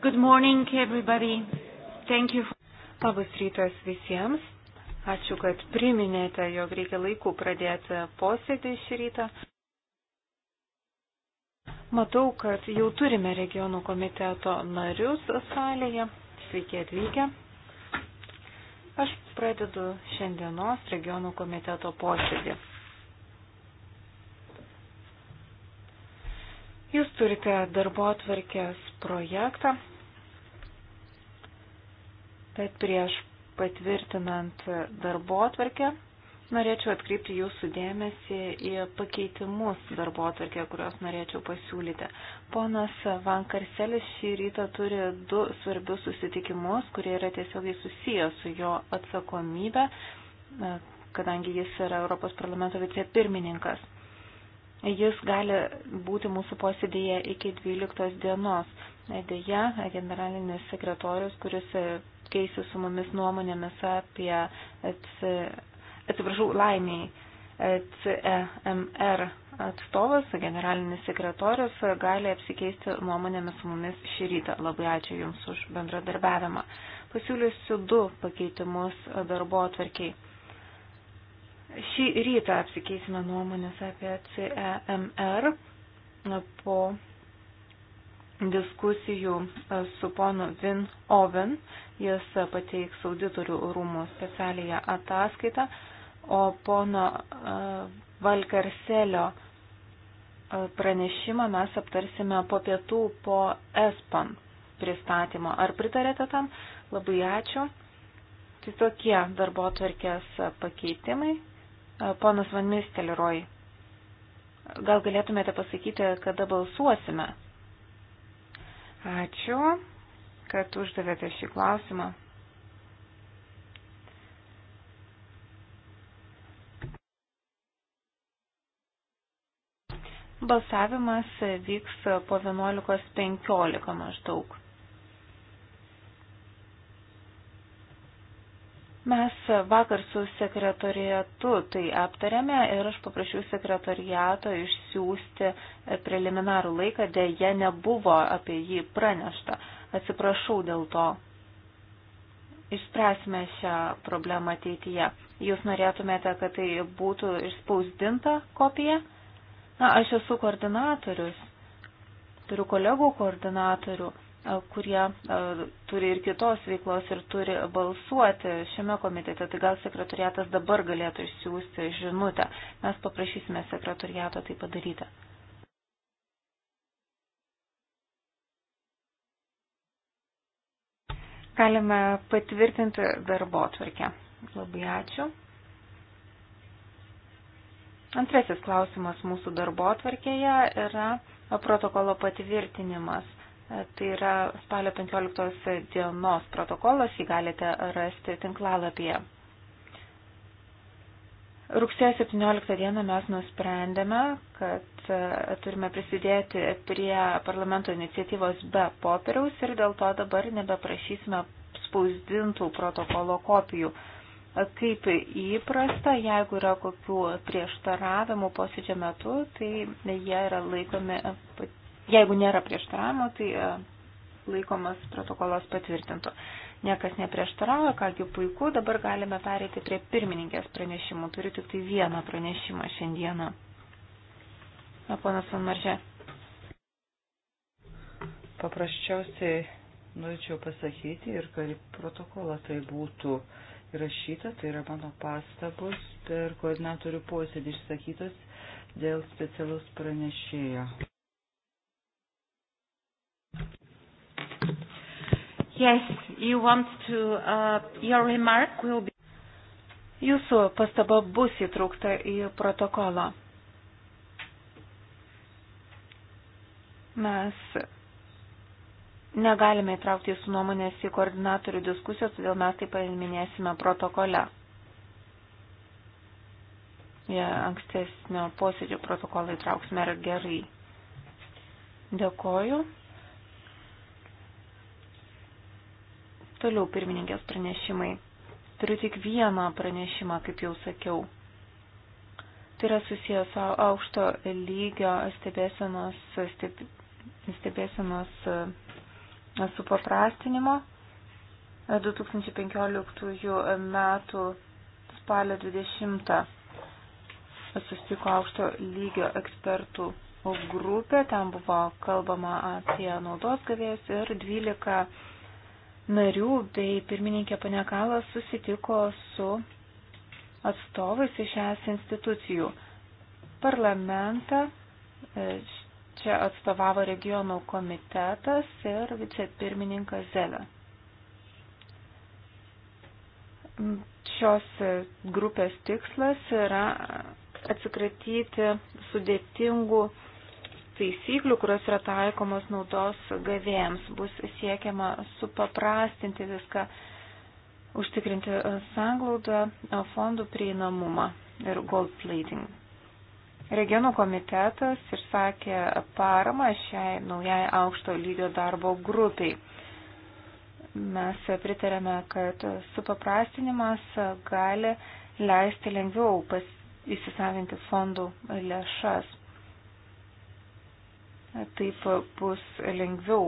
Good morning, everybody. Thank you. Labas rytas visiems. Ačiū, kad priminėte, jog reikia laiku pradėti posėdį šį rytą. Matau, kad jau turime regionų komiteto narius salėje. Sveiki atvykę. Aš pradedu šiandienos regionų komiteto posėdį. Jūs turite darbo atvarkės projektą, bet prieš patvirtinant darbo atvarkę norėčiau atkreipti jūsų dėmesį į pakeitimus darbo atvarkę, kuriuos norėčiau pasiūlyti. Ponas Vankarselis šį rytą turi du svarbius susitikimus, kurie yra tiesiogiai susiję su jo atsakomybė, kadangi jis yra Europos parlamento vicepirmininkas. Jis gali būti mūsų posėdėje iki 12 dienos. Dėja, generalinis sekretorius, kuris keisi su mumis nuomonėmis apie, atsiprašau, laimiai, CEMR atstovas, generalinis sekretorius, gali apsikeisti nuomonėmis su mumis šį rytą. Labai ačiū Jums už bendradarbiavimą. Pasiūlysiu du pakeitimus darbo atverkiai. Šį rytą apsikeisime nuomonės apie CEMR po diskusijų e, su ponu Vin Oven. Jis e, pateiks auditorių rūmų specialiją ataskaitą, o pono e, Valkarselio pranešimą mes aptarsime po pietų po ESPAN pristatymo. Ar pritarėte tam? Labai ačiū. Tai tokie darbo tvarkės pakeitimai. Ponas Van Misteliroj, gal galėtumėte pasakyti, kada balsuosime? Ačiū, kad uždavėte šį klausimą. Balsavimas vyks po 11.15 maždaug. Mes vakar su sekretorietu tai aptarėme ir aš paprašiau sekretoriato išsiųsti preliminarų laiką, dėje nebuvo apie jį pranešta. Atsiprašau dėl to. Išspręsime šią problemą ateityje. Jūs norėtumėte, kad tai būtų išspausdinta kopija? Na, aš esu koordinatorius. Turiu kolegų koordinatorių kurie turi ir kitos veiklos ir turi balsuoti šiame komitete, tai gal sekretariatas dabar galėtų išsiųsti žinutę. Mes paprašysime sekretariato tai padaryti. Galime patvirtinti darbo tvarkę. Labai ačiū. Antrasis klausimas mūsų darbo tvarkėje yra protokolo patvirtinimas. Tai yra spalio 15 dienos protokolas, jį galite rasti tinklalapyje. Rugsėjo 17 dieną mes nusprendėme, kad e, turime prisidėti prie parlamento iniciatyvos be popieriaus ir dėl to dabar nebeprašysime spausdintų protokolo kopijų. E, kaip įprasta, jeigu yra kokių prieštaravimų posėdžio metu, tai jie yra laikomi Jeigu nėra prieštaravimo, tai e, laikomas protokolas patvirtintų. Niekas neprieštaravo, kągi puiku, dabar galime pereiti prie pirmininkės pranešimų. Turiu tik tai vieną pranešimą šiandieną. Na, ponas Van Maržė. Paprasčiausiai norėčiau pasakyti ir kad protokolą tai būtų įrašyta, tai yra mano pastabos per koordinatorių posėdį išsakytas dėl specialus pranešėjo. Yes, you want to, uh, your remark will be. Jūsų pastaba bus įtraukta į protokolą. Mes negalime įtraukti jūsų nuomonės į koordinatorių diskusijos, todėl mes tai paminėsime protokole. Ja, ankstesnio posėdžio protokolą įtrauksime ir gerai. Dėkoju. Toliau pirmininkės pranešimai. Turiu tik vieną pranešimą, kaip jau sakiau. Tai yra susijęs su aukšto lygio stebėsenos, steb, stebėsenos e, supaprastinimo 2015 e, metų spalio 20 susitiko aukšto lygio ekspertų grupė, ten buvo kalbama apie naudos gavėjus ir 12 narių bei tai pirmininkė Panekalas susitiko su atstovais iš es institucijų. Parlamentą e, čia atstovavo regionų komitetas ir vicepirmininkas Zelė. Šios grupės tikslas yra atsikratyti sudėtingų taisyklių, kurios yra taikomos naudos gavėjams. Bus siekiama supaprastinti viską, užtikrinti e, sanglaudą, e, fondų prieinamumą ir gold plating. Regionų komitetas išsakė paramą šiai naujai aukšto lygio darbo grupiai. Mes pritarėme, kad supaprastinimas gali leisti lengviau pas, įsisavinti fondų lėšas. Taip bus lengviau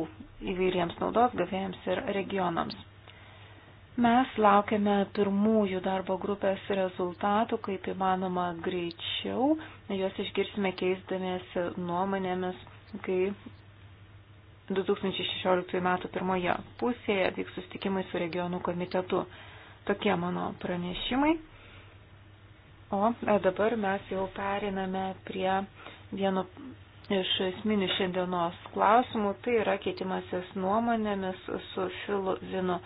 įvairiems naudos gavėjams ir regionams. Mes laukiame pirmųjų darbo grupės rezultatų, kaip įmanoma greičiau. Juos išgirsime keisdamėsi nuomonėmis, kai 2016 m. pirmoje pusėje vyks sustikimai su regionų komitetu. Tokie mano pranešimai. O e, dabar mes jau periname prie vieno iš esminių šiandienos klausimų, tai yra keitimasis nuomonėmis su Filu Vinu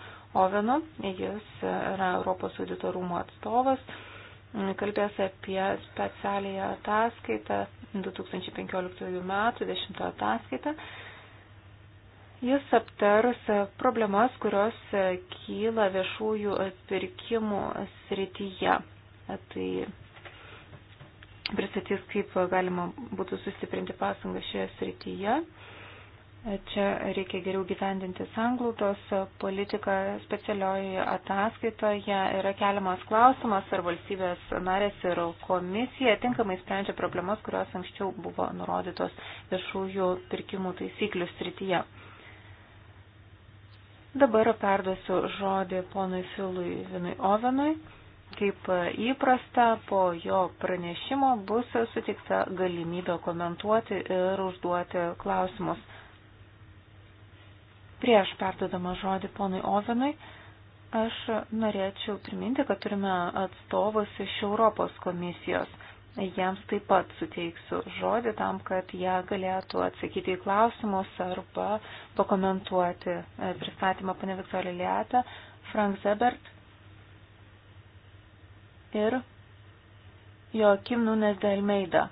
Ovenu, jis yra Europos auditorumo atstovas, kalbės apie specialiją ataskaitą 2015 metų 10 ataskaitą. Jis aptars problemas, kurios kyla viešųjų pirkimų srityje. Tai pristatys, kaip galima būtų sustiprinti pasangą šioje srityje. Čia reikia geriau gyvendinti sanglautos politiką specialioje ataskaitoje. Yra keliamas klausimas, ar valstybės narės ir komisija tinkamai sprendžia problemas, kurios anksčiau buvo nurodytos viešųjų pirkimų taisyklių srityje. Dabar perduosiu žodį ponui Filui Vinui Ovenui Kaip įprasta, po jo pranešimo bus sutikta galimybė komentuoti ir užduoti klausimus. Prieš perdodama žodį ponui Ovenui, aš norėčiau priminti, kad turime atstovus iš Europos komisijos. Jiems taip pat suteiksiu žodį tam, kad jie galėtų atsakyti į klausimus arba pakomentuoti pristatymą pane Viktorija Lietą, Frank Zebert ir Joakim Nunes Delmeida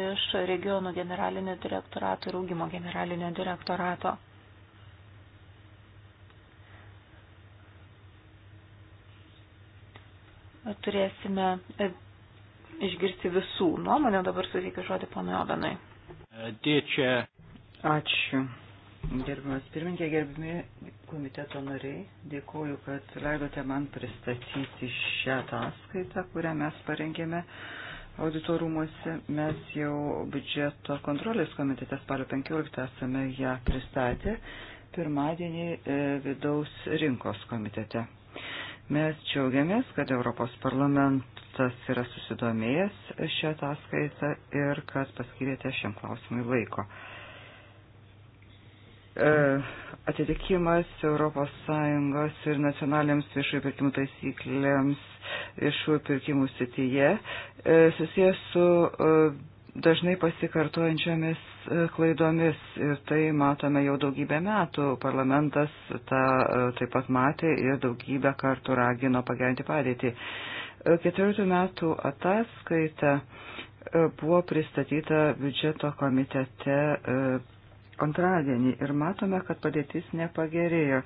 iš regionų generalinio direktorato ir augimo generalinio direktorato. Turėsime e, išgirsti visų nuomonę, dabar suteikiu žodį panui Ovenui. Dėčia. Ačiū, Gerbimas pirmininkė, gerbimi komiteto nariai, dėkuoju, kad leidote man pristatyti šią ataskaitą, kurią mes parengėme auditorumuose. Mes jau biudžeto kontrolės komitete spalio 15 esame ją pristatę pirmadienį e, vidaus rinkos komitete. Mes džiaugiamės, kad Europos parlamentas yra susidomėjęs šią ataskaitą ir kad paskirėte šiam klausimui laiko. E, atitikimas ES ir nacionaliniams viešųjų pirkimų taisyklėms viešųjų pirkimų sityje e, susijęs su e, dažnai pasikartojančiomis klaidomis ir tai matome jau daugybę metų. Parlamentas tą taip pat matė ir daugybę kartų ragino pagerinti padėtį. 14 metų ataskaita buvo pristatyta biudžeto komitete antradienį ir matome, kad padėtis nepagerėjo.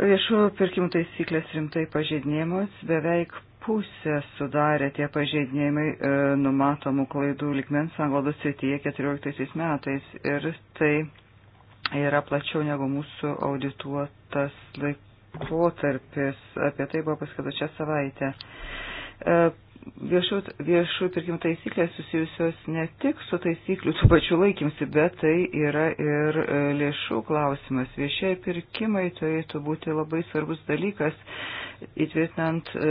Viešųjų pirkimų taisyklės rimtai pažeidinėjamos, beveik pusę sudarė tie pažeidinėjimai e, numatomų klaidų likmens anglodos srityje 14 metais ir tai yra plačiau negu mūsų audituotas laikotarpis. Apie tai buvo paskata čia savaitę. E, viešų, viešų pirkimų taisyklės susijusios ne tik su taisyklių tų pačių laikymsi, bet tai yra ir e, lėšų klausimas. Viešieji pirkimai turėtų būti labai svarbus dalykas, įtvirtinant e,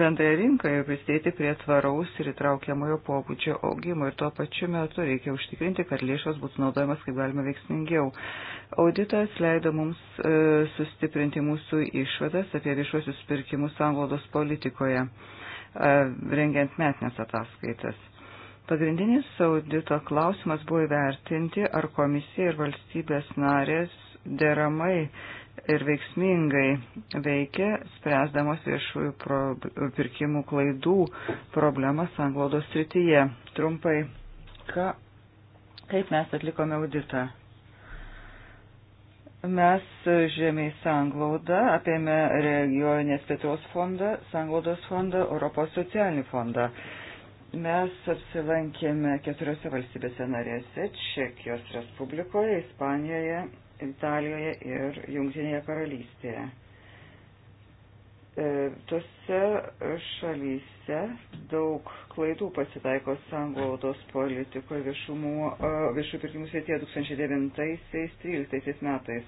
bendrąją rinką ir prisidėti prie tvaraus ir įtraukiamojo pobūdžio augimo. Ir tuo pačiu metu reikia užtikrinti, kad lėšos būtų naudojamas kaip galima veiksmingiau. Auditas leido mums e, sustiprinti mūsų išvadas apie viešuosius pirkimus anglodos politikoje. E, E, rengiant metinės ataskaitas. Pagrindinis audito klausimas buvo įvertinti, ar komisija ir valstybės narės deramai ir veiksmingai veikia, spręsdamos viešųjų pro, pirkimų klaidų problemą sanglaudos srityje. Trumpai, ką, kaip mes atlikome auditą? Mes e, žemiai sanglaudą apėmė regioninės plėtros fondą, sanglaudos fondą, Europos socialinį fondą. Mes apsilankėme keturiose valstybėse narėse - Čekijos Respublikoje, Ispanijoje, Italijoje ir Jungtinėje karalystėje. E, tose šalyse daug klaidų pasitaiko sanglaudos politikoje viešų pirkimų srityje 2009-2013 metais.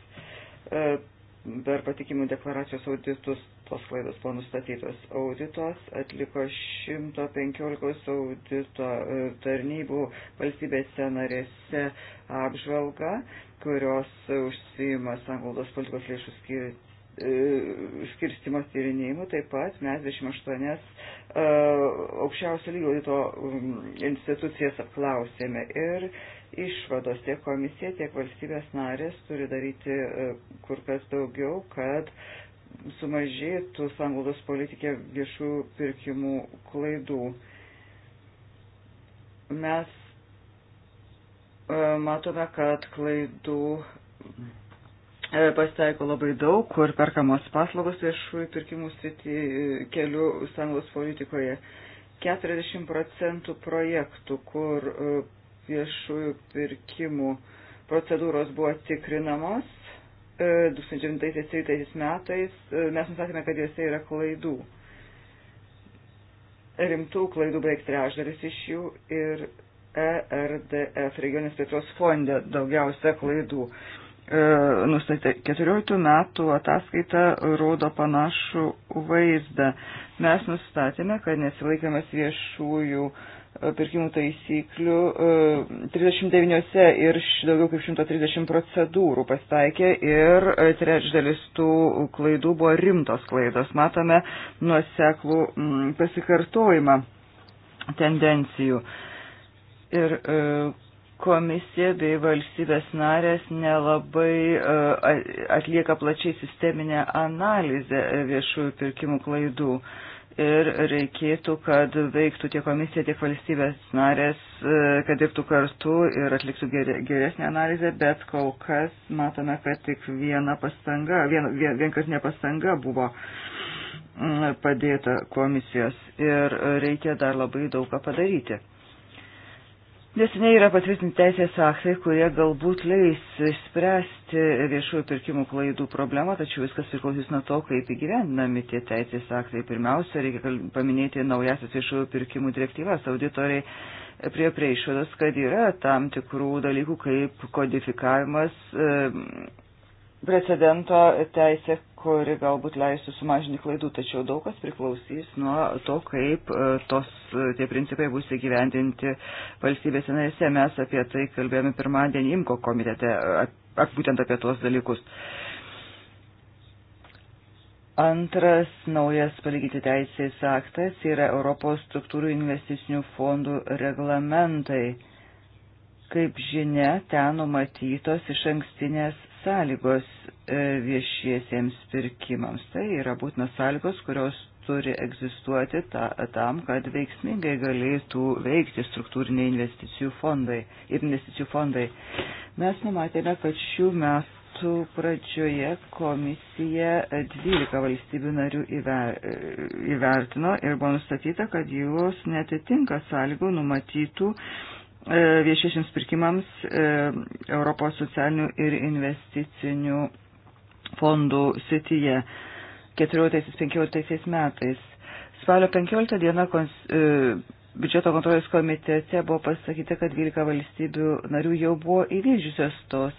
Per patikimų deklaracijos auditus tos klaidos buvo nustatytos. Auditos atliko 115 audito e, tarnybų valstybėse narėse apžvalgą, kurios užsima sanglaudos politikos lėšų skirti E, skirstimo tyrinėjimų, taip pat mes 28 e, aukščiausio lygio audito institucijas apklausėme ir išvados tiek komisija, tiek valstybės narės turi daryti e, kur kas daugiau, kad sumažėtų sanglaudos politikė viešų pirkimų klaidų. Mes matome, kad klaidų E, pasitaiko labai daug, kur perkamos paslaugos viešųjų pirkimų srity e, kelių sąjungos politikoje. 40 procentų projektų, kur e, viešųjų pirkimų procedūros buvo tikrinamos 2009-2013 metais, mes nusakėme, kad juose yra klaidų. Rimtų klaidų beveik trečdalis iš jų ir ERDF, regionės plėtros fonde, daugiausia klaidų. E, nustatė 14 metų ataskaita rodo panašų vaizdą. Mes nustatėme, kad nesilaikiamas viešųjų e, pirkimų taisyklių 39 e, ir daugiau kaip 130 procedūrų pastaikė ir trečdalis tų klaidų buvo rimtos klaidos. Matome nuoseklų mm, pasikartojimą tendencijų. Ir Komisija bei valstybės narės nelabai e, atlieka plačiai sisteminę analizę viešųjų pirkimų klaidų ir reikėtų, kad veiktų tiek komisija, tiek valstybės narės, e, kad dirbtų kartu ir atliktų geresnę analizę, bet kol kas matome, kad tik viena pastanga, vien, vien, vienkartinė pastanga buvo padėta komisijos ir reikia dar labai daug ką padaryti. Neseniai yra patvirtinti teisės aktai, kurie galbūt leis išspręsti viešųjų pirkimų klaidų problemą, tačiau viskas priklausys nuo to, kaip įgyvendinami tie teisės aktai. Pirmiausia, reikia paminėti naujasias viešųjų pirkimų direktyvas. Auditoriai prie prieišvados, kad yra tam tikrų dalykų kaip kodifikavimas, precedento teisė, kuri galbūt leistų sumažinti klaidų, tačiau daug kas priklausys nuo to, kaip e, tos, e, tie principai bus įgyvendinti valstybėse narėse. Mes apie tai kalbėjome pirmadienį IMKO komitete, ap, būtent apie tuos dalykus. Antras naujas palyginti teisės aktas yra Europos struktūrų investicinių fondų reglamentai. Kaip žinia, ten numatytos iš ankstinės sąlygos e, viešiesiems pirkimams. Tai yra būtinos sąlygos, kurios turi egzistuoti ta, tam, kad veiksmingai galėtų veikti struktūriniai investicijų fondai ir investicijų fondai. Mes numatėme, kad šių metų pradžioje komisija 12 valstybių narių įvertino ir buvo nustatyta, kad jos netitinka sąlygų numatytų E, viešiesiams pirkimams e, Europos socialinių ir investicinių fondų sityje 14-15 metais. Spalio 15 dieną kons, e, biudžeto kontrolės komitete buvo pasakyta, kad 12 valstybių narių jau buvo įvykdžiusios tos.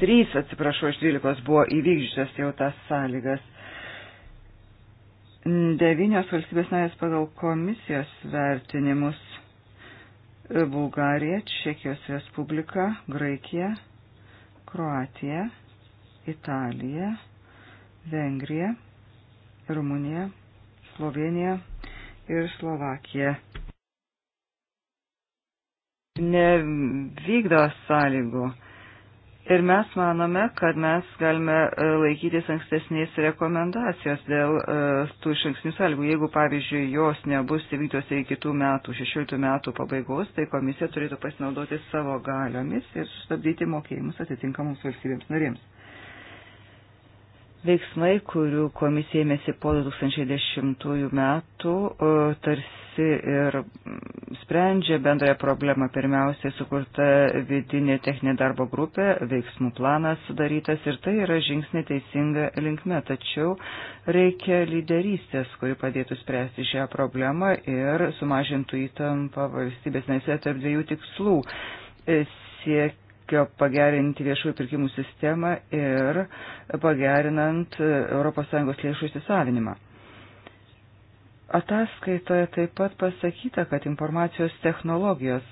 Trys, atsiprašau, iš 12 buvo įvykdžiusios jau tas sąlygas. Devynios valstybės narės pagal komisijos vertinimus - Bulgarija, Čekijos Respublika, Graikija, Kroatija, Italija, Vengrija, Rumunija, Slovenija ir Slovakija nevykdo sąlygų Ir mes manome, kad mes galime e, laikytis ankstesnės rekomendacijos dėl e, tų išankstinių sąlygų. Jeigu, pavyzdžiui, jos nebus įvykdytos iki kitų metų, 16 metų pabaigos, tai komisija turėtų pasinaudoti savo galiomis ir sustabdyti mokėjimus atitinkamoms valstybėms narėms. Veiksmai, kurių komisija ėmėsi po 2010 metų, tarsi ir sprendžia bendrąją problemą. Pirmiausiai sukurta vidinė techninė darbo grupė, veiksmų planas sudarytas ir tai yra žingsnė teisinga linkme. Tačiau reikia lyderystės, kuri padėtų spręsti šią problemą ir sumažintų įtampą valstybės nesė tarp dviejų tikslų. E, siek siekio pagerinti viešųjų pirkimų sistemą ir pagerinant ES lėšų įsisavinimą. Ataskaitoje taip pat pasakyta, kad informacijos technologijos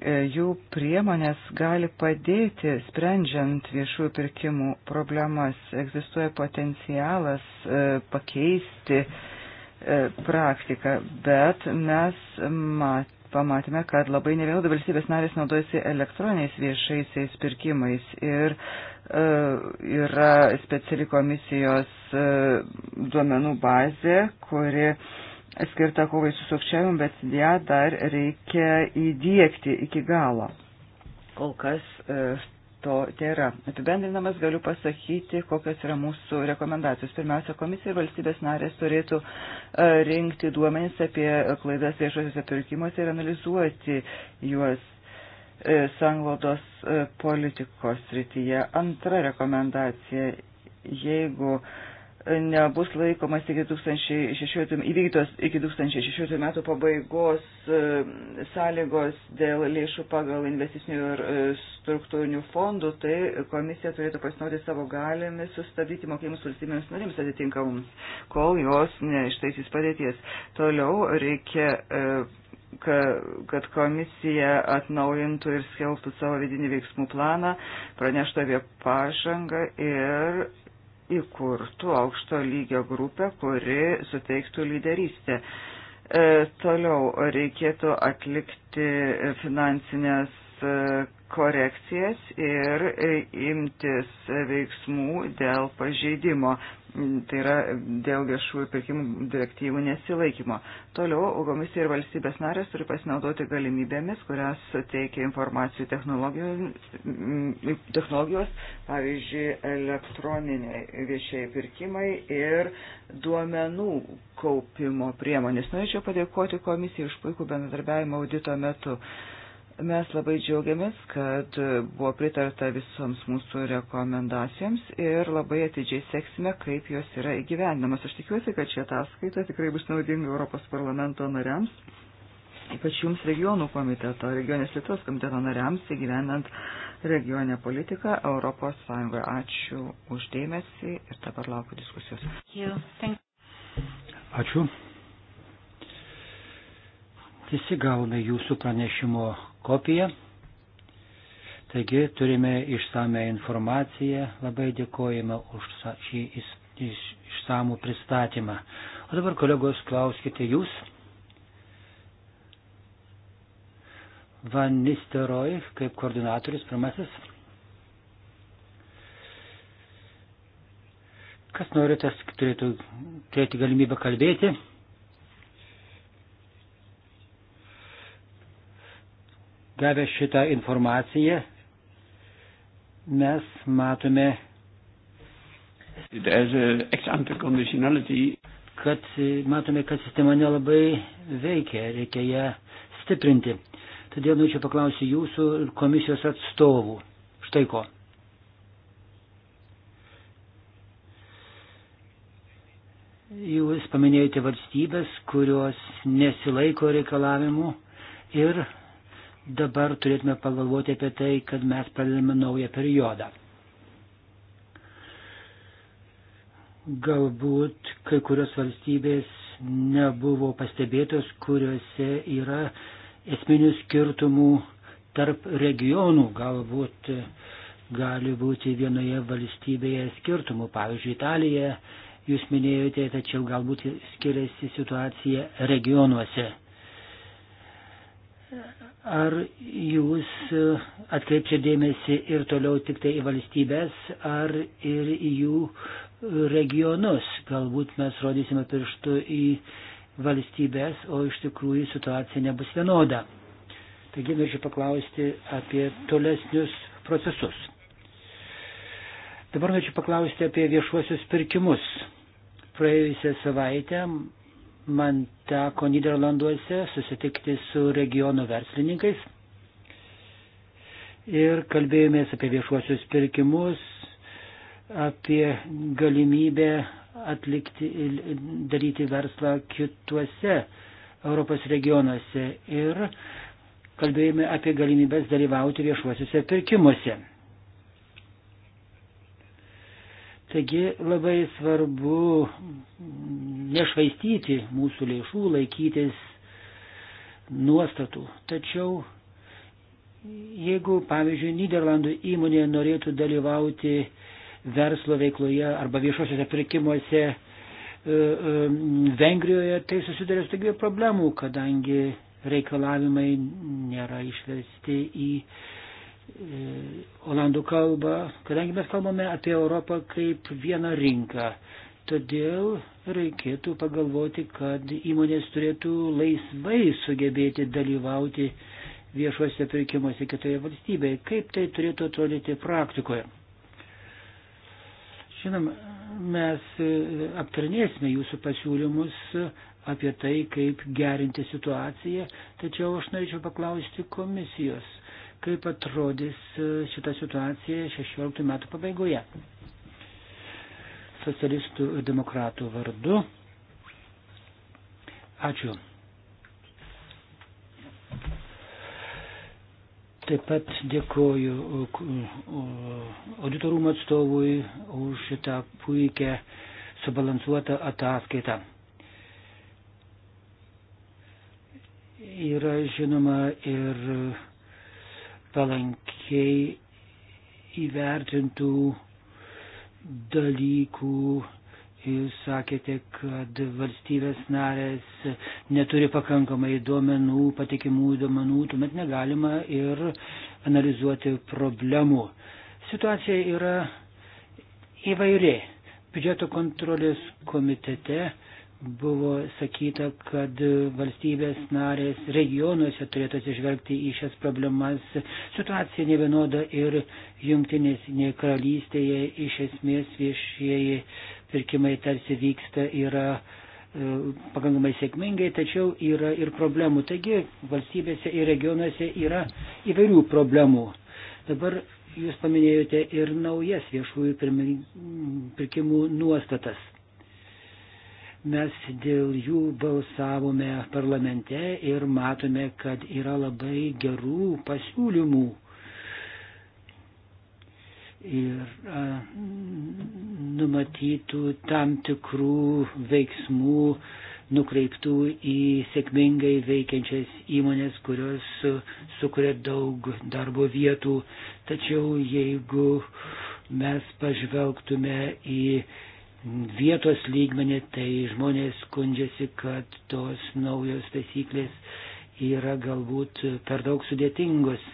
e, jų priemonės gali padėti sprendžiant viešųjų pirkimų problemas. Egzistuoja potencialas e, pakeisti e, praktiką, bet mes mat, pamatėme, kad labai nevėlodai valstybės narės naudojasi elektroniniais viešaisiais pirkimais ir e, yra speciali komisijos e, duomenų bazė, kuri skirta kovai su sukčiavimu, bet ją dar reikia įdėkti iki galo. Kol kas e, to tėra. Apibendrinamas galiu pasakyti, kokios yra mūsų rekomendacijos. Pirmiausia, komisija ir valstybės narės turėtų e, rinkti duomenys apie klaidas viešosiuose pirkimuose ir analizuoti juos e, sanglodos e, politikos srityje. Antra rekomendacija, jeigu uh, nebus laikomas iki 2016, įvykdytos iki 2016 metų pabaigos e, sąlygos dėl lėšų pagal investicinių ir e, struktūrinių fondų, tai komisija turėtų pasinaudoti savo galėmis sustabdyti mokėjimus valstybėms narims atitinkamus, kol jos neištaisys padėties. Toliau reikia e, kad komisija atnaujintų ir skelbtų savo vidinį veiksmų planą, praneštų apie pažangą ir įkurtų aukšto lygio grupę, kuri suteiktų lyderystę. E, toliau reikėtų atlikti finansinės e, korekcijas ir e, imtis veiksmų dėl pažeidimo, mm, tai yra dėl viešųjų pirkimų direktyvų nesilaikymo. Toliau komisija ir valstybės narės turi pasinaudoti galimybėmis, kurias suteikia informacijų mm, technologijos, pavyzdžiui, elektroniniai viešieji pirkimai ir duomenų kaupimo priemonės. Norėčiau padėkoti komisijai už puikų bendradarbiavimą audito metu. Mes labai džiaugiamės, kad buvo pritarta visoms mūsų rekomendacijoms ir labai atidžiai seksime, kaip jos yra įgyvendinamas. Aš tikiuosi, kad ši ataskaita tikrai bus naudinga Europos parlamento nariams, ypač jums regionų komiteto, regionės Lietuvos komiteto nariams įgyvendant regionę politiką Europos Sąjungoje. Ačiū uždėmesi ir dabar laukiu diskusijos. Ačiū. Visi gauna jūsų pranešimo kopiją. Taigi turime išsame informaciją, labai dėkojame už šį išsamų pristatymą. O dabar kolegos klauskite jūs. Van Nisteroj kaip koordinatorius pirmasis. Kas norite, turėtų turėti galimybę kalbėti. Gavę šitą informaciją, mes matome, kad matome, kad sistema nelabai veikia, reikia ją stiprinti. Todėl norėčiau paklausyti jūsų komisijos atstovų. Štai ko. Jūs paminėjote valstybės, kurios nesilaiko reikalavimų ir dabar turėtume pagalvoti apie tai, kad mes pradedame naują periodą. Galbūt kai kurios valstybės nebuvo pastebėtos, kuriuose yra esminių skirtumų tarp regionų. Galbūt gali būti vienoje valstybėje skirtumų. Pavyzdžiui, Italija, jūs minėjote, tačiau galbūt skiriasi situacija regionuose. Ar jūs e, atkreipčia dėmesį ir toliau tik tai į valstybės, ar ir į jų e, regionus? Galbūt mes rodysime pirštų į valstybės, o iš tikrųjų situacija nebus vienoda. Taigi norėčiau paklausti apie tolesnius procesus. Dabar norėčiau paklausti apie viešuosius pirkimus. Praėjusią savaitę Man teko Niderlanduose susitikti su regiono verslininkais ir kalbėjomės apie viešuosius pirkimus, apie galimybę atlikti, daryti verslą kituose Europos regionuose ir kalbėjome apie galimybės dalyvauti viešuosiuose pirkimuose. Taigi labai svarbu nešvaistyti mūsų lėšų, laikytis nuostatų. Tačiau jeigu, pavyzdžiui, Niderlandų įmonė norėtų dalyvauti verslo veikloje arba viešuosiuose pirkimuose e, e, Vengrijoje, tai susidarė su tokių problemų, kadangi reikalavimai nėra išversti į olandų kalbą, kadangi mes kalbame apie Europą kaip vieną rinką. Todėl reikėtų pagalvoti, kad įmonės turėtų laisvai sugebėti dalyvauti viešuose pirkimuose kitoje valstybėje. Kaip tai turėtų atrodyti praktikoje? Žinoma, mes aptarnėsime jūsų pasiūlymus apie tai, kaip gerinti situaciją, tačiau aš norėčiau paklausti komisijos kaip atrodys e, šita situacija 16 metų pabaigoje. Socialistų ir demokratų vardu. Ačiū. Taip pat dėkoju e, e, auditorumo atstovui už šitą puikią subalansuotą ataskaitą. Yra žinoma ir palankiai įvertintų dalykų. Jūs sakėte, kad valstybės narės neturi pakankamai duomenų, patikimų duomenų, tuomet negalima ir analizuoti problemų. Situacija yra įvairi. Biudžeto kontrolės komitete buvo sakyta, kad valstybės narės regionuose turėtų atsižvelgti į šias problemas. Situacija ne vienoda ir jungtinės ne karalystėje iš esmės viešieji pirkimai tarsi vyksta yra e, pakankamai sėkmingai, tačiau yra ir problemų. Taigi valstybėse ir regionuose yra įvairių problemų. Dabar jūs paminėjote ir naujas viešųjų pirkimų nuostatas. Mes dėl jų balsavome parlamente ir matome, kad yra labai gerų pasiūlymų. Ir a, numatytų tam tikrų veiksmų nukreiptų į sėkmingai veikiančias įmonės, kurios sukuria daug darbo vietų. Tačiau jeigu mes pažvelgtume į vietos lygmenį, tai žmonės skundžiasi, kad tos naujos taisyklės yra galbūt per daug sudėtingos.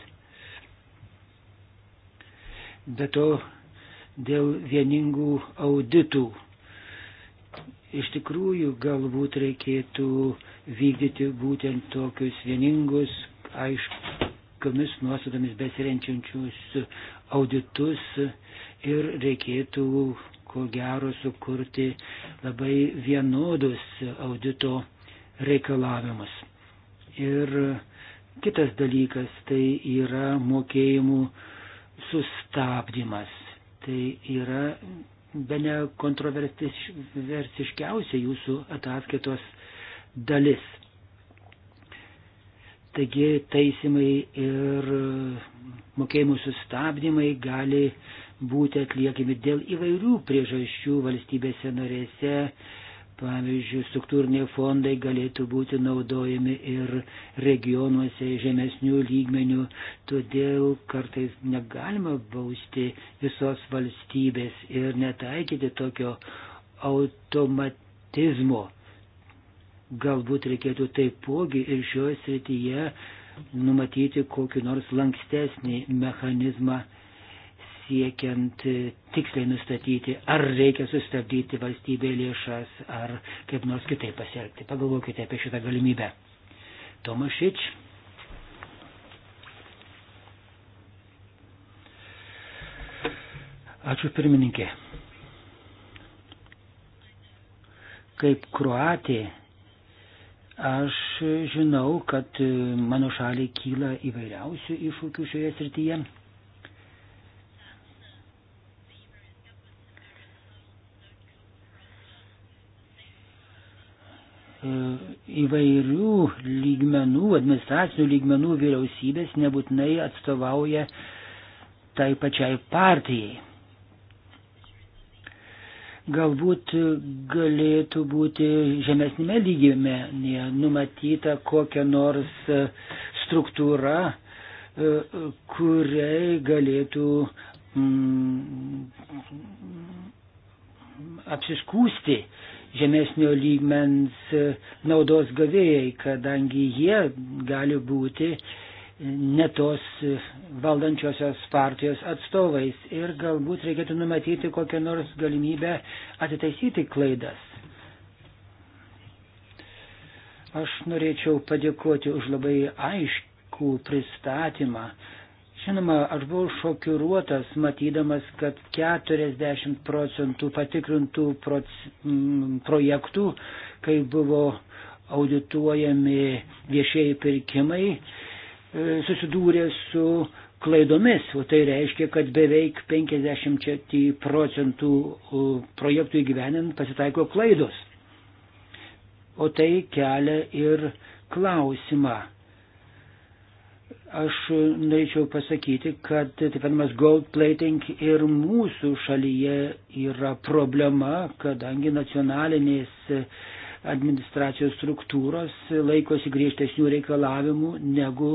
Be to, dėl vieningų auditų. Iš tikrųjų, galbūt reikėtų vykdyti būtent tokius vieningus, aiškomis nuostatomis besirenčiančius auditus ir reikėtų ko gero sukurti labai vienodus audito reikalavimus. Ir kitas dalykas tai yra mokėjimų sustabdymas. Tai yra be ne kontroversiškiausia jūsų ataskaitos dalis. Taigi taisimai ir mokėjimų sustabdymai gali uh, būti atliekami dėl įvairių priežasčių valstybėse norėse. Pavyzdžiui, struktūriniai fondai galėtų būti naudojami ir regionuose žemesnių lygmenių, todėl kartais negalima bausti visos valstybės ir netaikyti tokio automatizmo. Galbūt reikėtų taipogi ir šioje srityje numatyti kokį nors lankstesnį mechanizmą siekiant e, tiksliai nustatyti, ar reikia sustabdyti valstybė lėšas, ar kaip nors kitaip pasielgti. Pagalvokite apie šitą galimybę. Tomašič. Ačiū pirmininkė. Kaip kruatė, aš žinau, kad e, mano šaliai kyla įvairiausių iššūkių šioje srityje. įvairių lygmenų, administracinių lygmenų vyriausybės nebūtinai atstovauja tai pačiai partijai. Galbūt galėtų būti žemesnėme lygime numatyta kokia nors e, struktūra, e, kuriai galėtų mm, apsiskūsti uh, žemesnio lygmens e, naudos gavėjai, kadangi jie gali būti ne tos e, valdančiosios partijos atstovais ir galbūt reikėtų numatyti kokią nors galimybę atitaisyti klaidas. Aš norėčiau padėkoti už labai aiškų pristatymą Žinoma, aš buvau šokiruotas, matydamas, kad 40 procentų patikrintų proc... Mm, projektų, kai buvo audituojami viešieji pirkimai, e, susidūrė su klaidomis, o tai reiškia, kad beveik 50 procentų projektų įgyvenint pasitaiko klaidos. O tai kelia ir klausimą, Aš norėčiau pasakyti, kad taip vadinamas gold plating ir mūsų šalyje yra problema, kadangi nacionalinės administracijos struktūros laikosi griežtesnių reikalavimų negu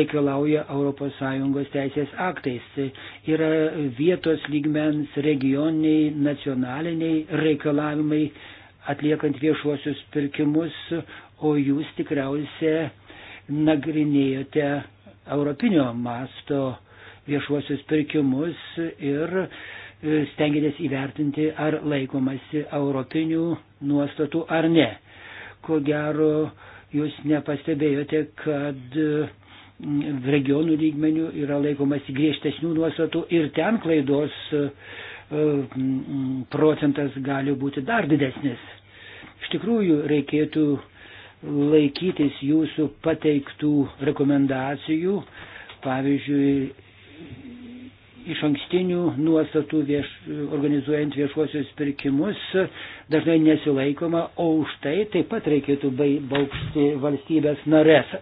reikalauja ES teisės aktais. Yra vietos lygmens, regioniniai, nacionaliniai reikalavimai atliekant viešuosius pirkimus, o jūs tikriausiai nagrinėjote europinio masto viešuosius pirkimus ir e, stengiatės įvertinti, ar laikomasi europinių nuostatų ar ne. Ko gero, jūs nepastebėjote, kad e, regionų lygmenių yra laikomasi griežtesnių nuostatų ir ten klaidos e, procentas gali būti dar didesnis. Iš tikrųjų, reikėtų laikytis jūsų pateiktų rekomendacijų, pavyzdžiui, iš ankstinių nuostatų vieš, organizuojant viešuosius pirkimus dažnai nesilaikoma, o už tai taip pat reikėtų baukšti valstybės narės.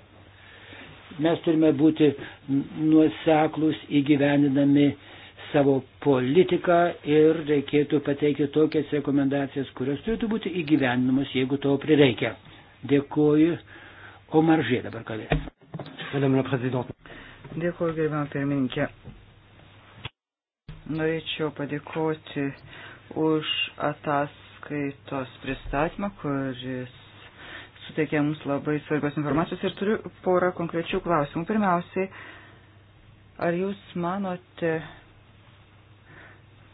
Mes turime būti nuoseklus įgyvendinami savo politiką ir reikėtų pateikti tokias rekomendacijas, kurios turėtų būti įgyvendinamos, jeigu to prireikia. Dėkuoju. O maržė dabar kalbės. Madame la Présidente. Dėkuoju, gerbama pirmininkė. Norėčiau padėkoti už ataskaitos pristatymą, kuris suteikė mums labai svarbios informacijos ir turiu porą konkrečių klausimų. Pirmiausiai, ar jūs manote,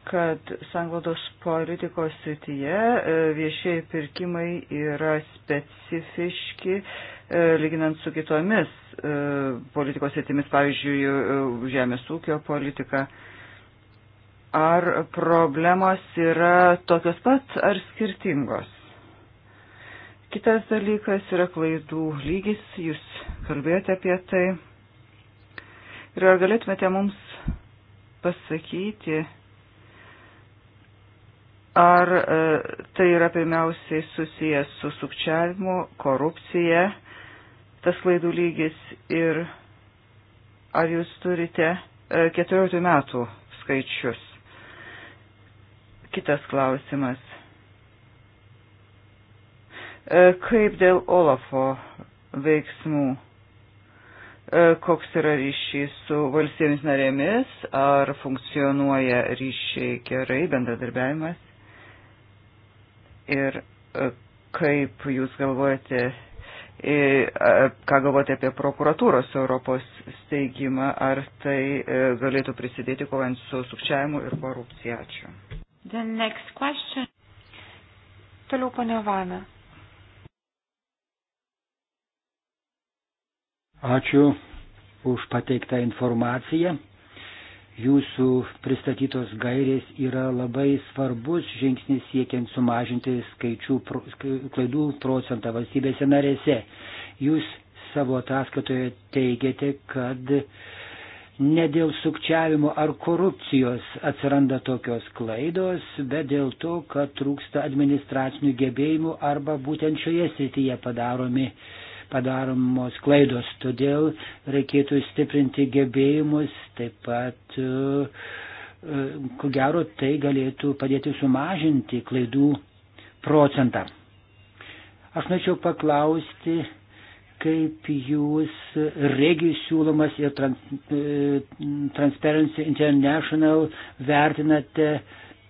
kad sanglaudos politikos srityje e, viešieji pirkimai yra specifiški e, lyginant su kitomis e, politikos sritimis, pavyzdžiui, žemės ūkio politika. Ar problemos yra tokios pat ar skirtingos? Kitas dalykas yra klaidų lygis, jūs kalbėjote apie tai. Ir ar galėtumėte mums pasakyti, Ar e, tai yra pirmiausiai susijęs su sukčiavimu, korupcija, tas klaidų lygis ir ar jūs turite e, 14 metų skaičius? Kitas klausimas. E, kaip dėl Olafo veiksmų? E, koks yra ryšys su valstybėmis narėmis, ar funkcionuoja ryšiai gerai, bendradarbiavimas ir e, kaip jūs galvojate, e, ką galvojate apie prokuratūros Europos steigimą, ar tai e, galėtų prisidėti kovant su sukčiavimu ir korupcija. Ačiū. The next question. Toliau ponia Vana. Ačiū už pateiktą informaciją. Jūsų pristatytos gairės yra labai svarbus žingsnis siekiant sumažinti skaičių, klaidų procentą valstybėse narėse. Jūs savo ataskatoje teigiate, kad ne dėl sukčiavimo ar korupcijos atsiranda tokios klaidos, bet dėl to, kad trūksta administracinių gebėjimų arba būtent šioje srityje padaromi uh, padaromos klaidos. Todėl reikėtų stiprinti gebėjimus, taip pat, e, e, ko gero, tai galėtų padėti sumažinti klaidų procentą. Aš norėčiau paklausti, kaip jūs regijų siūlomas ir e, Transparency International vertinate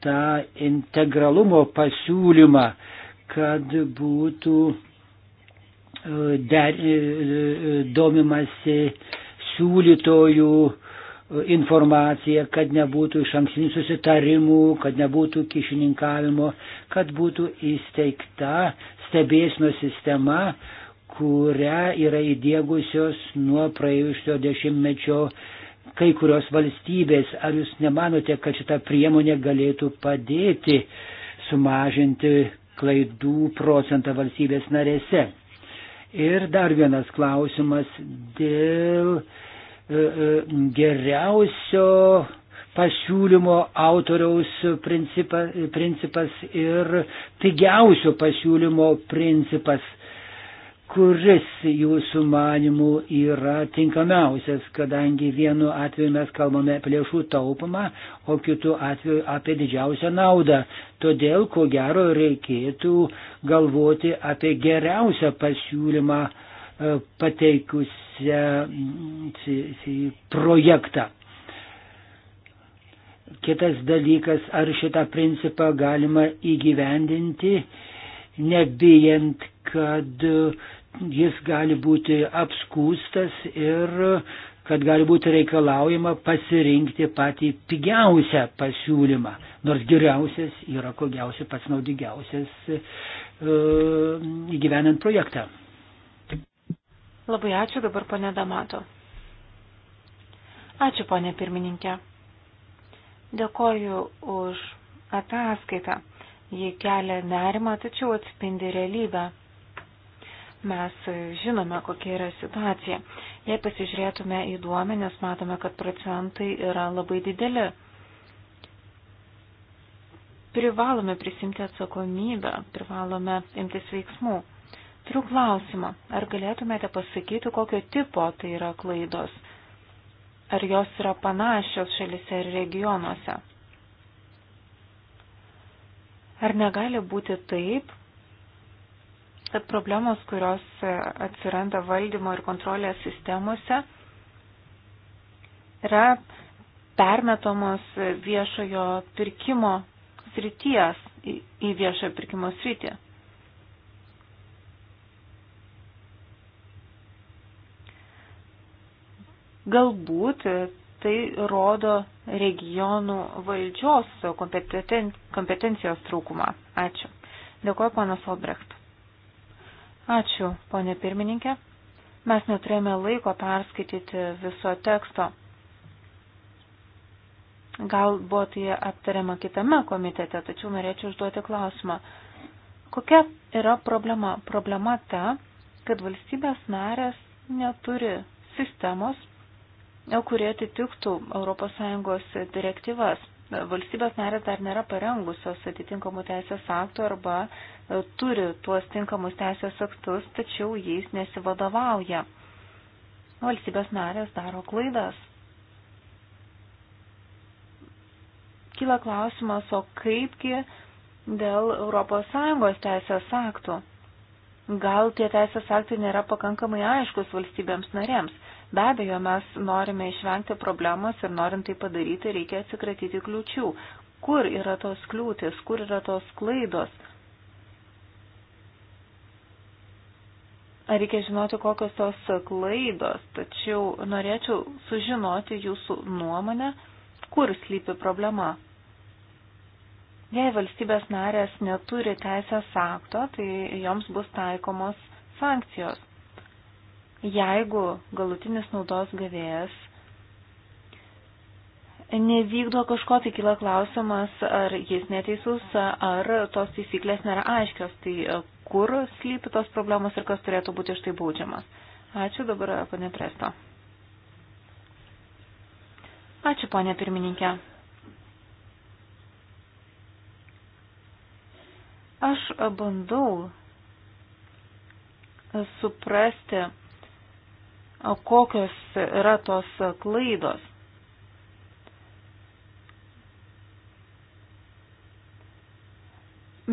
tą integralumo pasiūlymą, kad būtų der, e, domimasi siūlytojų e, informacija, kad nebūtų iš ankstinių susitarimų, kad nebūtų kišininkavimo, kad būtų įsteigta stebėsino sistema, kurią yra įdėgusios nuo praėjusio dešimtmečio kai kurios valstybės. Ar jūs nemanote, kad šita priemonė galėtų padėti sumažinti klaidų procentą valstybės narėse? Ir dar vienas klausimas dėl e, e, geriausio pasiūlymo autoriaus principa, principas ir pigiausio pasiūlymo principas kuris jūsų manimų yra tinkamiausias, kadangi vienu atveju mes kalbame apie lėšų taupimą, o kitu atveju apie didžiausią naudą. Todėl, ko gero, reikėtų galvoti apie geriausią pasiūlymą e, pateikusią mm, projektą. Kitas dalykas, ar šitą principą galima įgyvendinti nebijant, kad jis gali būti apskūstas ir kad gali būti reikalaujama pasirinkti patį pigiausią pasiūlymą, nors geriausias yra ko geriausias, pats naudingiausias e, įgyvenant e, projektą. Labai ačiū dabar, ponė Damato. Ačiū, ponė pirmininkė. Dėkoju už ataskaitą. Ji kelia nerimą, tačiau atspindi realybę. Mes žinome, kokia yra situacija. Jei pasižiūrėtume į duomenės, matome, kad procentai yra labai dideli. Privalome prisimti atsakomybę, privalome imtis veiksmų. Turiu klausimą, ar galėtumėte pasakyti, kokio tipo tai yra klaidos? Ar jos yra panašios šalise ir regionuose? Ar negali būti taip, kad problemos, kurios atsiranda valdymo ir kontrolės sistemose, yra permetomos viešojo pirkimo srities į viešojo pirkimo sritį? Galbūt tai rodo regionų valdžios kompetencijos trūkumą. Ačiū. Dėkuoju, ponas Obrecht. Ačiū, ponė pirmininkė. Mes neturėjome laiko perskaityti viso teksto. Gal buvo tai aptariama kitame komitete, tačiau norėčiau užduoti klausimą. Kokia yra problema? Problema ta, kad valstybės narės neturi sistemos, kurie atitiktų ES direktyvas. Valstybės narės dar nėra parengusios atitinkamų teisės aktų arba e, turi tuos tinkamus teisės aktus, tačiau jais nesivadovauja. Valstybės narės daro klaidas. Kyla klausimas, o kaipgi dėl ES teisės aktų? Gal tie teisės aktai nėra pakankamai aiškus valstybėms narėms? Be abejo, mes norime išvengti problemos ir norint tai padaryti, reikia atsikratyti kliūčių. Kur yra tos kliūtis, kur yra tos klaidos? Reikia žinoti, kokios tos klaidos, tačiau norėčiau sužinoti jūsų nuomonę, kur slypi problema. Jei valstybės narės neturi teisės akto, tai joms bus taikomos sankcijos jeigu galutinis naudos gavėjas nevykdo kažko, tai kyla klausimas, ar jis neteisus, ar tos taisyklės nėra aiškios, tai e, kur slypi tos problemos ir kas turėtų būti iš tai baudžiamas. Ačiū dabar, e, ponė Presto. Ačiū, ponė pirmininkė. Aš bandau suprasti kokios yra tos klaidos.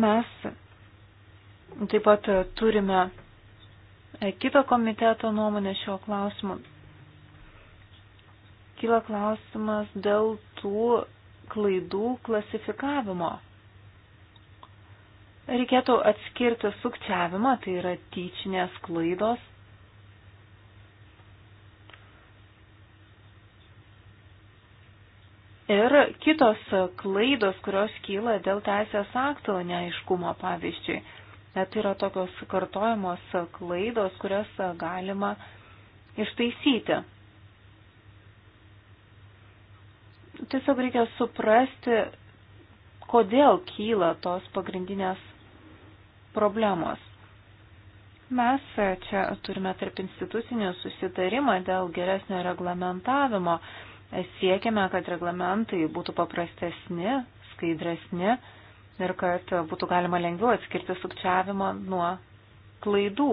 Mes taip pat turime kito komiteto nuomonę šio klausimu. Kyla klausimas dėl tų klaidų klasifikavimo. Reikėtų atskirti sukčiavimą, tai yra tyčinės klaidos ir kitos klaidos, kurios kyla dėl teisės akto neaiškumo, pavyzdžiui. Net yra tokios kartojamos klaidos, kurias galima ištaisyti. Tiesiog reikia suprasti, kodėl kyla tos pagrindinės problemos. Mes čia turime tarp institucinį susitarimą dėl geresnio reglamentavimo Siekiame, kad reglamentai būtų paprastesni, skaidresni ir kad būtų galima lengviau atskirti sukčiavimą nuo klaidų.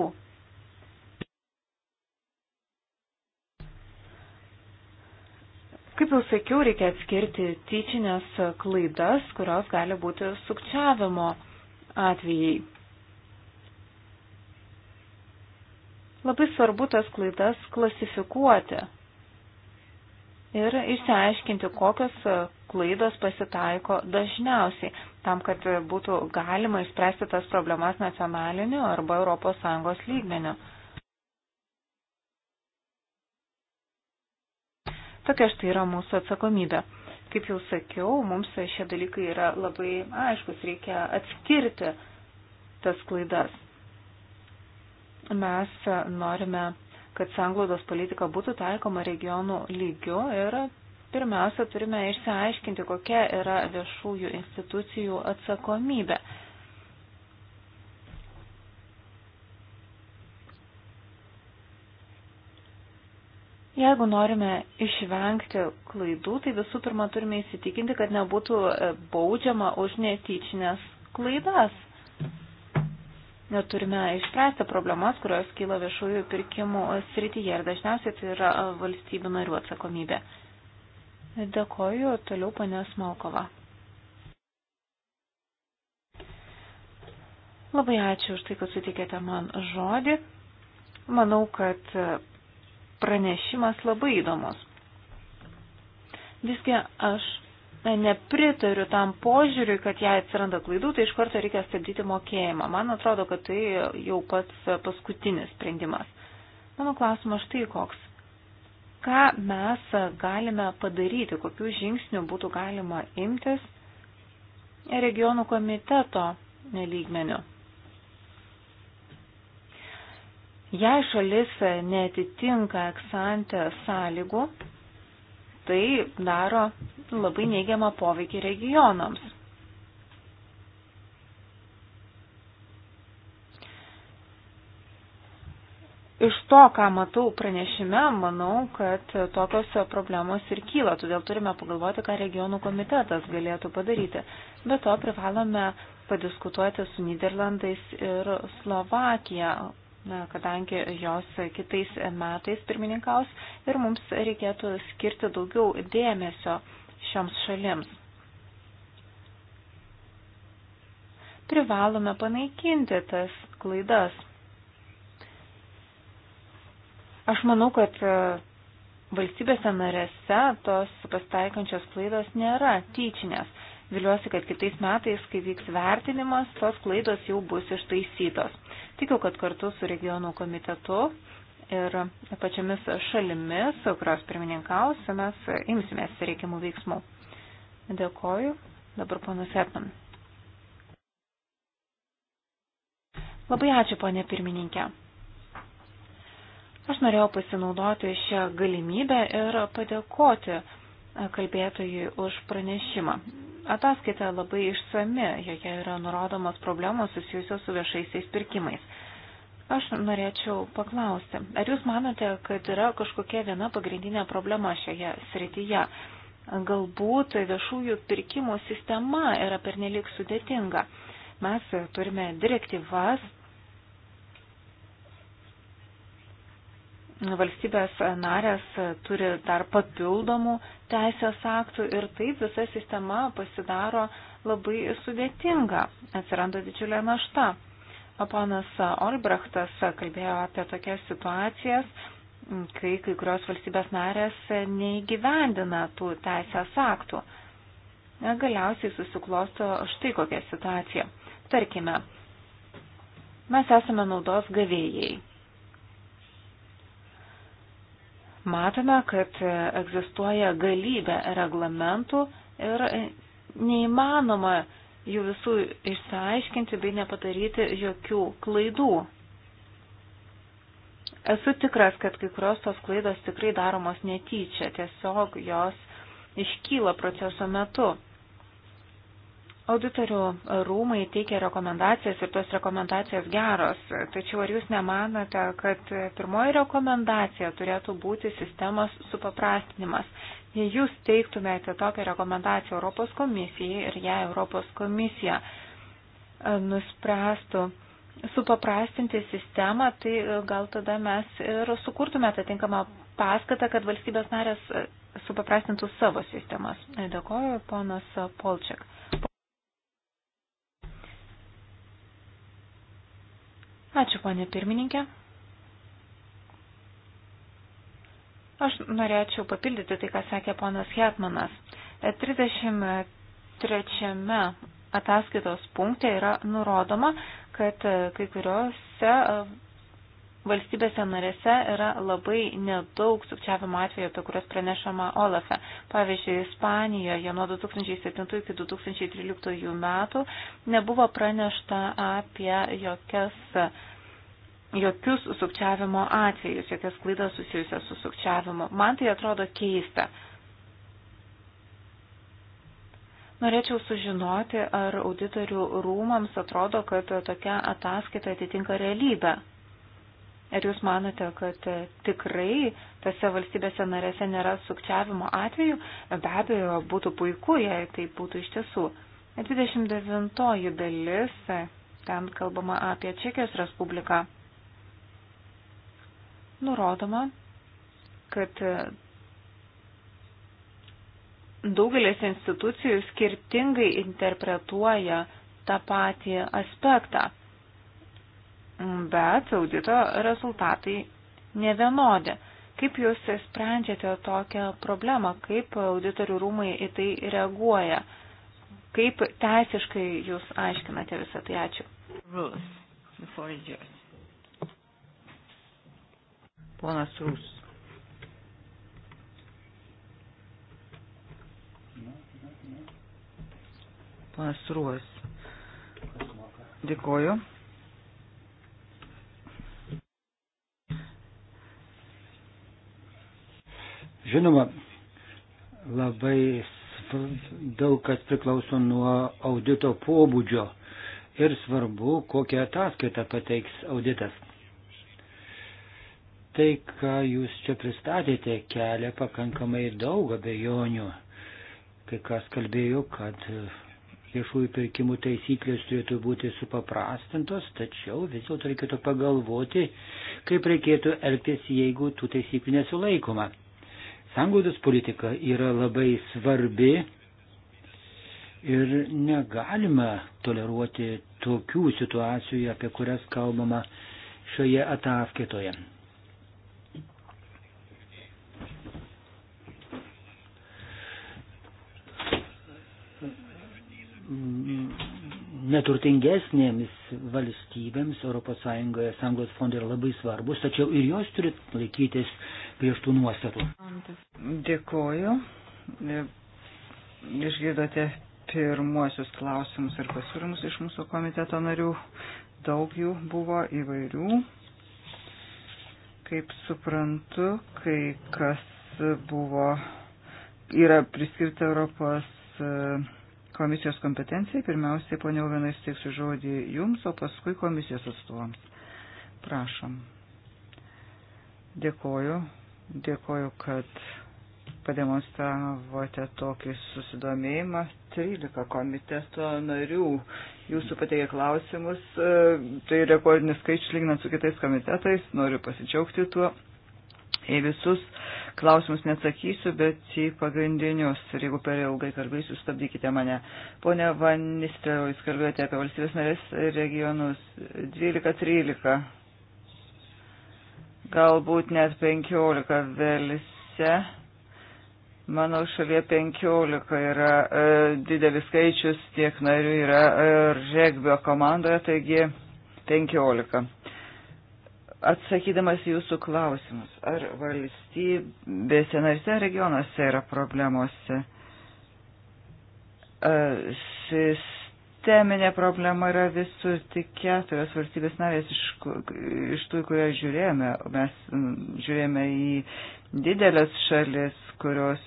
Kaip jau sakiau, reikia atskirti tyčinės klaidas, kurios gali būti sukčiavimo atvejai. Labai svarbu tas klaidas klasifikuoti ir išsiaiškinti, kokios klaidos pasitaiko dažniausiai, tam, kad būtų galima išspręsti tas problemas nacionaliniu arba ES lygmeniu. Tokia štai yra mūsų atsakomybė. Kaip jau sakiau, mums šie dalykai yra labai aiškus, reikia atskirti tas klaidas. Mes norime kad sanglaudos politika būtų taikoma regionų lygiu ir pirmiausia turime išsiaiškinti, kokia yra viešųjų institucijų atsakomybė. Jeigu norime išvengti klaidų, tai visų pirma turime įsitikinti, kad nebūtų baudžiama už netyčinės klaidas turime išspręsti problemas, kurios kyla viešųjų pirkimų srityje ir dažniausiai tai yra valstybių narių atsakomybė. Dėkoju, toliau ponė Smalkova. Labai ačiū už tai, kad sutikėte man žodį. Manau, kad pranešimas labai įdomus. Visgi aš nepritariu tam požiūriui, kad jei atsiranda klaidų, tai iš karto reikia stabdyti mokėjimą. Man atrodo, kad tai jau pats paskutinis sprendimas. Mano klausimas štai koks. Ką mes galime padaryti, kokių žingsnių būtų galima imtis regionų komiteto lygmeniu? Jei šalis netitinka eksantę sąlygų, tai daro labai neigiamą poveikį regionams. Iš to, ką matau pranešime, manau, kad tokios problemos ir kyla, todėl turime pagalvoti, ką regionų komitetas galėtų padaryti. Be to privalome padiskutuoti su Niderlandais ir Slovakija, kadangi jos kitais metais pirmininkaus ir mums reikėtų skirti daugiau dėmesio šioms šalims. Privalome panaikinti tas klaidas. Aš manau, kad e, valstybėse narėse tos pastaikančios klaidos nėra tyčinės. Viliuosi, kad kitais metais, kai vyks vertinimas, tos klaidos jau bus ištaisytos. Tikiu, kad kartu su regionų komitetu ir pačiamis šalimis, kurios pirmininkaus, mes imsimės reikiamų veiksmų. Dėkoju. Dabar ponas Etman. Labai ačiū, ponė pirmininkė. Aš norėjau pasinaudoti šią galimybę ir padėkoti kalbėtojui už pranešimą. Ataskaita labai išsami, joje yra nurodomos problemos susijusios su viešaisiais pirkimais. Aš norėčiau paklausti, ar Jūs manote, kad yra kažkokia viena pagrindinė problema šioje srityje? Galbūt viešųjų pirkimų sistema yra pernelik sudėtinga. Mes turime direktyvas, valstybės narės turi dar papildomų teisės aktų ir taip visa sistema pasidaro labai sudėtinga, atsiranda didžiulė našta. Ponas Olbrechtas kalbėjo apie tokias situacijas, kai kai kurios valstybės narės neįgyvendina tų teisės aktų. Galiausiai susiklosto štai kokia situacija. Tarkime, mes esame naudos gavėjai matome, kad egzistuoja galybė reglamentų ir neįmanoma jų visų išsiaiškinti bei nepadaryti jokių klaidų. Esu tikras, kad kai kurios tos klaidos tikrai daromos netyčia, tiesiog jos iškyla proceso metu. Auditorių rūmai teikia rekomendacijas ir tos rekomendacijos geros, tačiau ar jūs nemanote, kad pirmoji rekomendacija turėtų būti sistemos supaprastinimas? Jei jūs teiktumėte tokią rekomendaciją Europos komisijai ir jei Europos komisija e, nuspręstų supaprastinti sistemą, tai e, gal tada mes ir sukurtume tą tinkamą paskatą, kad valstybės narės e, supaprastintų savo sistemas. Dėkoju, ponas Polčiak. Ačiū, ponė pirmininkė. Aš norėčiau papildyti tai, ką sakė ponas Hetmanas. 33 e, ataskaitos punkte yra nurodoma, kad e, kai kuriuose e, valstybėse narėse yra labai nedaug sukčiavimo atvejų, apie kurias pranešama Olafe. Pavyzdžiui, Ispanijoje nuo 2007 iki 2013 metų nebuvo pranešta apie jokias, jokius sukčiavimo atvejus, jokias klaidas susijusias su sukčiavimu. Man tai atrodo keista. Norėčiau sužinoti, ar auditorių rūmams atrodo, kad tokia ataskaita atitinka realybę. Ar jūs manote, kad e, tikrai tose valstybėse narėse nėra sukčiavimo atveju? Be abejo, būtų puiku, jei tai būtų iš tiesų. 29 dalis, e, ten kalbama apie Čekijos Respubliką. Nurodoma, kad e, daugelis institucijų skirtingai interpretuoja tą patį aspektą bet audito rezultatai nevienodi. Kaip jūs sprendžiate tokią problemą, kaip auditorių rūmai į tai reaguoja, kaip teisiškai jūs aiškinate visą tai, ačiū. Rus, Ponas Rus. Ponas Ruos. Dėkoju. Žinoma, labai daug kas priklauso nuo audito pobūdžio ir svarbu, kokią ataskaitą pateiks auditas. Tai, ką jūs čia pristatėte, kelia pakankamai daug abejonių. Kai kas kalbėjo, kad viešųjų pirkimų taisyklės turėtų būti supaprastintos, tačiau vis dėlto reikėtų pagalvoti, kaip reikėtų elgtis, jeigu tų taisyklių nesilaikoma sanglaudos politika yra labai svarbi ir negalima toleruoti tokių situacijų, apie kurias kalbama šioje ataskaitoje. neturtingesnėms valstybėms ES sąjungos fondai yra labai svarbus, tačiau ir jos turi laikytis griežtų nuostatų. Dėkoju. Išgirdote pirmuosius klausimus ir pasiūlymus iš mūsų komiteto narių. Daug jų buvo įvairių. Kaip suprantu, kai kas buvo, yra priskirta Europos e, komisijos kompetencijai. Pirmiausiai, ponia Uvenai, steiksiu žodį jums, o paskui komisijos atstovams. Prašom. Dėkoju, Dėkoju, kad pademonstravote tokį susidomėjimą. 13 komiteto narių jūsų pateikė klausimus. E, tai rekordinis skaičius lyginant su kitais komitetais. Noriu pasidžiaugti tuo. Į visus klausimus neatsakysiu, bet į pagrindinius. Ir jeigu per ilgai kalbėsiu, stabdykite mane. Pone Vanistrė, jūs kalbėjote apie valstybės narės regionus 12-13 galbūt net 15 vėlise. Mano šalyje 15 yra e, didelis skaičius, tiek narių yra ir e, žegbio komandoje, taigi 15. Atsakydamas jūsų klausimus, ar valstybėse narise regionuose yra problemose? E, sis sisteminė problema yra visur tik keturios valstybės narės iš, iš tų, kurią žiūrėjome. Mes žiūrėjome į didelės šalis, kurios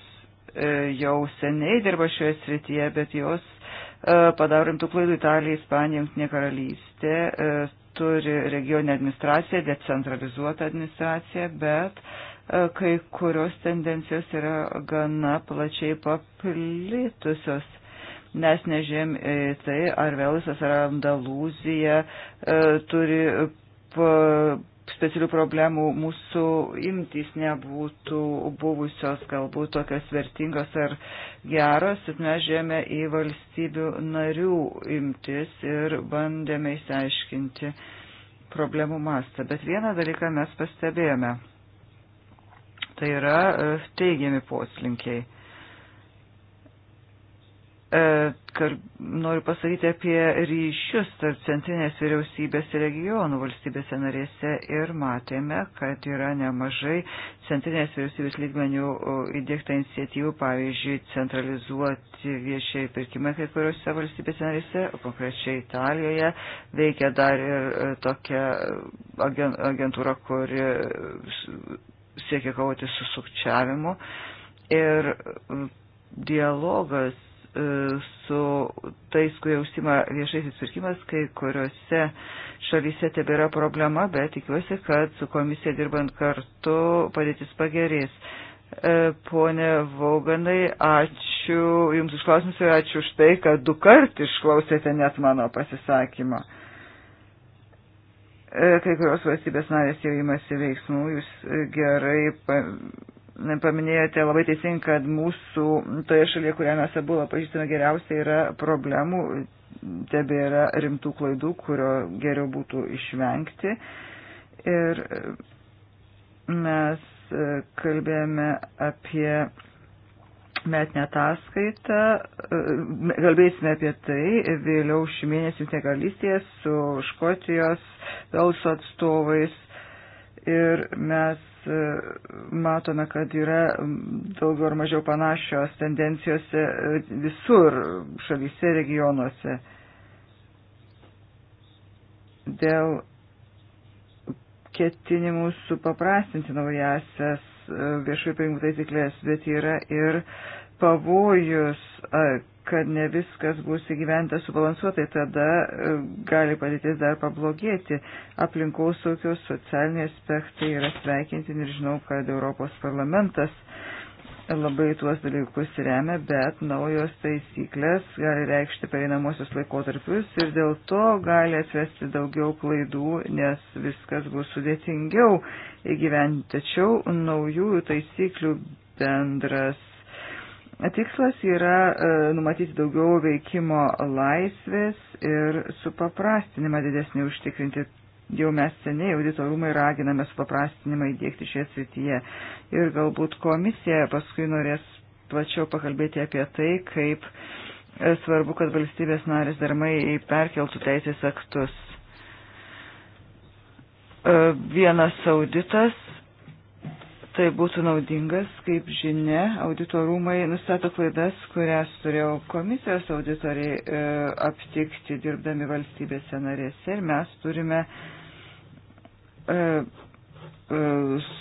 e, jau seniai dirba šioje srityje, bet jos e, padaro rimtų klaidų Italija, Ispanija, Junktinė karalystė. E, turi regioninę administraciją, decentralizuotą administraciją, bet e, kai kurios tendencijos yra gana plačiai paplitusios Mes nežinėm tai, ar Velsas ar Andalūzija e, turi specialių problemų mūsų imtys nebūtų buvusios galbūt tokios vertingos ar geros, bet mes žėmė į valstybių narių imtis ir bandėme įsiaiškinti problemų mastą. Bet vieną dalyką mes pastebėjome. Tai yra e, teigiami poslinkiai. E, noriu pasakyti apie ryšius tarp centrinės vyriausybės ir regionų valstybėse narėse ir matėme, kad yra nemažai centrinės vyriausybės lygmenių įdėkta iniciatyvų, pavyzdžiui, centralizuoti viešai pirkimai kai kuriuose valstybėse narėse, konkrečiai Italijoje veikia dar ir e, tokia agentūra, kuri e, siekia kovoti su sukčiavimu. Ir dialogas E, su tais, kurie užsima viešaisiais pirkimas, kai kuriuose šalyse tebėra problema, bet tikiuosi, kad su komisija dirbant kartu padėtis pagerės. E, pone Vauganai, ačiū Jums už klausimus ir ačiū už tai, kad du kart išklausėte net mano pasisakymą. E, kai kurios valstybės narės jau imasi veiksmų, jūs gerai paminėjote labai teisingai, kad mūsų toje šalyje, kurią mes abu pažįstame geriausiai, yra problemų, tebėra rimtų klaidų, kurio geriau būtų išvengti. Ir mes e, kalbėjome apie metinę ataskaitą, e, kalbėsime apie tai vėliau šį mėnesį Jungtinė karalystėje su Škotijos Velso atstovais ir mes e, matome, kad yra daugiau ar mažiau panašios tendencijose visur šalyse, regionuose. Dėl ketinimų supaprastinti naujasias e, viešųjų pirmų taisyklės, bet yra ir uh, pavojus, kad ne viskas bus įgyventa subalansuotai, tada e, gali padėtis dar pablogėti. Aplinkaus saugios socialiniai aspektai yra sveikintini ir žinau, kad Europos parlamentas labai tuos dalykus remia, bet naujos taisyklės gali reikšti pereinamosius laikotarpius ir dėl to gali atvesti daugiau klaidų, nes viskas bus sudėtingiau įgyventi. Tačiau naujųjų taisyklių bendras Tikslas yra e, numatyti daugiau veikimo laisvės ir supaprastinimą didesnį užtikrinti. Jau mes seniai auditorumai raginame supaprastinimą įdėkti šioje srityje ir galbūt komisija paskui norės plačiau pakalbėti apie tai, kaip e, svarbu, kad valstybės narės darmai perkeltų teisės aktus. E, vienas auditas Tai būtų naudingas, kaip žinia, auditorumai nustato klaidas, kurias turėjo komisijos auditoriai e, aptikti dirbdami valstybėse narėse ir mes turime e, e,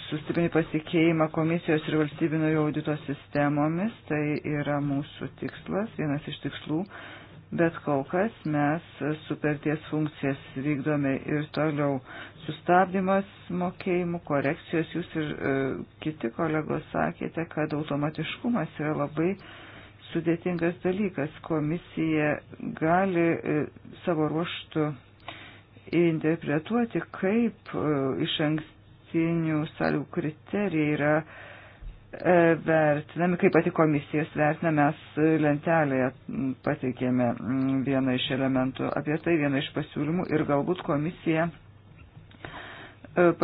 sustiprinti pasikeimą komisijos ir valstybinio audito sistemomis. Tai yra mūsų tikslas, vienas iš tikslų. E, bet kol kas mes sutarties funkcijas vykdome ir toliau sustabdymas mokėjimų, korekcijos. Jūs ir e, kiti kolegos sakėte, kad automatiškumas yra labai sudėtingas dalykas. Komisija gali e, savo ruoštų interpretuoti, kaip e, iš ankstinių sąlygų kriterijai yra e, E, vertinami, kaip pati komisijos vertina, mes lentelėje pateikėme vieną iš elementų apie tai, vieną iš pasiūlymų ir galbūt komisija e,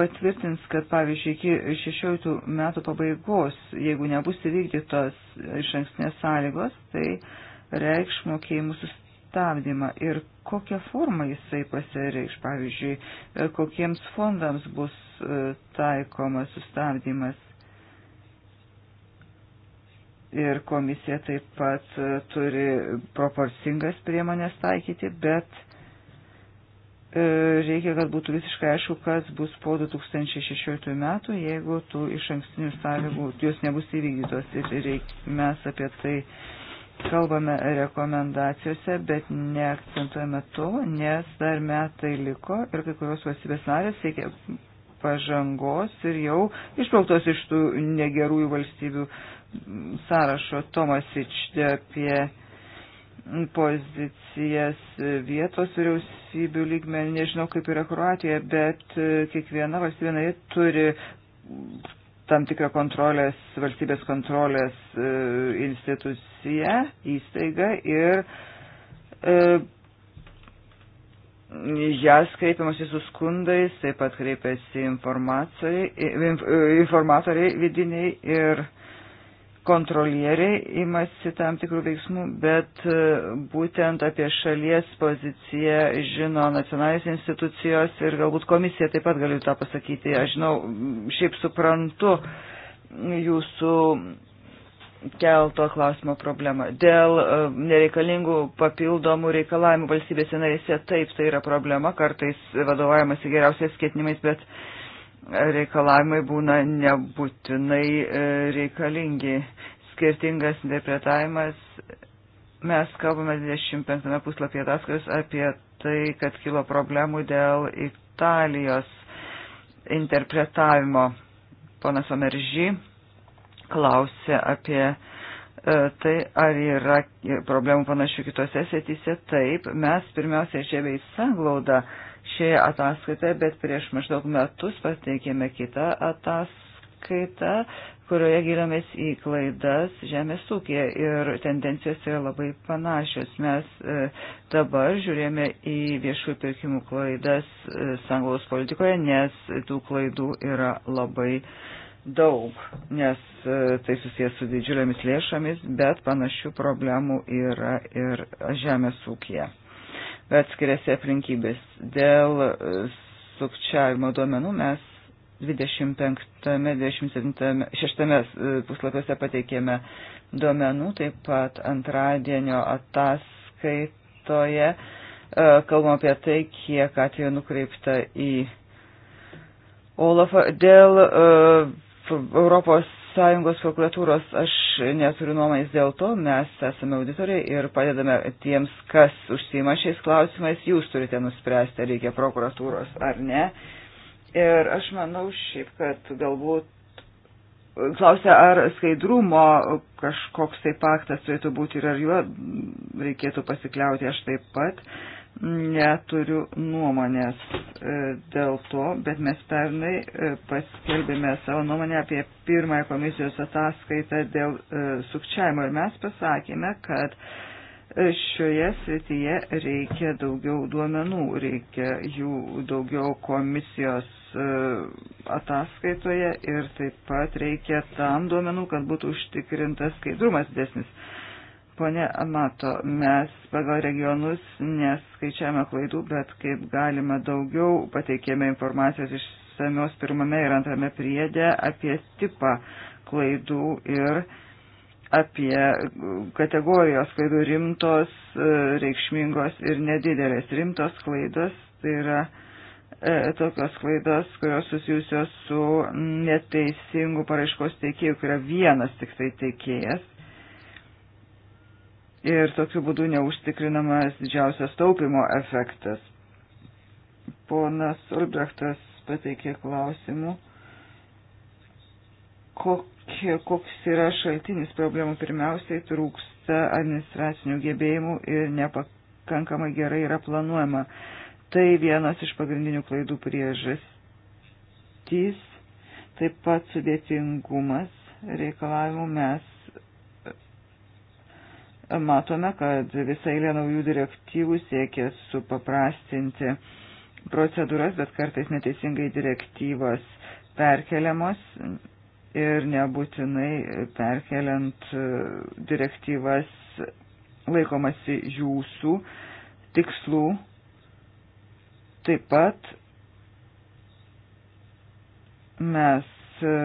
patvirtins, kad pavyzdžiui iki 16 metų pabaigos, jeigu nebus įvykdytos iš ankstinės sąlygos, tai reikš mokėjimų sustabdymą ir kokią formą jisai pasireikš, pavyzdžiui, e, kokiems fondams bus taikomas sustabdymas ir komisija taip pat e, turi proporcingas priemonės taikyti, bet e, reikia, kad būtų visiškai aišku, kas bus po 2016 metų, jeigu tų iš ankstinių sąlygų jos nebus įvykdytos. Ir reik, mes apie tai kalbame rekomendacijose, bet neakcentuojame to, nes dar metai liko ir kai kurios valstybės narės siekia pažangos ir jau išbrauktos iš tų negerųjų valstybių sąrašo Tomasič apie pozicijas vietos vyriausybių lygmenį, nežinau kaip yra Kroatija, bet e, kiekviena valstybė narė turi tam tikrą kontrolės, valstybės kontrolės e, instituciją, įstaigą ir e, jas kreipiamasi su skundais, taip pat kreipiasi informatoriai vidiniai ir kontrolieriai imasi tam tikrų veiksmų, bet e, būtent apie šalies poziciją žino nacionalinės institucijos ir galbūt komisija taip pat galiu tą pasakyti. Aš žinau, šiaip suprantu jūsų kelto klausimo problema. Dėl e, nereikalingų papildomų reikalavimų valstybėse narėse taip tai yra problema, kartais vadovaujamasi geriausiais ketinimais, bet reikalavimai būna nebūtinai e, reikalingi. Skirtingas interpretavimas. Mes kalbame 25 puslapyje ataskaitos apie tai, kad kilo problemų dėl Italijos interpretavimo. Ponas Omeržiai klausė apie e, tai, ar yra problemų panašių kitose sėtyse. Taip, mes pirmiausia žiebė į sanglaudą šioje ataskaitoje, bet prieš maždaug metus pateikėme kitą ataskaitą, kurioje gilinamės į klaidas žemės ūkėje ir tendencijos yra labai panašios. Mes e, dabar žiūrėjome į viešųjų pirkimų klaidas e, sanglaus politikoje, nes tų klaidų yra labai daug, nes e, tai susijęs su didžiulėmis lėšomis, bet panašių problemų yra ir žemės ūkija. Bet skiriasi aplinkybės. Dėl e, sukčiavimo duomenų mes 25-26 e, puslapiuose pateikėme duomenų, taip pat antradienio ataskaitoje kalbam apie tai, kiek atveju nukreipta į Olafą dėl uh, Europos Sąjungos prokuratūros aš neturiu nuomonės dėl to, mes esame auditoriai ir padedame tiems, kas užsima šiais klausimais, jūs turite nuspręsti, ar reikia prokuratūros ar ne. Ir aš manau šiaip, kad galbūt klausia, ar skaidrumo kažkoks tai paktas turėtų būti ir ar juo reikėtų pasikliauti aš taip pat. Uh, neturiu nuomonės e, dėl to, bet mes pernai e, paskelbėme savo nuomonę apie pirmąją komisijos ataskaitą dėl e, sukčiavimo ir mes pasakėme, kad šioje srityje reikia daugiau duomenų, reikia jų daugiau komisijos ataskaitoje ir taip pat reikia tam duomenų, kad būtų užtikrintas skaidrumas desnis. Pone Amato, mes pagal regionus neskaičiame klaidų, bet kaip galima daugiau pateikėme informacijos išsamios pirmame ir antrame priedė apie tipą klaidų ir apie kategorijos klaidų rimtos, e, reikšmingos ir nedidelės. Rimtos klaidos tai yra e, tokios klaidos, kurios susijusios su neteisingu paraiškos teikėju, kur yra vienas tik tai teikėjas ir tokiu būdu neužtikrinamas didžiausias taupimo efektas. Ponas Ulbrechtas pateikė klausimų, kokie, koks yra šaltinis problemų. Pirmiausiai trūksta administracinių gebėjimų ir nepakankamai gerai yra planuojama. Tai vienas iš pagrindinių klaidų priežastys, taip pat sudėtingumas reikalavimų mes matome, kad visą eilę naujų direktyvų siekia supaprastinti procedūras, bet kartais neteisingai direktyvos perkeliamos ir nebūtinai perkeliant e, direktyvas laikomasi jūsų tikslų. Taip pat mes e,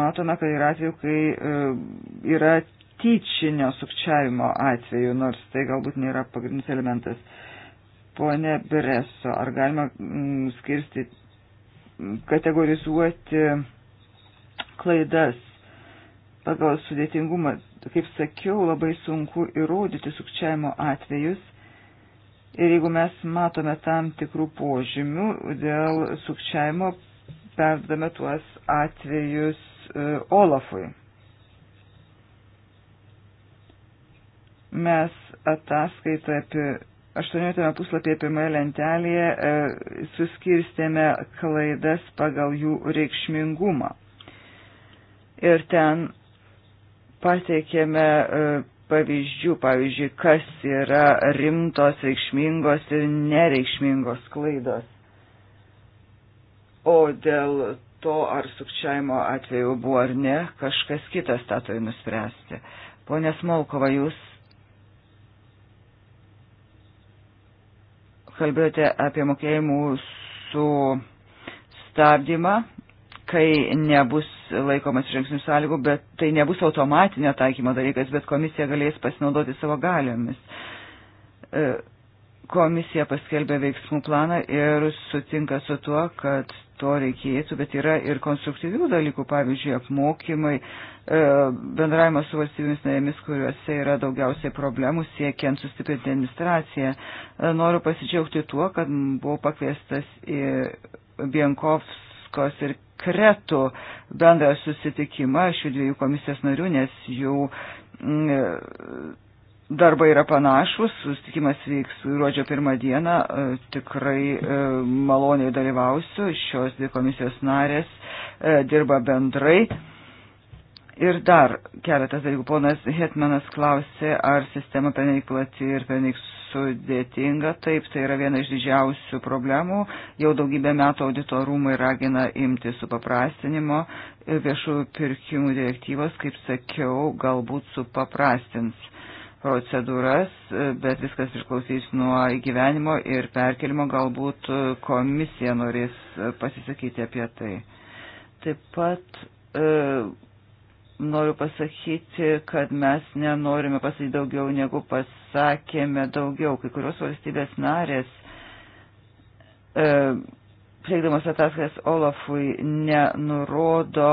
matome, kad yra atveju, kai e, yra tyčinio sukčiavimo atveju, nors tai galbūt nėra pagrindinis elementas. Pone Bereso, ar galima mm, skirsti, mm, kategorizuoti klaidas pagal sudėtingumą? Kaip sakiau, labai sunku įrodyti sukčiavimo atvejus. Ir jeigu mes matome tam tikrų požymių dėl sukčiavimo, perdame tuos atvejus e, Olafui. Mes ataskaitą apie 18 puslapyje pirmoje lentelėje e, suskirstėme klaidas pagal jų reikšmingumą. Ir ten pateikėme e, pavyzdžių, pavyzdžiui, kas yra rimtos, reikšmingos ir nereikšmingos klaidos. O dėl to, ar sukčiavimo atveju buvo ar ne, kažkas kitas tą turi nuspręsti. Pone Smolkova, jūs kalbėjote apie mokėjimų sustabdymą, kai nebus laikomas žingsnių sąlygų, bet tai nebus automatinio taikymo dalykas, bet komisija galės pasinaudoti savo galiomis. E, komisija paskelbė veiksmų planą ir sutinka su tuo, kad to reikėtų, bet yra ir konstruktyvių dalykų, pavyzdžiui, apmokymai, e, bendravimas su valstybėmis narėmis, kuriuose yra daugiausiai problemų siekiant sustiprinti administraciją. E, noriu pasidžiaugti tuo, kad buvau pakviestas į Bienkovskos ir Kretų bendrą susitikimą šių dviejų komisijos narių, nes jų darbai yra panašus, sustikimas vyks gruodžio pirmą dieną, e, tikrai e, maloniai dalyvausiu, šios dvi komisijos narės e, dirba bendrai. Ir dar keletas dalykų. Ponas Hetmanas klausė, ar sistema peneik plati ir peneik sudėtinga. Taip, tai yra viena iš didžiausių problemų. Jau daugybę metų auditorumai ragina imti supaprastinimo. Viešųjų pirkimų direktyvos, kaip sakiau, galbūt supaprastins procedūras, bet viskas priklausys nuo įgyvenimo ir perkelimo, galbūt komisija norės pasisakyti apie tai. Taip pat e, noriu pasakyti, kad mes nenorime pasakyti daugiau negu pasakėme daugiau. Kai kurios valstybės narės, e, teikdamas ataskaitas Olafui, nenurodo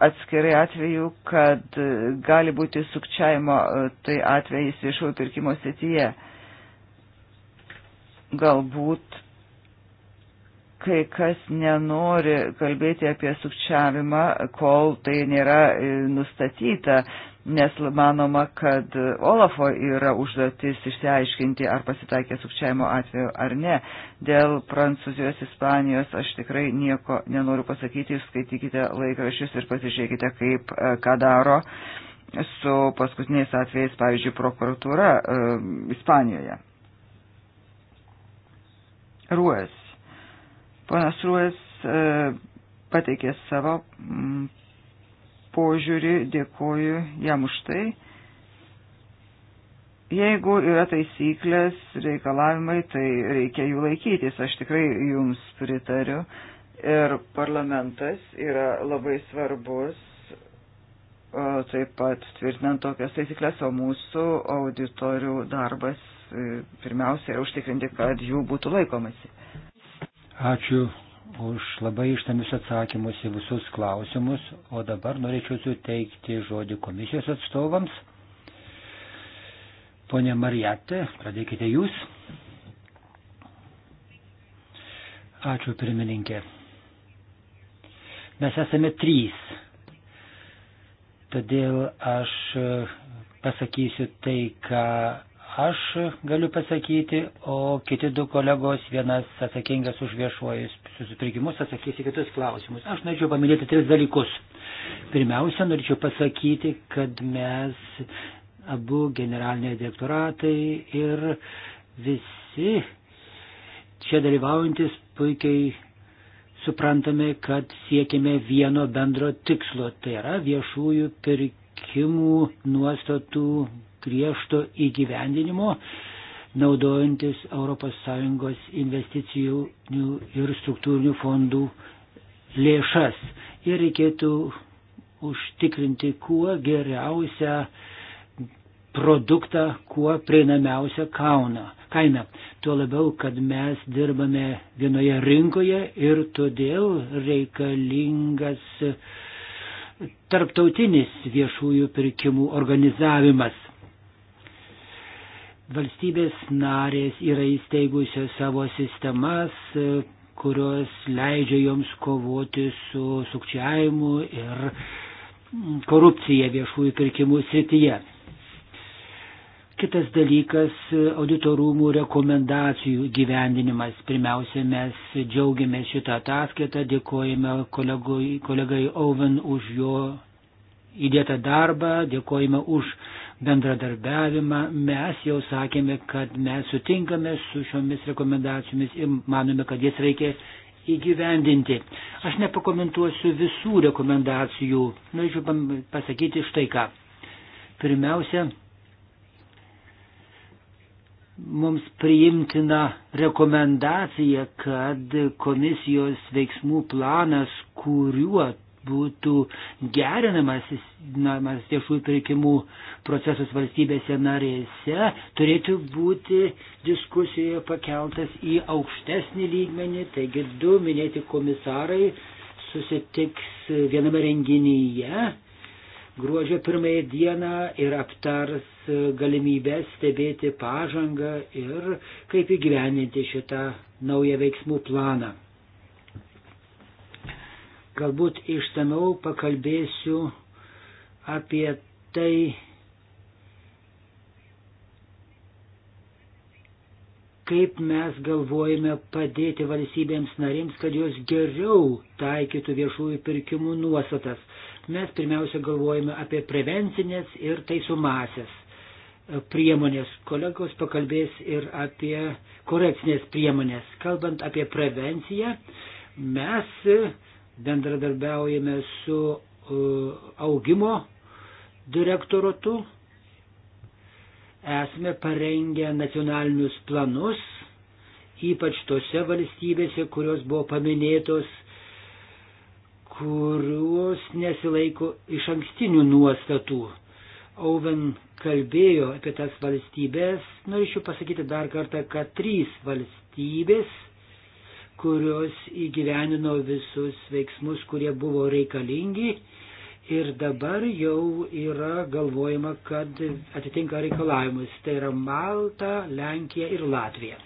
atskirai atveju, kad e, gali būti sukčiavimo e, tai atvejais viešųjų pirkimo srityje. Galbūt kai kas nenori kalbėti apie sukčiavimą, kol tai nėra e, nustatyta, nes manoma, kad Olafo yra užduotis išsiaiškinti, ar pasitaikė sukčiavimo atveju ar ne. Dėl Prancūzijos, Ispanijos aš tikrai nieko nenoriu pasakyti, jūs skaitykite laikrašius ir pasižiūrėkite, kaip e, ką daro su paskutiniais atvejais, pavyzdžiui, prokuratūra e, Ispanijoje. Ruės. Ponas Ruės e, pateikė savo požiūrį, dėkoju jam už tai. Jeigu yra taisyklės, reikalavimai, tai reikia jų laikytis, aš tikrai jums pritariu. Ir parlamentas yra labai svarbus, taip pat tvirtinant tokias taisyklės, o mūsų auditorių darbas e, pirmiausia yra užtikrinti, kad jų būtų laikomasi. Ačiū už labai ištamius atsakymus į visus klausimus, o dabar norėčiau suteikti žodį komisijos atstovams. Pone Marijatė, pradėkite jūs. Ačiū, pirmininkė. Mes esame trys, todėl aš pasakysiu tai, ką aš galiu pasakyti, o kiti du kolegos, vienas atsakingas už viešuojus susipirkimus, atsakys į kitus klausimus. Aš norėčiau paminėti tris dalykus. Pirmiausia, norėčiau pasakyti, kad mes abu generaliniai direktoratai ir visi čia dalyvaujantis puikiai suprantame, kad siekime vieno bendro tikslo, tai yra viešųjų pirkimų nuostatų griežto įgyvendinimo, naudojantis ES investicijų ir struktūrinių fondų lėšas. Ir reikėtų užtikrinti kuo geriausią produktą, kuo prieinamiausią kainą. Tuo labiau, kad mes dirbame vienoje rinkoje ir todėl reikalingas tarptautinis viešųjų pirkimų organizavimas. Valstybės narės yra įsteigusios savo sistemas, e, kurios leidžia joms kovoti su sukčiavimu ir mm, korupcija viešųjų pirkimų srityje. Kitas dalykas - auditorumų rekomendacijų gyvendinimas. Pirmiausia, mes džiaugiamės šitą ataskaitą, dėkojame kolegui, kolegai Oven už jo įdėtą darbą, dėkojame už bendradarbiavimą. Mes jau sakėme, kad mes sutinkame su šiomis rekomendacijomis ir manome, kad jas reikia įgyvendinti. Aš nepakomentuosiu visų rekomendacijų. Norėčiau pasakyti štai ką. Pirmiausia, mums priimtina rekomendacija, kad komisijos veiksmų planas, kuriuo būtų gerinamas viešųjų pirkimų procesas valstybėse narėse, turėtų būti diskusijoje pakeltas į aukštesnį lygmenį. Taigi du minėti komisarai susitiks viename renginyje gruodžio pirmąją dieną ir aptars galimybę stebėti pažangą ir kaip įgyveninti šitą naują veiksmų planą. Galbūt ištamiau pakalbėsiu apie tai, kaip mes galvojame padėti valstybėms narėms, kad jos geriau taikytų viešųjų pirkimų nuostatas. Mes pirmiausia galvojame apie prevencinės ir taisomasias priemonės. Kolegos pakalbės ir apie korekcinės priemonės. Kalbant apie prevenciją, mes bendradarbiaujame su e, augimo direktoratu, esame parengę nacionalinius planus, ypač tose valstybėse, kurios buvo paminėtos, kurios nesilaiko iš ankstinių nuostatų. Auven kalbėjo apie tas valstybės, norėčiau pasakyti dar kartą, kad trys valstybės kurios įgyvenino visus veiksmus, kurie buvo reikalingi. Ir dabar jau yra galvojama, kad atitinka reikalavimus. Tai yra Malta, Lenkija ir Latvija.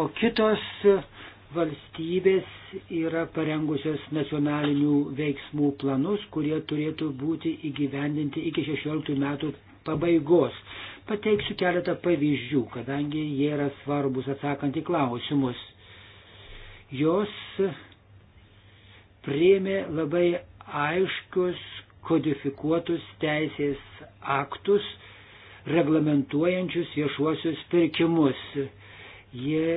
O kitos valstybės yra parengusios nacionalinių veiksmų planus, kurie turėtų būti įgyvendinti iki 16 metų pabaigos. Pateiksiu keletą pavyzdžių, kadangi jie yra svarbus atsakant į klausimus. Jos priėmė labai aiškius kodifikuotus teisės aktus, reglamentuojančius viešuosius pirkimus. Jie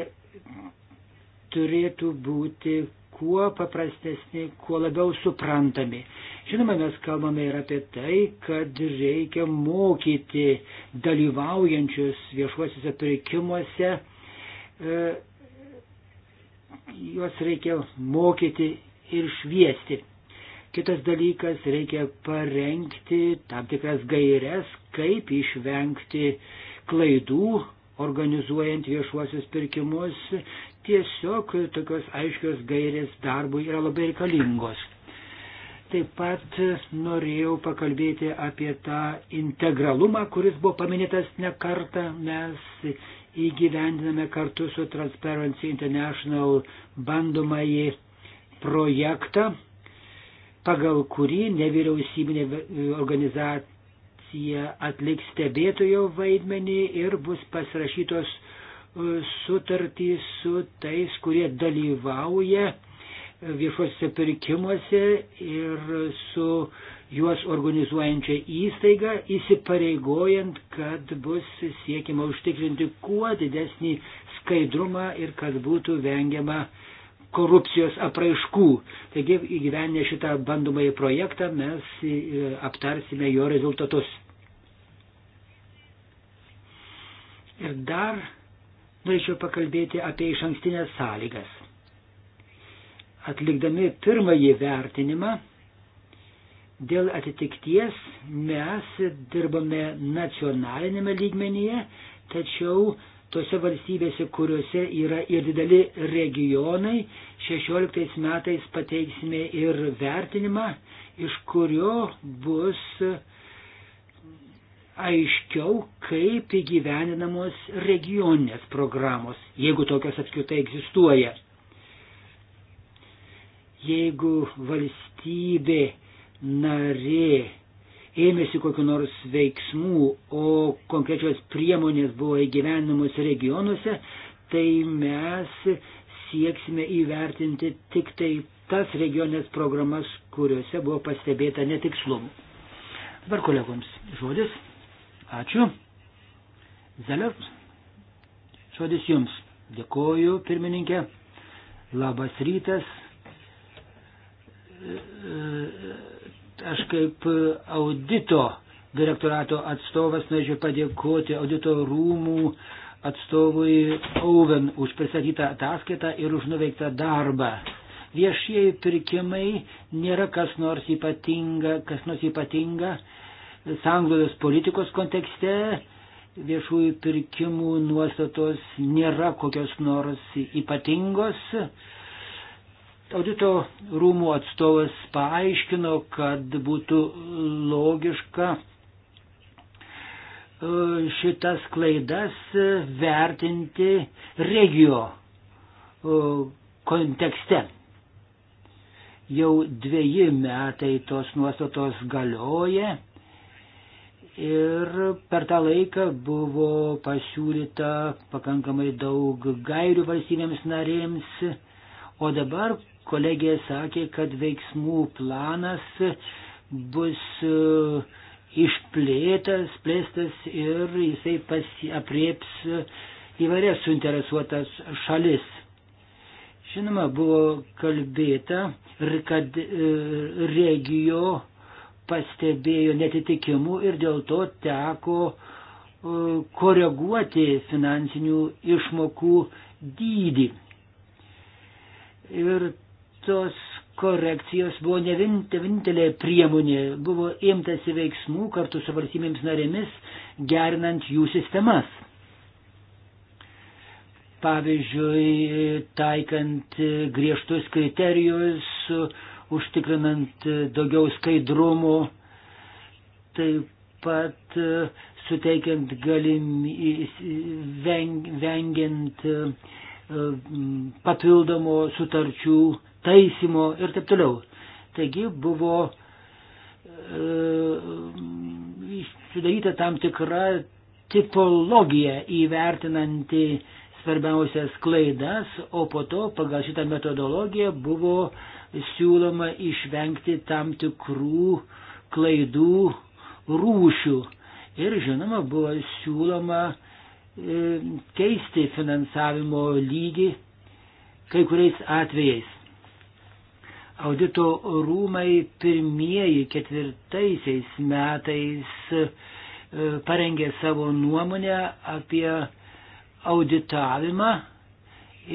turėtų būti kuo paprastesni, kuo labiau suprantami. Žinoma, mes kalbame ir apie tai, kad reikia mokyti dalyvaujančius viešuosiuose pirkimuose e, juos reikia mokyti ir šviesti. Kitas dalykas, reikia parengti tam tikras gairias, kaip išvengti klaidų, organizuojant viešuosius pirkimus. Tiesiog tokios aiškios gairės darbui yra labai reikalingos. Taip pat norėjau pakalbėti apie tą integralumą, kuris buvo paminėtas ne kartą. Mes įgyvendiname kartu su Transparency International bandomąjį projektą, pagal kurį nevyriausybinė organizacija atliks stebėtojo vaidmenį ir bus pasirašytos e, sutartys su tais, kurie dalyvauja viešuose pirkimuose ir su juos organizuojančią įstaigą, įsipareigojant, kad bus siekiama užtikrinti kuo didesnį skaidrumą ir kad būtų vengiama korupcijos apraiškų. Taigi įgyvenę šitą bandomąjį projektą mes e, aptarsime jo rezultatus. Ir dar norėčiau pakalbėti apie iš ankstinės sąlygas. Atlikdami pirmąjį vertinimą, Dėl atitikties mes dirbame nacionalinėme lygmenyje, tačiau tose valstybėse, kuriuose yra ir dideli regionai, 16 metais pateiksime ir vertinimą, iš kurio bus aiškiau, kaip įgyvendinamos regioninės programos, jeigu tokios apskritai egzistuoja. Jeigu valstybė narė ėmėsi kokiu nors veiksmų, o konkrečios priemonės buvo įgyvenamos regionuose, tai mes sieksime įvertinti tik tai tas regionės programas, kuriuose buvo pastebėta netikslumų. Dabar kolegoms žodis. Ačiū. Zeliot, žodis jums. Dėkoju, pirmininkė. Labas rytas. E, e, Aš kaip audito direktorato atstovas norėčiau padėkoti audito rūmų atstovui Oven už pristatytą ataskaitą ir už nuveiktą darbą. Viešieji pirkimai nėra kas nors ypatinga, kas nors ypatinga sanglaudos politikos kontekste. Viešųjų pirkimų nuostatos nėra kokios nors ypatingos. Audito rūmų atstovas paaiškino, kad būtų logiška e, šitas klaidas vertinti regio e, kontekste. Jau dviejį metai tos nuostatos galioja ir per tą laiką buvo pasiūlyta pakankamai daug gairių valstybėms narėms, o dabar kolegė sakė, kad veiksmų planas bus e, išplėtas, plėstas ir jisai aprieps įvairias suinteresuotas šalis. Žinoma, buvo kalbėta ir kad e, regio pastebėjo netitikimų ir dėl to teko e, koreguoti finansinių išmokų dydį. Ir tos korekcijos buvo ne vienintelė priemonė, buvo imtasi veiksmų kartu su valstybėms narėmis, gerinant jų sistemas. Pavyzdžiui, taikant griežtus kriterijus, užtikrinant daugiau skaidrumo, taip pat suteikiant galimybę, vengiant e, papildomo sutarčių taisimo ir taip toliau. Taigi buvo e, sudaryta tam tikra tipologija įvertinanti svarbiausias klaidas, o po to pagal šitą metodologiją buvo siūloma išvengti tam tikrų klaidų rūšių. Ir žinoma, buvo siūloma e, keisti finansavimo lygį kai kuriais atvejais. Audito rūmai pirmieji ketvirtaisiais metais e, parengė savo nuomonę apie auditavimą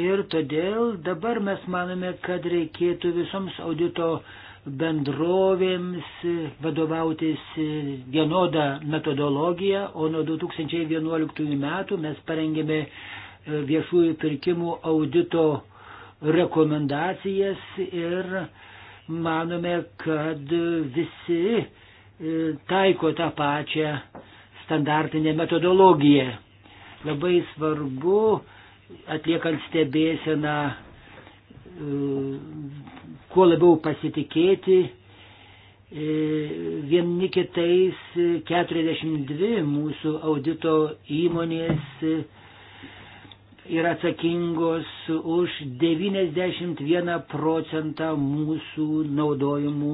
ir todėl dabar mes manome, kad reikėtų visoms audito bendrovėms vadovautis vienodą metodologiją, o nuo 2011 metų mes parengėme e, viešųjų pirkimų audito rekomendacijas ir manome, kad visi e, taiko tą pačią standartinę metodologiją. Labai svarbu, atliekant stebėseną, e, kuo labiau pasitikėti e, vieni kitais 42 mūsų audito įmonės yra atsakingos už 91 procentą mūsų naudojimų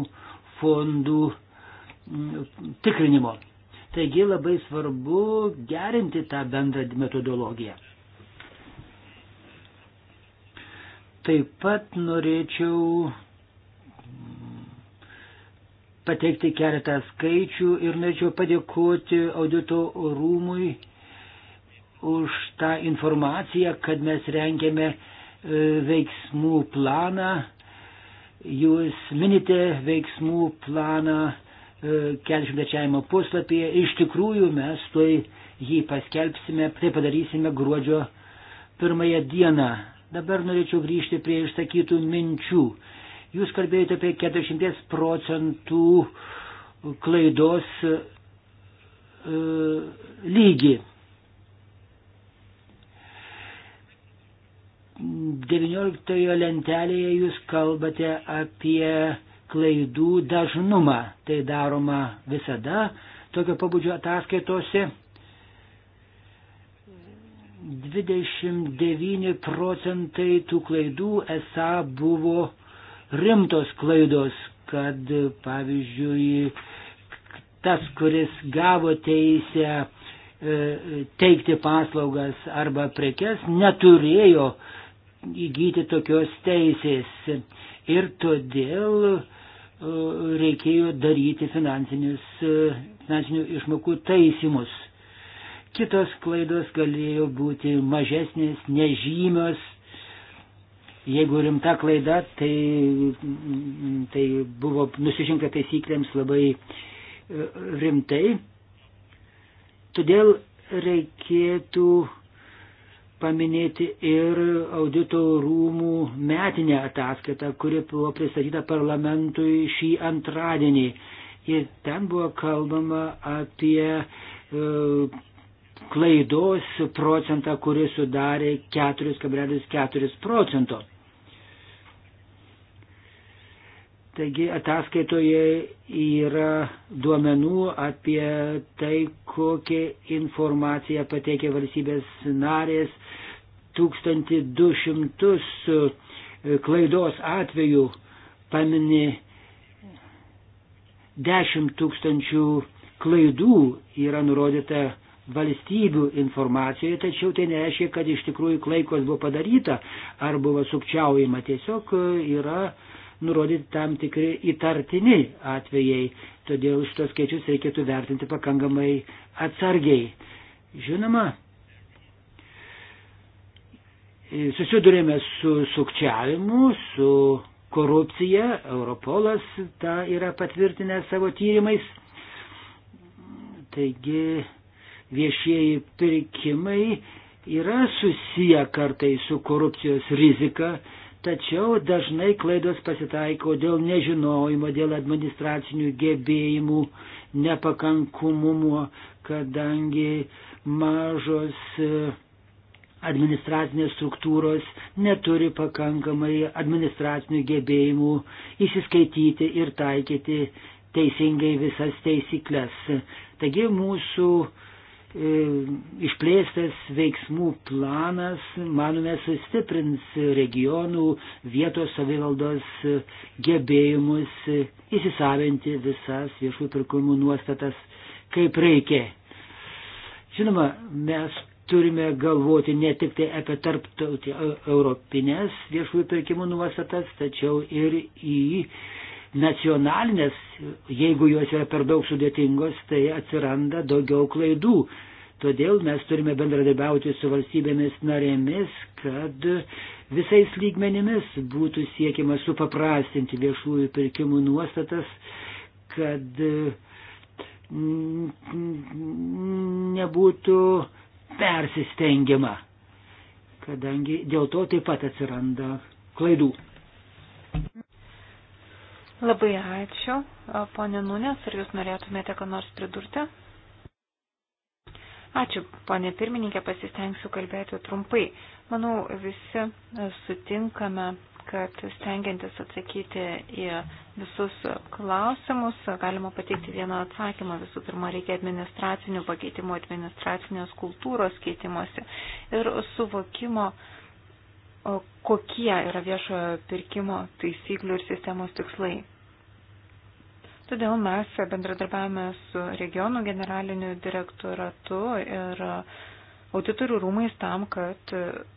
fondų mm, tikrinimo. Taigi labai svarbu gerinti tą bendrą metodologiją. Taip pat norėčiau mm, pateikti keletą skaičių ir norėčiau padėkoti audito rūmui už tą informaciją, kad mes renkėme e, veiksmų planą. Jūs minite veiksmų planą 43 e, puslapyje. Iš tikrųjų mes tuoj jį paskelbsime, tai padarysime gruodžio pirmąją dieną. Dabar norėčiau grįžti prie išsakytų minčių. Jūs kalbėjote apie 40 procentų klaidos e, lygį. 19 lentelėje jūs kalbate apie klaidų dažnumą. Tai daroma visada tokio pabudžio ataskaitose. 29 procentai tų klaidų esą buvo rimtos klaidos, kad pavyzdžiui tas, kuris gavo teisę e, teikti paslaugas arba prekes, neturėjo uh, įgyti tokios teisės. Ir todėl e, reikėjo daryti finansinius, e, finansinių išmokų taisimus. Kitos klaidos galėjo būti mažesnės, nežymios. Jeigu rimta klaida, tai, tai buvo nusižengta taisyklėms labai e, rimtai. Todėl reikėtų paminėti ir audito rūmų metinę ataskaitą, kuri buvo pristatyta parlamentui šį antradienį. Ir ten buvo kalbama apie e, klaidos procentą, kuris sudarė 4,4 procento. Taigi ataskaitoje yra duomenų apie tai, kokią informaciją pateikė valstybės narės 1200 e, klaidos atvejų pamini 10 tūkstančių klaidų yra nurodyta valstybių informacijoje, tačiau tai nereiškia, kad iš tikrųjų klaikos buvo padaryta ar buvo sukčiaujama. Tiesiog e, yra uh, nurodyti tam tikri įtartini atvejai, todėl šitos skaičius reikėtų vertinti pakankamai atsargiai. Žinoma, susidurėme su sukčiavimu, su korupcija, Europolas tą yra patvirtinę savo tyrimais. Taigi viešieji pirkimai yra susiję kartai su korupcijos rizika, Tačiau dažnai klaidos pasitaiko dėl nežinojimo, dėl administracinių gebėjimų, nepakankumumo, kadangi mažos e, administracinės struktūros neturi pakankamai administracinių gebėjimų įsiskaityti ir taikyti teisingai visas teisiklės. Taigi mūsų E, išplėstas veiksmų planas, manome, sustiprins regionų vietos savivaldos gebėjimus įsisavinti visas viešųjų pirkimų nuostatas kaip reikia. Žinoma, mes turime galvoti ne tik tai apie tarptautį e, europinės viešųjų pirkimų nuostatas, tačiau ir į nacionalinės, jeigu jos yra per daug sudėtingos, tai atsiranda daugiau klaidų. Todėl mes turime bendradarbiauti su valstybėmis narėmis, kad visais lygmenimis būtų siekiama supaprastinti viešųjų pirkimų nuostatas, kad mm, mm, nebūtų persistengiama, kadangi dėl to taip pat atsiranda klaidų. Labai ačiū. Pone Nunės, ar jūs norėtumėte ką nors pridurti? Ačiū, ponė pirmininkė, pasistengsiu kalbėti trumpai. Manau, visi sutinkame, kad stengiantis atsakyti į visus klausimus, galima pateikti vieną atsakymą. Visų pirma, reikia administracinių pakeitimų, administracinės kultūros keitimosi ir suvokimo kokie yra viešojo pirkimo taisyklių ir sistemos tikslai. Todėl mes bendradarbiavame su regionų generaliniu direktoratu ir auditorių rūmais tam, kad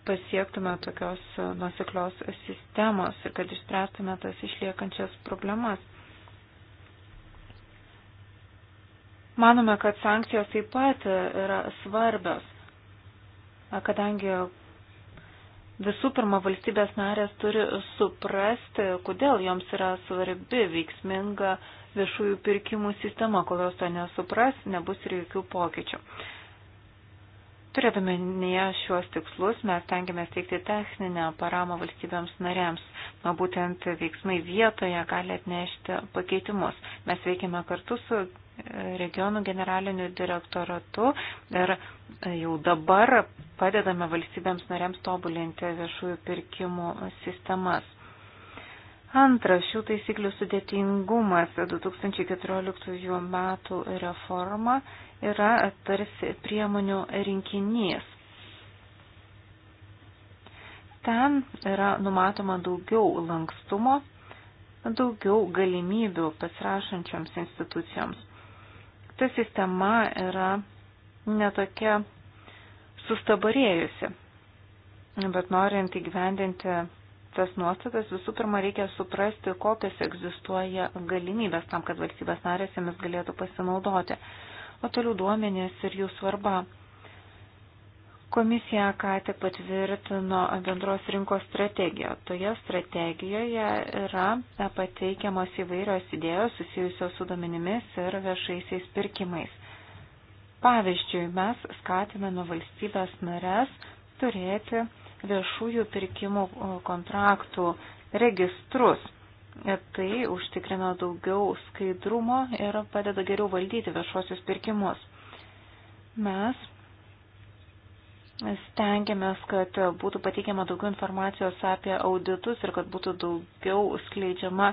pasiektume tokios nusiklios sistemos ir kad išspręstume tas išliekančias problemas. Manome, kad sankcijos taip pat yra svarbios, kadangi visų pirma valstybės narės turi suprasti, kodėl joms yra svarbi veiksminga viešųjų pirkimų sistema, kol jos to nesupras, nebus ir jokių pokyčių. Turėdami nie šiuos tikslus, mes tengiamės teikti techninę paramą valstybėms narėms. Na, būtent veiksmai vietoje gali atnešti pakeitimus. Mes veikiame kartu su e, regionų generaliniu direktoratu ir e, jau dabar padedame valstybėms narėms tobulinti viešųjų pirkimų sistemas. Antras šių taisyklių sudėtingumas 2014 metų reforma yra tarsi priemonių rinkinys. Ten yra numatoma daugiau lankstumo, daugiau galimybių pasirašančioms institucijoms. Ta sistema yra netokia sustabarėjusi, bet norint įgyvendinti tas nuostatas, visų pirma, reikia suprasti, kokios egzistuoja galimybės tam, kad valstybės narės jomis galėtų pasinaudoti. O toliau duomenės ir jų svarba. Komisija ką tik patvirtino bendros rinkos strategiją. Toje strategijoje yra pateikiamos įvairios idėjos susijusios su duomenimis ir viešaisiais pirkimais. Pavyzdžiui, mes skatiname valstybės narės turėti viešųjų pirkimų kontraktų registrus. Tai užtikrina daugiau skaidrumo ir padeda geriau valdyti viešuosius pirkimus. Mes stengiamės, kad būtų pateikiama daugiau informacijos apie auditus ir kad būtų daugiau skleidžiama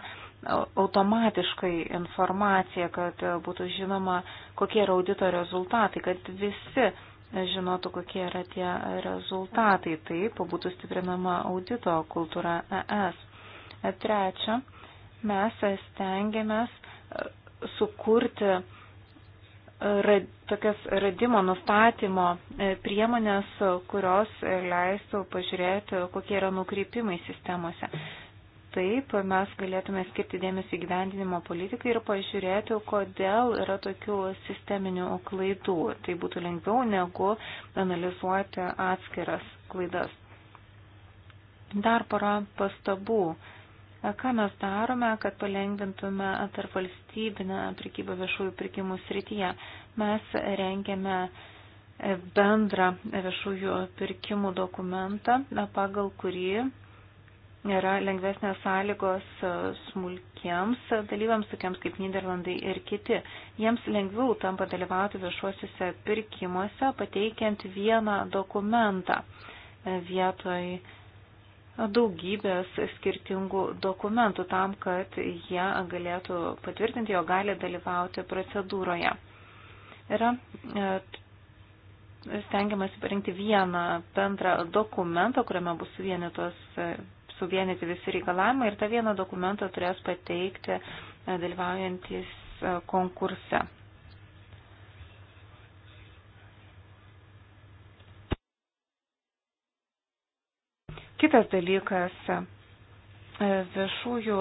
automatiškai informacija, kad būtų žinoma, kokie yra audito rezultatai, kad visi žinotų, kokie yra tie rezultatai. Taip būtų stiprinama audito kultūra ES. Trečia, mes stengiamės e, sukurti e, rad, tokias radimo nustatymo e, priemonės, kurios leistų pažiūrėti, kokie yra nukreipimai sistemose taip mes galėtume skirti dėmesį gyvendinimo politikai ir pažiūrėti, kodėl yra tokių sisteminių klaidų. Tai būtų lengviau negu analizuoti atskiras klaidas. Dar para pastabų. Ką mes darome, kad palengvintume tarp valstybinę prekybą viešųjų pirkimų srityje? Mes rengiame bendrą viešųjų pirkimų dokumentą, pagal kurį yra lengvesnės sąlygos e, smulkiems dalyviams, tokiems kaip Niderlandai ir kiti. Jiems lengviau tampa dalyvauti viešuosiuose pirkimuose, pateikiant vieną dokumentą e, vietoj daugybės skirtingų dokumentų tam, kad jie galėtų patvirtinti, jo gali dalyvauti procedūroje. Yra e, stengiamasi parinkti vieną bendrą dokumentą, kuriame bus suvienytos suvienyti visi reikalavimai ir tą vieną dokumentą turės pateikti e, dalyvaujantis e, konkurse. Kitas dalykas e, - viešųjų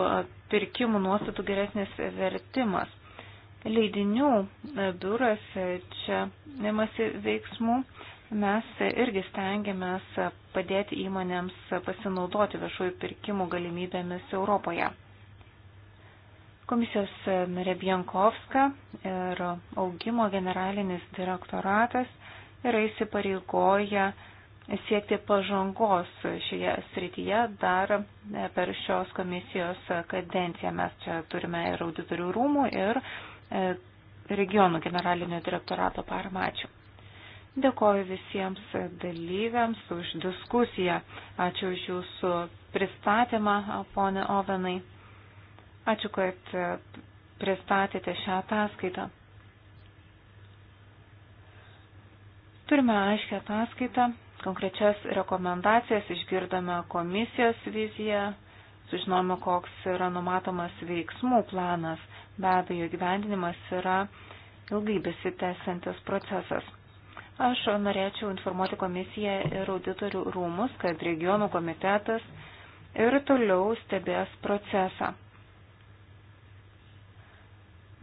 pirkimų nuostatų geresnis vertimas. Leidinių biuras čia nemasi veiksmų Mes irgi stengiamės padėti įmonėms pasinaudoti viešųjų pirkimų galimybėmis Europoje. Komisijos narė Bienkovska ir augimo generalinis direktoratas yra įsipareigoję siekti pažangos šioje srityje dar per šios komisijos kadenciją. Mes čia turime ir auditorių rūmų, ir e, regionų generalinio direktorato paramą. Ačiū. Dėkoju visiems dalyviams už diskusiją. Ačiū už jūsų pristatymą, ponė Ovenai. Ačiū, kad pristatėte šią ataskaitą. Turime aiškę ataskaitą, konkrečias rekomendacijas, išgirdome komisijos viziją, sužinojome, koks yra numatomas veiksmų planas. Be abejo, gyvendinimas yra ilgai besitęsiantis procesas. Aš norėčiau informuoti komisiją ir auditorių rūmus, kad regionų komitetas ir toliau stebės procesą.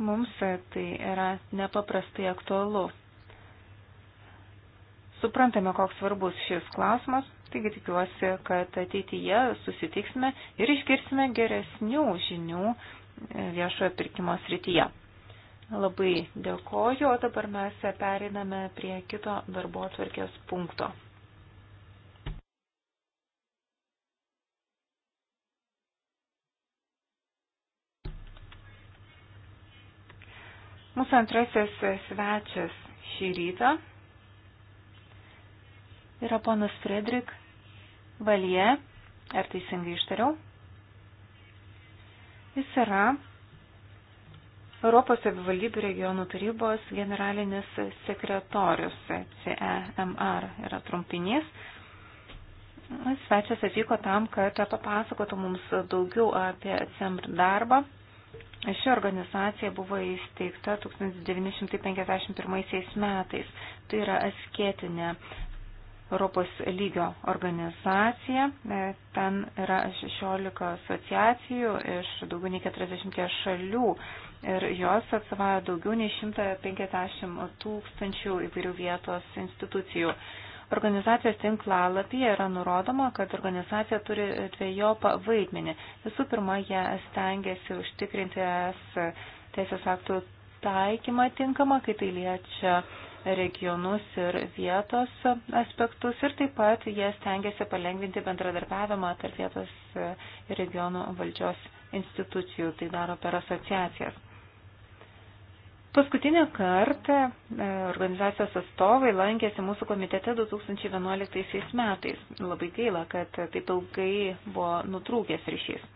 Mums tai yra nepaprastai aktualu. Suprantame, koks svarbus šis klausimas, taigi tikiuosi, kad ateityje susitiksime ir išgirsime geresnių žinių viešojo pirkimo srityje. Labai dėkoju, o dabar mes periname prie kito darbo atvarkės punkto. Mūsų antrasis svečias šį rytą yra ponas Fredrik Valie, ar teisingai ištariau? Jis yra Europos savivaldybių regionų tarybos generalinis sekretorius CEMR yra trumpinys. Svečias atvyko tam, kad papasakotų mums daugiau apie CEMR darbą. Ši organizacija buvo įsteigta 1951 metais. Tai yra asketinė Europos lygio organizacija. E, ten yra 16 asociacijų iš daugiau nei 40 šalių ir jos atstovauja daugiau nei 150 tūkstančių įvairių vietos institucijų. Organizacijos tinklalapyje yra nurodoma, kad organizacija turi dviejopą vaidmenį. Visų pirma, jie stengiasi užtikrinti es teisės aktų taikymą tinkamą, kai tai liečia uh, regionus ir vietos aspektus ir taip pat jie stengiasi palengvinti bendradarbiavimą tarp vietos ir regionų valdžios institucijų, tai daro per asociacijas. Paskutinę kartą e, organizacijos atstovai lankėsi mūsų komitete 2011 metais. Labai gaila, kad taip ilgai buvo nutrūkęs ryšys.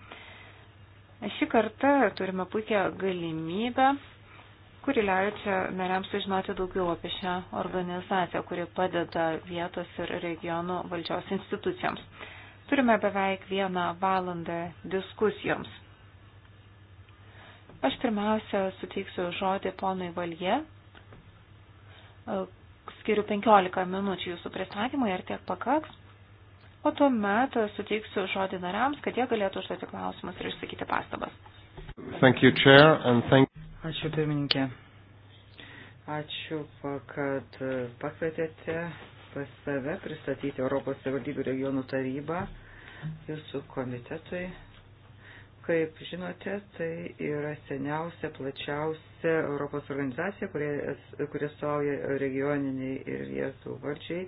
Šį kartą turime puikią galimybę kuri leidžia nariams sužinoti daugiau apie šią organizaciją, kuri padeda vietos ir regionų valdžios institucijoms. Turime beveik vieną valandą diskusijoms. Aš pirmiausia suteiksiu žodį ponui Valje. Skiriu 15 minučių jūsų pristatymui, ar tiek pakaks. O tuomet suteiksiu žodį nariams, kad jie galėtų užduoti klausimus ir išsakyti pastabas. Thank you, Chair, and thank Ačiū pirmininkė. Ačiū, kad pakvietėte pas save pristatyti Europos savivaldybių regionų tarybą jūsų komitetui. Kaip žinote, tai yra seniausia, plačiausia Europos organizacija, kurie, kurie stovauja regioniniai ir vietų valdžiai.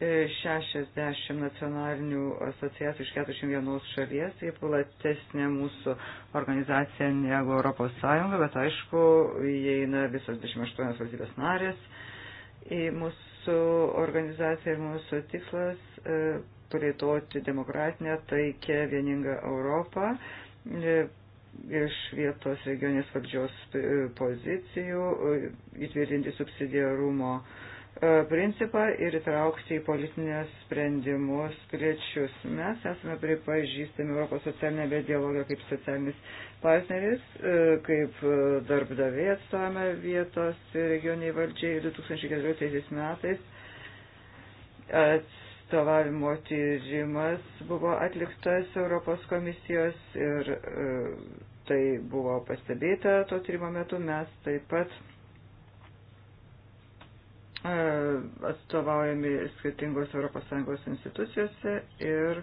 60 nacionalinių asociacijų iš 41 šalies, tai platesnė mūsų organizacija negu Europos Sąjunga, bet aišku, įeina visos 28 valstybės narės į mūsų organizaciją ir mūsų tikslas e, plėtoti demokratinę, taikę, vieningą Europą e, iš vietos regionės valdžios e, pozicijų, įtvirtinti subsidiarumo uh, E, principą ir įtraukti į politinės sprendimus piliečius. Mes esame pripažįstami Europos socialinėme dialoge kaip socialinis partneris, e, kaip e, darbdaviai atstovame vietos regioniai valdžiai 2014 metais. Atstovavimo tyrimas buvo atliktas Europos komisijos ir tai buvo pastebėta to tyrimo metu. Mes taip pat E, atstovaujami skirtingos ES institucijose ir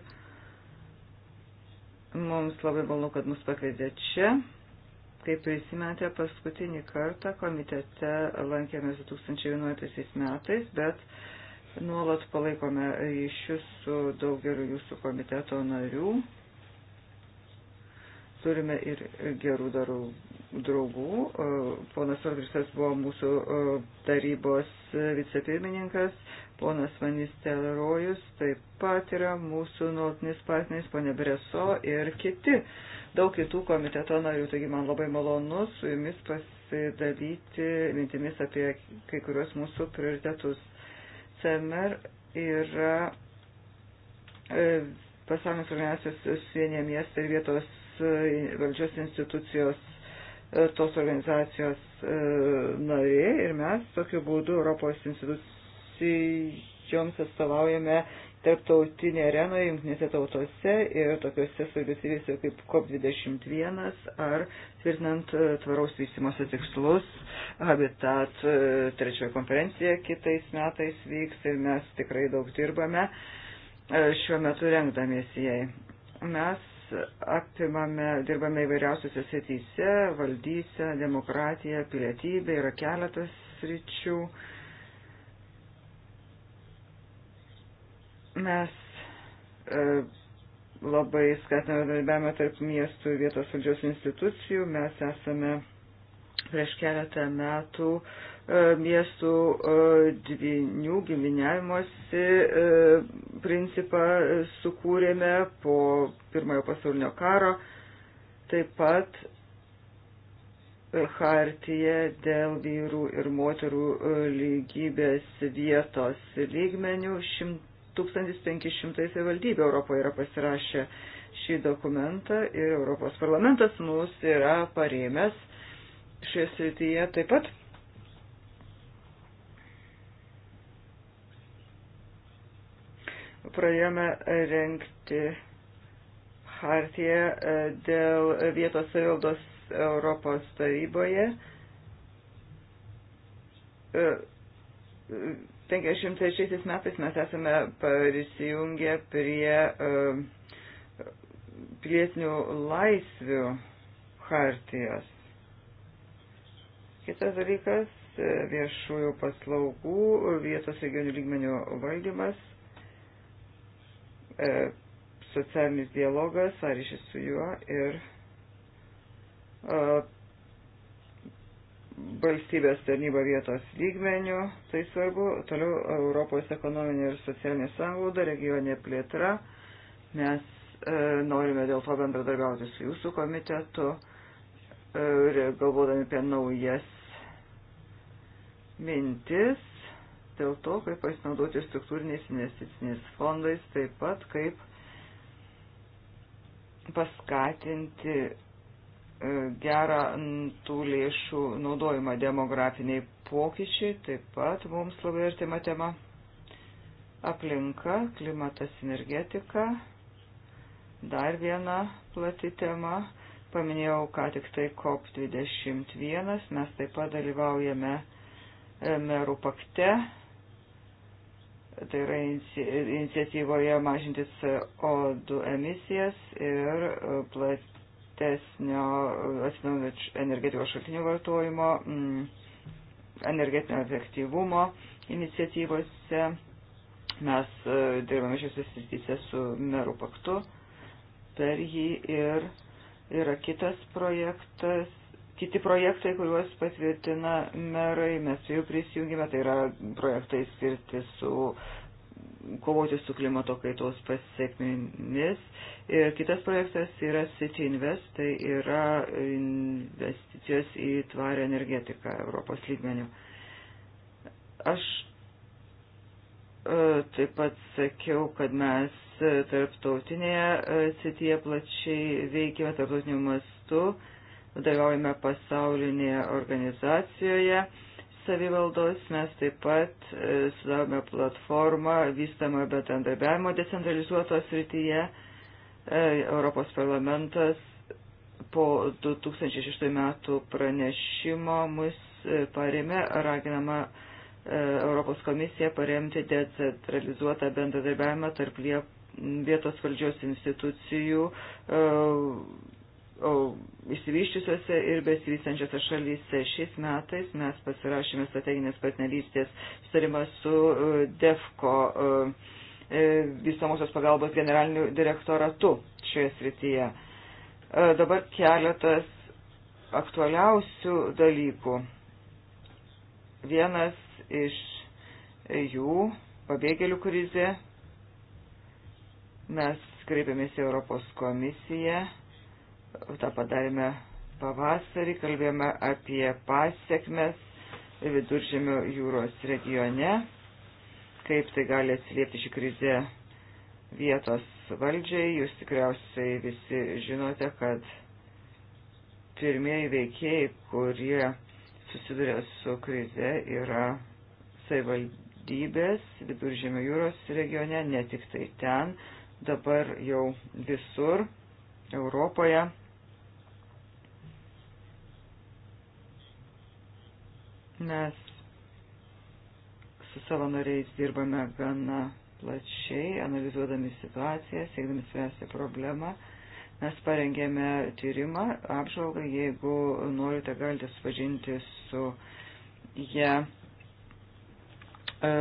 mums labai malonu, kad mus pakvietė čia. Kaip prisimenate, paskutinį kartą komitete lankėmės 2011 metais, bet nuolat palaikome ryšius su daugeliu jūsų komiteto narių. Turime ir gerų draugų. E, ponas Orgrisas buvo mūsų e, tarybos e, vicepirmininkas, ponas Vanis Telerojus taip pat yra mūsų nuolatinis partneris, ponė Breso ir kiti, daug kitų komiteto narių. Taigi man labai malonu su jumis pasidalyti mintimis apie kai kurios mūsų prioritetus. CMR yra pasaulinės organizacijos susienė miestą ir vietos valdžios institucijos E, tos organizacijos e, narė ir mes tokiu būdu Europos institucijoms atstovaujame tarptautinė arena jungtinėse tautose ir tokiuose svarbiuose įvykiuose kaip COP21 ar tvirtinant e, tvaraus vystimosi tikslus. Habitat trečioji konferencija kitais metais vyks ir mes tikrai daug dirbame šiuo metu rengdamiesi jai. Mes apimame, dirbame įvairiausiose srityse, valdysė, demokratija, pilietybė, yra keletas sričių. Mes e, labai skatiname darbiavimą tarp miestų ir vietos valdžios institucijų. Mes esame prieš keletą metų e, E, miestų e, dvinių giminiavimosi e, principą sukūrėme po pirmojo pasaulinio karo. Taip pat hartija dėl vyrų ir moterų lygybės vietos lygmenių 1500 savivaldybių Europoje yra pasirašę šį dokumentą ir Europos parlamentas mus yra parėmęs šioje srityje taip pat pradėjome renkti hartiją e, dėl vietos savivaldos Europos taryboje. 53 e, e, metais mes esame prisijungę prie pilietinių laisvių hartijos. Kitas dalykas viešųjų paslaugų vietos regionių lygmenių valdymas e, socialinis dialogas, sąryšis su juo ir e, valstybės tarnyba vietos lygmenių, tai svarbu, toliau Europos ekonominė ir socialinė sąnglauda, regioninė plėtra, mes e, norime dėl to bendradarbiauti su jūsų komitetu ir e, galvodami apie naujas mintis dėl to, kaip pasinaudoti struktūriniais investiciniais fondais, taip pat kaip paskatinti e, gerą tų lėšų naudojimą demografiniai pokyčiai, taip pat mums labai artima tema aplinka, klimatas, energetika, dar viena plati tema. Paminėjau, ką tik tai COP21, mes taip pat dalyvaujame e, merų pakte tai yra iniciatyvoje mažinti CO2 emisijas ir e, platesnio atsinaujinančių energetikos šaltinių vartojimo, mm, energetinio efektyvumo iniciatyvose. Mes e, dirbame šiose srityse su merų paktu per jį ir yra kitas projektas Kiti projektai, kuriuos patvirtina merai, mes prie jų prisijungime, tai yra projektai skirti su kovoti su klimato kaitos pasiekmėmis. Ir kitas projektas yra City Invest, tai yra investicijos į tvarę energetiką Europos lygmenių. Aš e, taip pat sakiau, kad mes tarptautinėje e, cityje plačiai veikime tarptautiniu mastu dalyvaujame pasaulinėje organizacijoje savivaldos, mes taip pat e, sudarome platformą vystamojo bendradarbiavimo decentralizuotos rytyje. E, Europos parlamentas po 2006 metų pranešimo mus e, paremė, raginama Europos komisija paremti decentralizuotą bendradarbiavimą tarp vietos valdžios institucijų, išsivyščiusiose ir besivystančiose šalyse. Šiais metais mes pasirašėme strateginės partnerystės sutarimą su e, DEFCO e, e, vystamosios pagalbos generaliniu direktoratu šioje srityje. Dabar keletas aktualiausių dalykų. Vienas iš jų pabėgėlių krizė. Mes kreipėmės į Europos komisiją tą padarėme pavasarį, kalbėjome apie pasiekmes viduržėmio jūros regione, kaip tai gali atsiliepti šį krizę vietos valdžiai. Jūs tikriausiai visi žinote, kad pirmieji veikėjai, kurie susiduria su krize, yra savivaldybės viduržėmio jūros regione, ne tik tai ten, dabar jau visur Europoje Mes su savanoriais dirbame gana plačiai, analizuodami situaciją, siekdami spręsti problemą. Mes parengėme tyrimą, apžvalgą, jeigu norite, galite supažinti su ją e,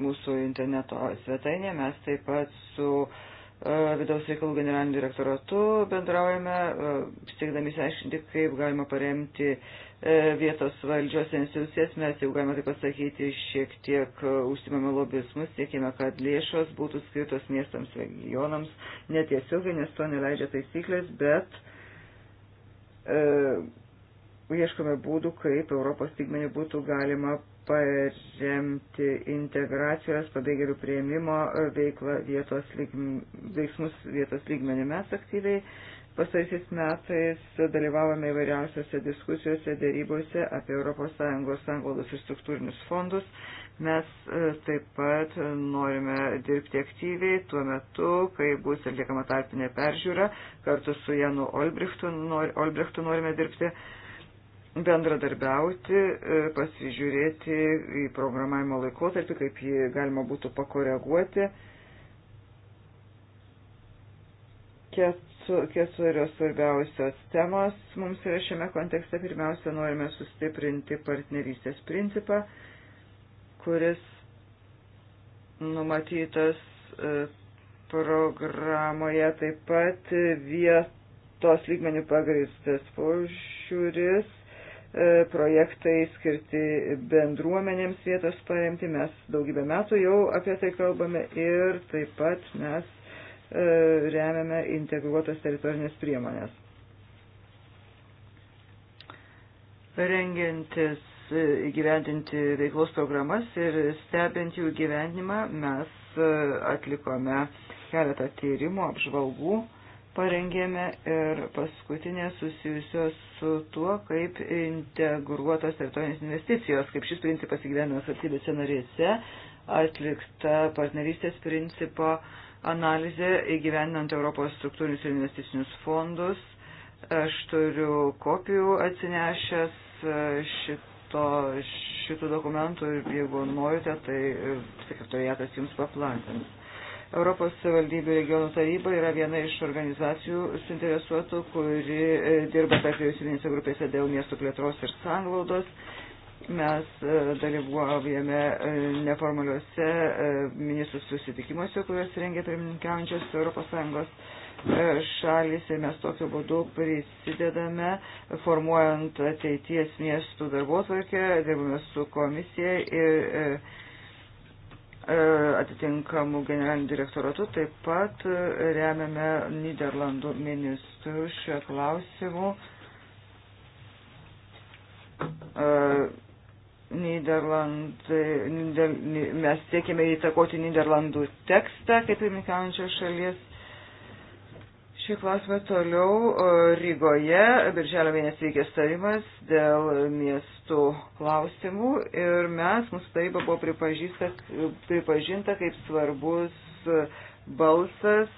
mūsų interneto svetainė. Mes taip pat su E, vidaus reikalų generaliniu direktoratu bendraujame, e, siekdami išsiaiškinti, kaip galima paremti e, vietos valdžios institucijas. Mes jau galime tai pasakyti, šiek tiek užsimame lobizmus, siekime, kad lėšos būtų skirtos miestams, regionams, netiesiogiai, nes to neleidžia taisyklės, bet e, ieškome būdų, kaip Europos lygmenį būtų galima paremti integracijos pabėgėlių prieimimo veiklą vietos lygm, veiksmus vietos lygmenį. Mes aktyviai pasaisiais metais dalyvavome įvairiausiose diskusijose, dėrybose apie ES sanglaudos ir struktūrinius fondus. Mes e, taip pat norime dirbti aktyviai tuo metu, kai bus atliekama tarpinė peržiūra, kartu su Janu Olbrechtu, nor, Olbrechtu norime dirbti bendradarbiauti, e, pasižiūrėti į programavimo laikotarpį, kaip jį galima būtų pakoreguoti. Keturios svarbiausios temos mums yra šiame kontekste. Pirmiausia, norime sustiprinti partnerystės principą, kuris numatytas e, programoje taip pat vietos lygmenių pagristas požiūris E, projektai skirti bendruomenėms vietos paremti. Mes daugybę metų jau apie tai kalbame ir taip pat mes e, remiame integruotas teritorinės priemonės. Rengiantis e, įgyvendinti veiklos programas ir stebint jų gyvenimą, mes atlikome keletą tyrimų, apžvalgų parengėme ir paskutinės susijusios su tuo, kaip integruotos teritorinės investicijos, kaip šis principas įgyvenimas valstybėse narėse, atlikta partnerystės principo analizė įgyveninant Europos struktūrinius ir investicinius fondus. Aš turiu kopijų atsinešęs e, šito, šitų dokumentų ir jeigu norite, tai e, sekretoriatas jums paplantins. Europos savivaldybių regionų taryba yra viena iš organizacijų suinteresuotų, kuri e, dirba tarp vyriausybinėse grupėse dėl miestų plėtros ir sanglaudos. Mes e, dalyvavome e, neformaliuose ministrų susitikimuose, kuriuos rengia pirmininkaujančios ES šalis ir mes tokiu būdu prisidedame, formuojant ateities miestų darbotvarkę, dirbame su komisija ir E, atitinkamų generalinių direktoratų. Taip pat e, remiame Niderlandų ministrų šiuo klausimu. E, Niderlandai, Nider, mes siekime įtakoti Niderlandų tekstą kaip pirmininkaujančios šalies Šį klausimą toliau Rygoje, birželio mėnesį vykęs tarimas dėl miestų klausimų ir mes, mūsų taryba buvo pripažinta kaip svarbus balsas.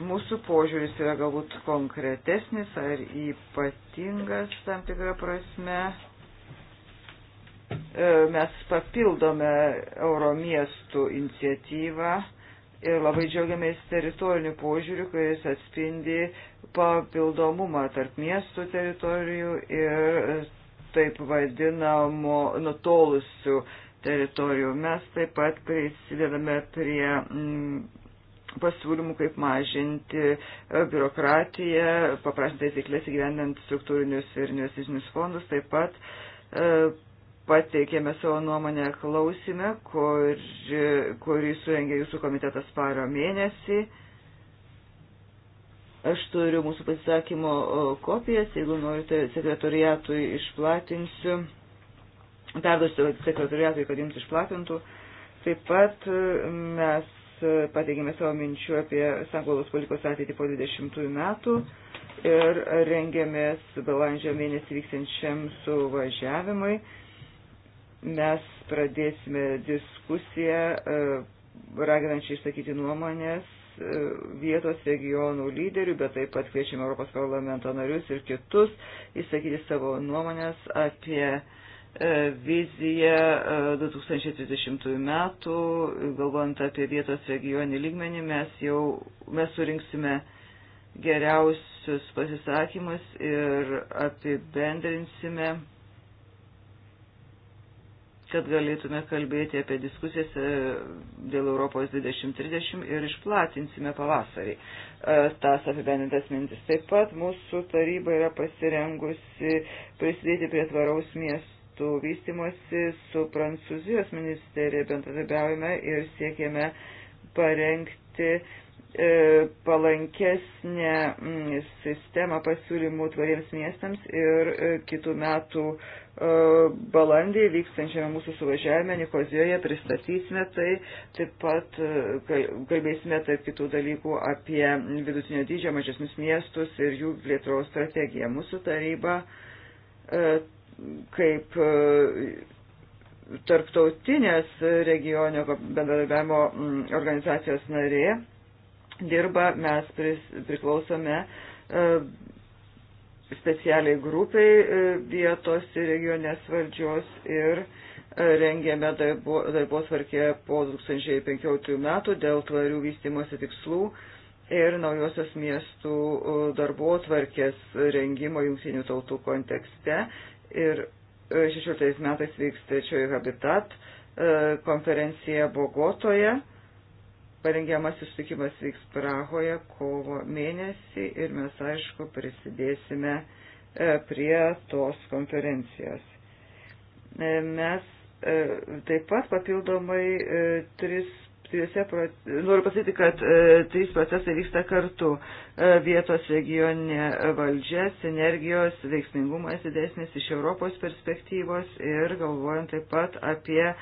Mūsų požiūris yra galbūt konkretesnis ar ypatingas tam tikrą prasme. E, mes papildome Euromiestų iniciatyvą ir labai džiaugiamės teritoriniu požiūriu, kuris atspindi papildomumą tarp miestų teritorijų ir taip vadinamo nutolusių teritorijų. Mes taip pat prisidedame prie mm, pasiūlymų, kaip mažinti e, biurokratiją, paprastai taisyklės įgyvendant struktūrinius ir investicinius fondus, taip pat e, pateikėme savo nuomonę klausime, kur, kurį surengė jūsų komitetas spalio mėnesį. Aš turiu mūsų pasisakymo kopijas, jeigu norite sekretoriatui išplatinsiu, perduosiu sekretoriatui, kad jums išplatintų. Taip pat e, mes pateikėme savo minčių apie Sanklaus politikos ateitį po 20 metų ir rengėmės balandžio mėnesį vyksiančiam suvažiavimui. Mes pradėsime diskusiją, e, raginančiai išsakyti nuomonės e, vietos regionų lyderių, bet taip pat kviečiame Europos parlamento narius ir kitus įsakyti savo nuomonės apie e, viziją 2030 metų, galvojant apie vietos regionį lygmenį, mes jau mes surinksime geriausius pasisakymus ir apibendrinsime kad galėtume kalbėti apie diskusijas e, dėl Europos 2030 ir išplatinsime pavasarį e, tas apibendintas mintis. Taip pat mūsų taryba yra pasirengusi prisidėti prie tvaraus miestų vystimosi su Prancūzijos ministerija bendradarbiaujame ir siekėme parengti e, palankesnę sistemą pasiūlymų tvariems miestams ir kitų metų uh, E, balandį vykstančiame mūsų suvažiavime Nikozijoje pristatysime tai, taip pat e, kalbėsime tarp kitų dalykų apie vidutinio dydžio mažesnius miestus ir jų plėtros strategiją. Mūsų taryba e, kaip tarptautinės regionio bendradarbiavimo organizacijos narė dirba, mes priklausome specialiai grupiai e, vietos ir regionės valdžios ir e, rengėme darbos varkė po 2015 metų dėl tvarių vystimosi tikslų ir naujosios miestų e, darbo tvarkės rengimo jungtinių tautų kontekste. Ir 16 metais vyks trečioji Habitat konferencija Bogotoje parengiamasis sutikimas vyks Prahoje kovo mėnesį ir mes aišku prisidėsime e, prie tos konferencijos. E, mes e, taip pat papildomai tris. Trijose, noriu pasakyti, kad e, trys procesai vyksta kartu. E, vietos regioninė valdžia, sinergijos, veiksmingumas didesnis iš Europos perspektyvos ir galvojant taip pat apie e,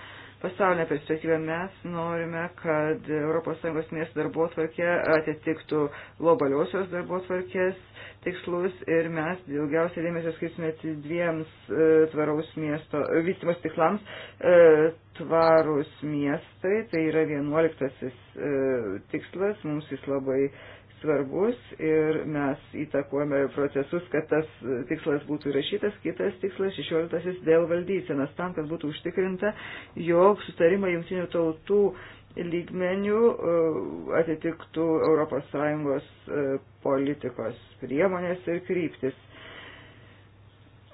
pasaulinę perspektyvą mes norime, kad ES miestų darbotvarkė atitiktų globaliosios darbotvarkės tikslus ir mes daugiausiai dėmesio skirsime dviems e, tvaraus miesto e, vystimos tiklams. E, Tvarus miestai, tai yra vienuoliktasis tikslas, mums jis labai svarbus ir mes įtakuojame procesus, kad tas tikslas būtų įrašytas, kitas tikslas 16 dėl valdysenas, tam, kad būtų užtikrinta, jog sutarimai jungtinių tautų lygmenių e, atitiktų ES e, politikos priemonės ir kryptis.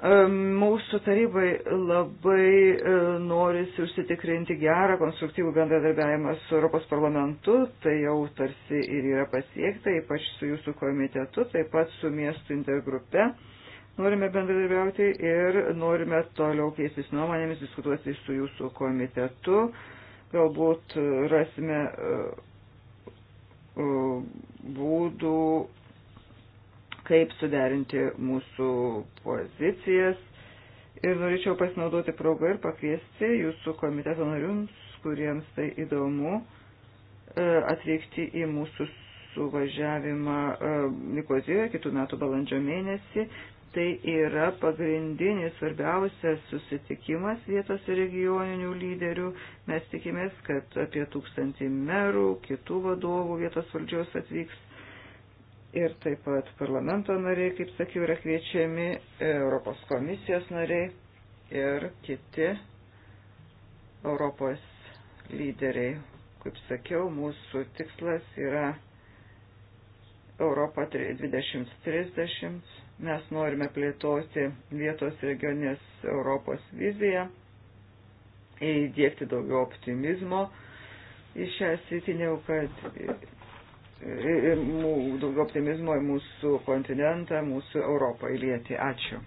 Mūsų tarybai labai e, norisi užsitikrinti gerą konstruktyvų bendradarbiavimą su Europos parlamentu, tai jau tarsi ir yra pasiekta, ypač su jūsų komitetu, taip pat su miestų intergrupe. Norime bendradarbiauti ir norime toliau keistis nuomonėmis, diskutuoti su jūsų komitetu. Galbūt e, rasime e, būdų kaip suderinti mūsų pozicijas. Ir norėčiau pasinaudoti progą ir pakviesti jūsų komiteto narius, kuriems tai įdomu, e, atvykti į mūsų suvažiavimą e, Nikozijoje kitų metų balandžio mėnesį. Tai yra pagrindinis svarbiausias susitikimas vietos ir regioninių lyderių. Mes tikimės, kad apie tūkstantį merų, kitų vadovų vietos valdžios atvyks ir taip pat parlamento nariai, kaip sakiau, yra kviečiami, Europos komisijos nariai ir kiti Europos lyderiai. Kaip sakiau, mūsų tikslas yra Europa 2030. Mes norime plėtoti vietos regionės Europos viziją, įdėkti daugiau optimizmo į šią sritį, kad daugiau optimizmo į mūsų kontinentą, mūsų Europą įlieti. Ačiū.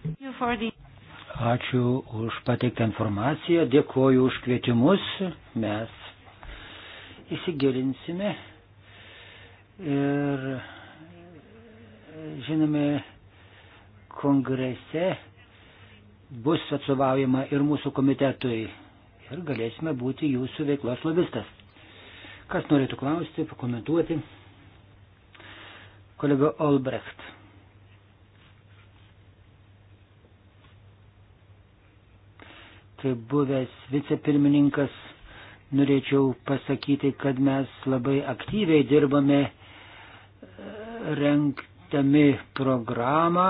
Ačiū už pateiktą informaciją, dėkoju už kvietimus. Mes įsigilinsime ir žinome, kongrese bus atsovaujama ir mūsų komitetui ir galėsime būti jūsų veiklos lobistas. Kas norėtų klausti, pakomentuoti? kolega Olbrecht. Kaip buvęs vicepirmininkas, norėčiau pasakyti, kad mes labai aktyviai dirbame e, renktami programą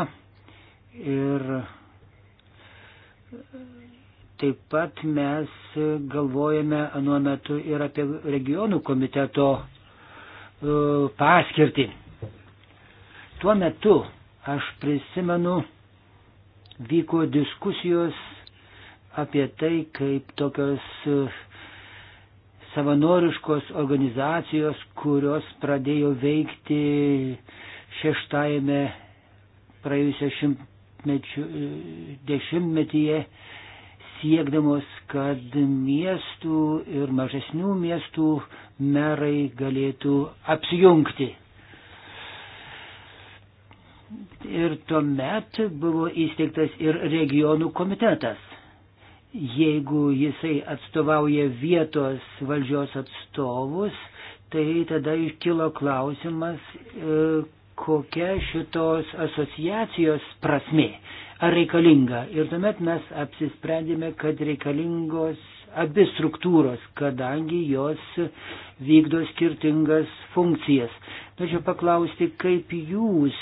ir e, Taip pat mes galvojame nuo metu ir apie regionų komiteto e, paskirtį. Tuo metu aš prisimenu, vyko diskusijos apie tai, kaip tokios e, savanoriškos organizacijos, kurios pradėjo veikti šeštajame praėjusio e, dešimtmetyje, siekdamos, kad miestų ir mažesnių miestų merai galėtų apsijungti. Ir tuomet buvo įsteigtas ir regionų komitetas. Jeigu jisai atstovauja vietos valdžios atstovus, tai tada iškilo klausimas, e, kokia šitos asociacijos prasme, ar reikalinga. Ir tuomet mes apsisprendėme, kad reikalingos abi struktūros, kadangi jos vykdo skirtingas funkcijas. Tačiau paklausti, kaip jūs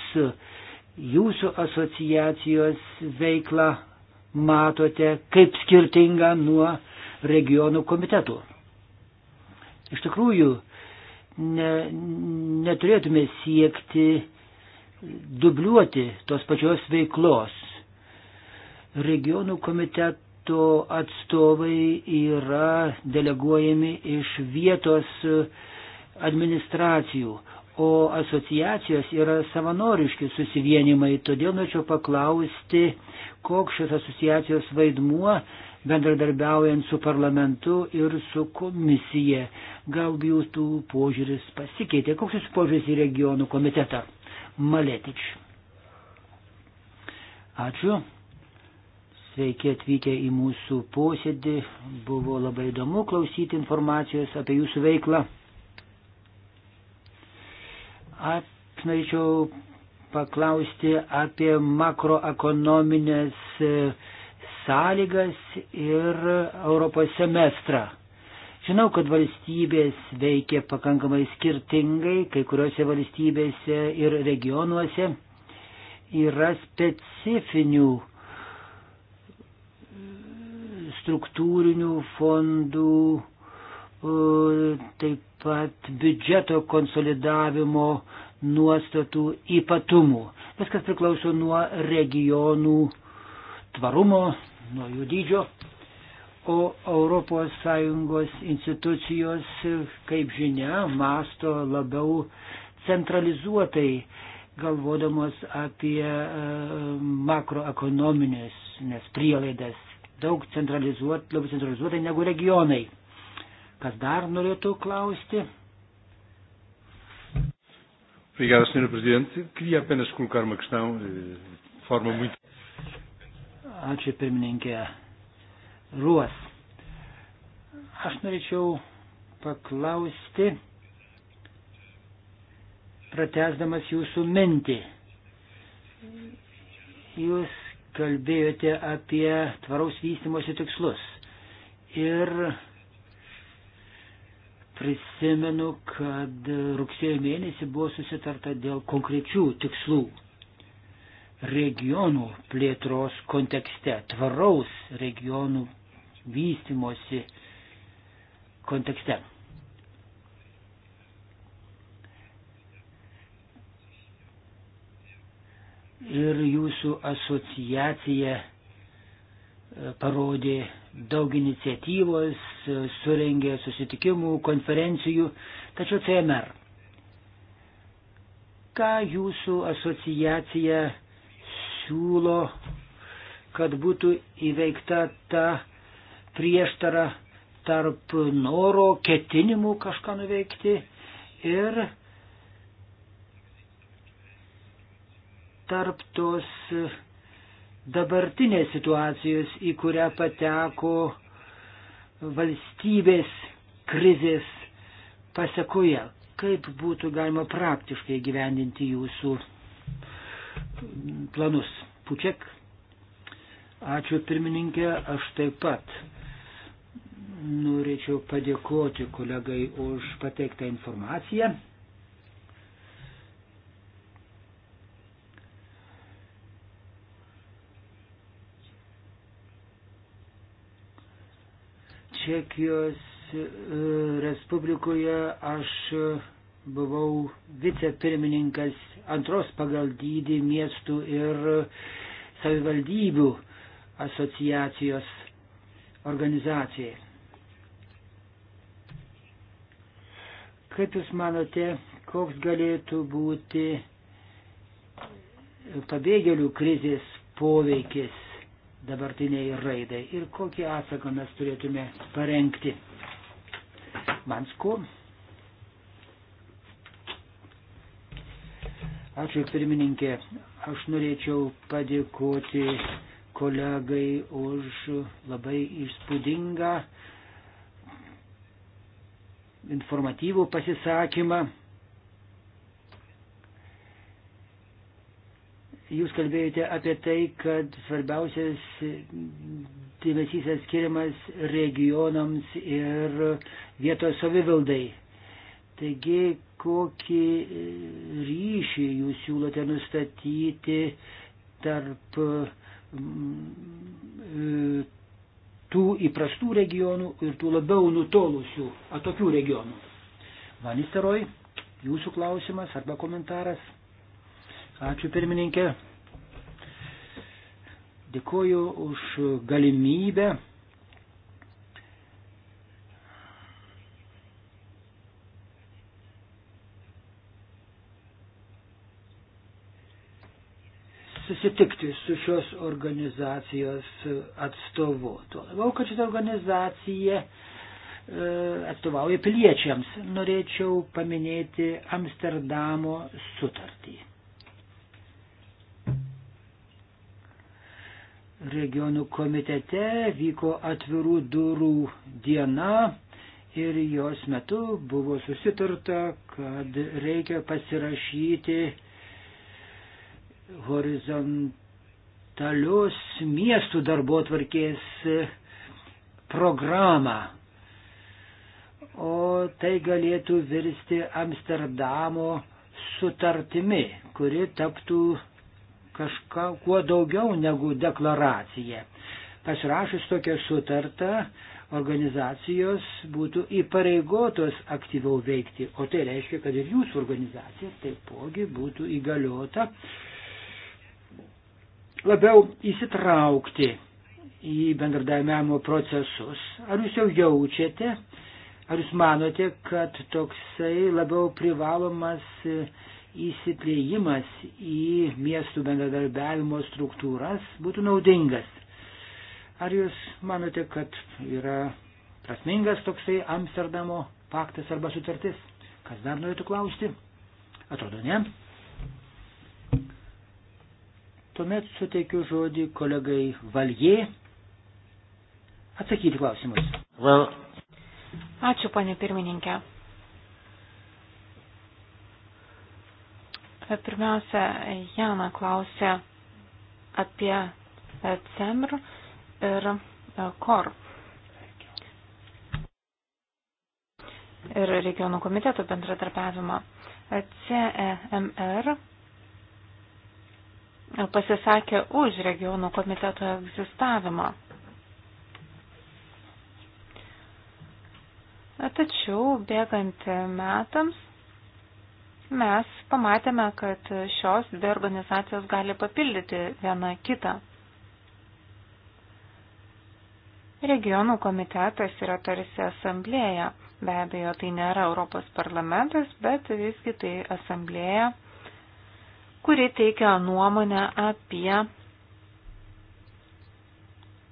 jūsų asociacijos veiklą matote kaip skirtingą nuo regionų komitetų. Iš tikrųjų, ne, neturėtume siekti dubliuoti tos pačios veiklos. Regionų komiteto atstovai yra deleguojami iš vietos administracijų, o asociacijos yra savanoriški susivienimai. Todėl norėčiau paklausti, koks šios asociacijos vaidmuo bendradarbiaujant su parlamentu ir su komisija. Galbūt jų požiūris pasikeitė. Koks jūsų požiūris į regionų komitetą? Maletič. Ačiū. Sveiki atvykę į mūsų posėdį. Buvo labai įdomu klausyti informacijos apie jūsų veiklą. Aš norėčiau paklausti apie makroekonominės e, sąlygas ir Europos semestrą. Žinau, kad valstybės veikia pakankamai skirtingai, kai kuriuose valstybėse ir regionuose yra specifinių struktūrinių fondų, e, taip pat biudžeto konsolidavimo nuostatų ypatumų. Viskas priklauso nuo regionų tvarumo, nuo jų dydžio. O ES institucijos, kaip žinia, masto labiau centralizuotai, galvodamos apie e, makroekonominės prielaidas, daug centralizuot, labiau centralizuotai negu regionai. Kas dar norėtų klausti? Obrigado, Sr. Presidente. Queria apenas colocar uma questão eh, de forma muito. Ačiū pirmininkė. Ruos. Aš norėčiau paklausti, pratesdamas jūsų mintį. Jūs kalbėjote apie tvaraus vystimosi tikslus. Ir prisimenu, kad rugsėjo mėnesį buvo susitarta dėl konkrečių tikslų regionų plėtros kontekste, tvaraus regionų vystimosi kontekste. Ir jūsų asociacija parodė daug iniciatyvos, surengė susitikimų, konferencijų, tačiau CMR. Ką jūsų asociacija siūlo, kad būtų įveikta ta prieštara tarp noro, ketinimų kažką nuveikti ir tarp tos dabartinės situacijos, į kurią pateko valstybės krizės pasakoje. Kaip būtų galima praktiškai gyvendinti jūsų planus? Pučiak. Ačiū pirmininkė, aš taip pat norėčiau padėkoti kolegai už pateiktą informaciją. Čekijos e, Respublikoje aš buvau vicepirmininkas antros pagal dydį miestų ir savivaldybių asociacijos organizacijai. Kaip Jūs manote, koks galėtų būti pabėgėlių krizės poveikis dabartiniai raidai ir kokį atsaką mes turėtume parengti. Mansku. Ačiū pirmininkė. Aš norėčiau padėkoti kolegai už labai įspūdingą informatyvų pasisakymą. Jūs kalbėjote apie tai, kad svarbiausias dėmesys skiriamas regionams ir vietos savivaldai. Taigi, kokį ryšį jūs siūlote nustatyti tarp mm, tų įprastų regionų ir tų labiau nutolusių atokių regionų? Vanistaroj, jūsų klausimas arba komentaras? Ačiū pirmininkė. Dėkuoju už galimybę susitikti su šios organizacijos atstovu. Tuo labiau, kad šitą organizaciją e, atstovauja piliečiams. Norėčiau paminėti Amsterdamo sutartį. regionų komitete vyko atvirų durų diena ir jos metu buvo susitarta, kad reikia pasirašyti horizontalios miestų darbo tvarkės programą. O tai galėtų virsti Amsterdamo sutartimi, kuri taptų kažką kuo daugiau negu deklaracija. Pasirašus tokią sutartą, organizacijos būtų įpareigotos aktyviau veikti, o tai reiškia, kad ir jūsų organizacija taipogi būtų įgaliota labiau įsitraukti į bendradarbiavimo procesus. Ar jūs jau jaučiate, ar jūs manote, kad toksai labiau privalomas įsiplėjimas į miestų bendradarbiavimo struktūras būtų naudingas. Ar jūs manote, kad yra prasmingas toksai Amsterdamo paktas arba sutartis? Kas dar norėtų klausti? Atrodo, ne. Tuomet suteikiu žodį kolegai Valjė atsakyti klausimus. Well. Ačiū, ponė pirmininkė. Pirmiausia, Jana klausė apie e, CEMR ir e, KOR. Ir regionų komiteto bendratarpiavimą. E, CEMR pasisakė už regionų komiteto egzistavimą. Tačiau bėgant metams mes pamatėme, kad šios dvi organizacijos gali papildyti vieną kitą. Regionų komitetas yra tarsi asamblėja. Be abejo, tai nėra Europos parlamentas, bet visgi tai asamblėja, kuri teikia nuomonę apie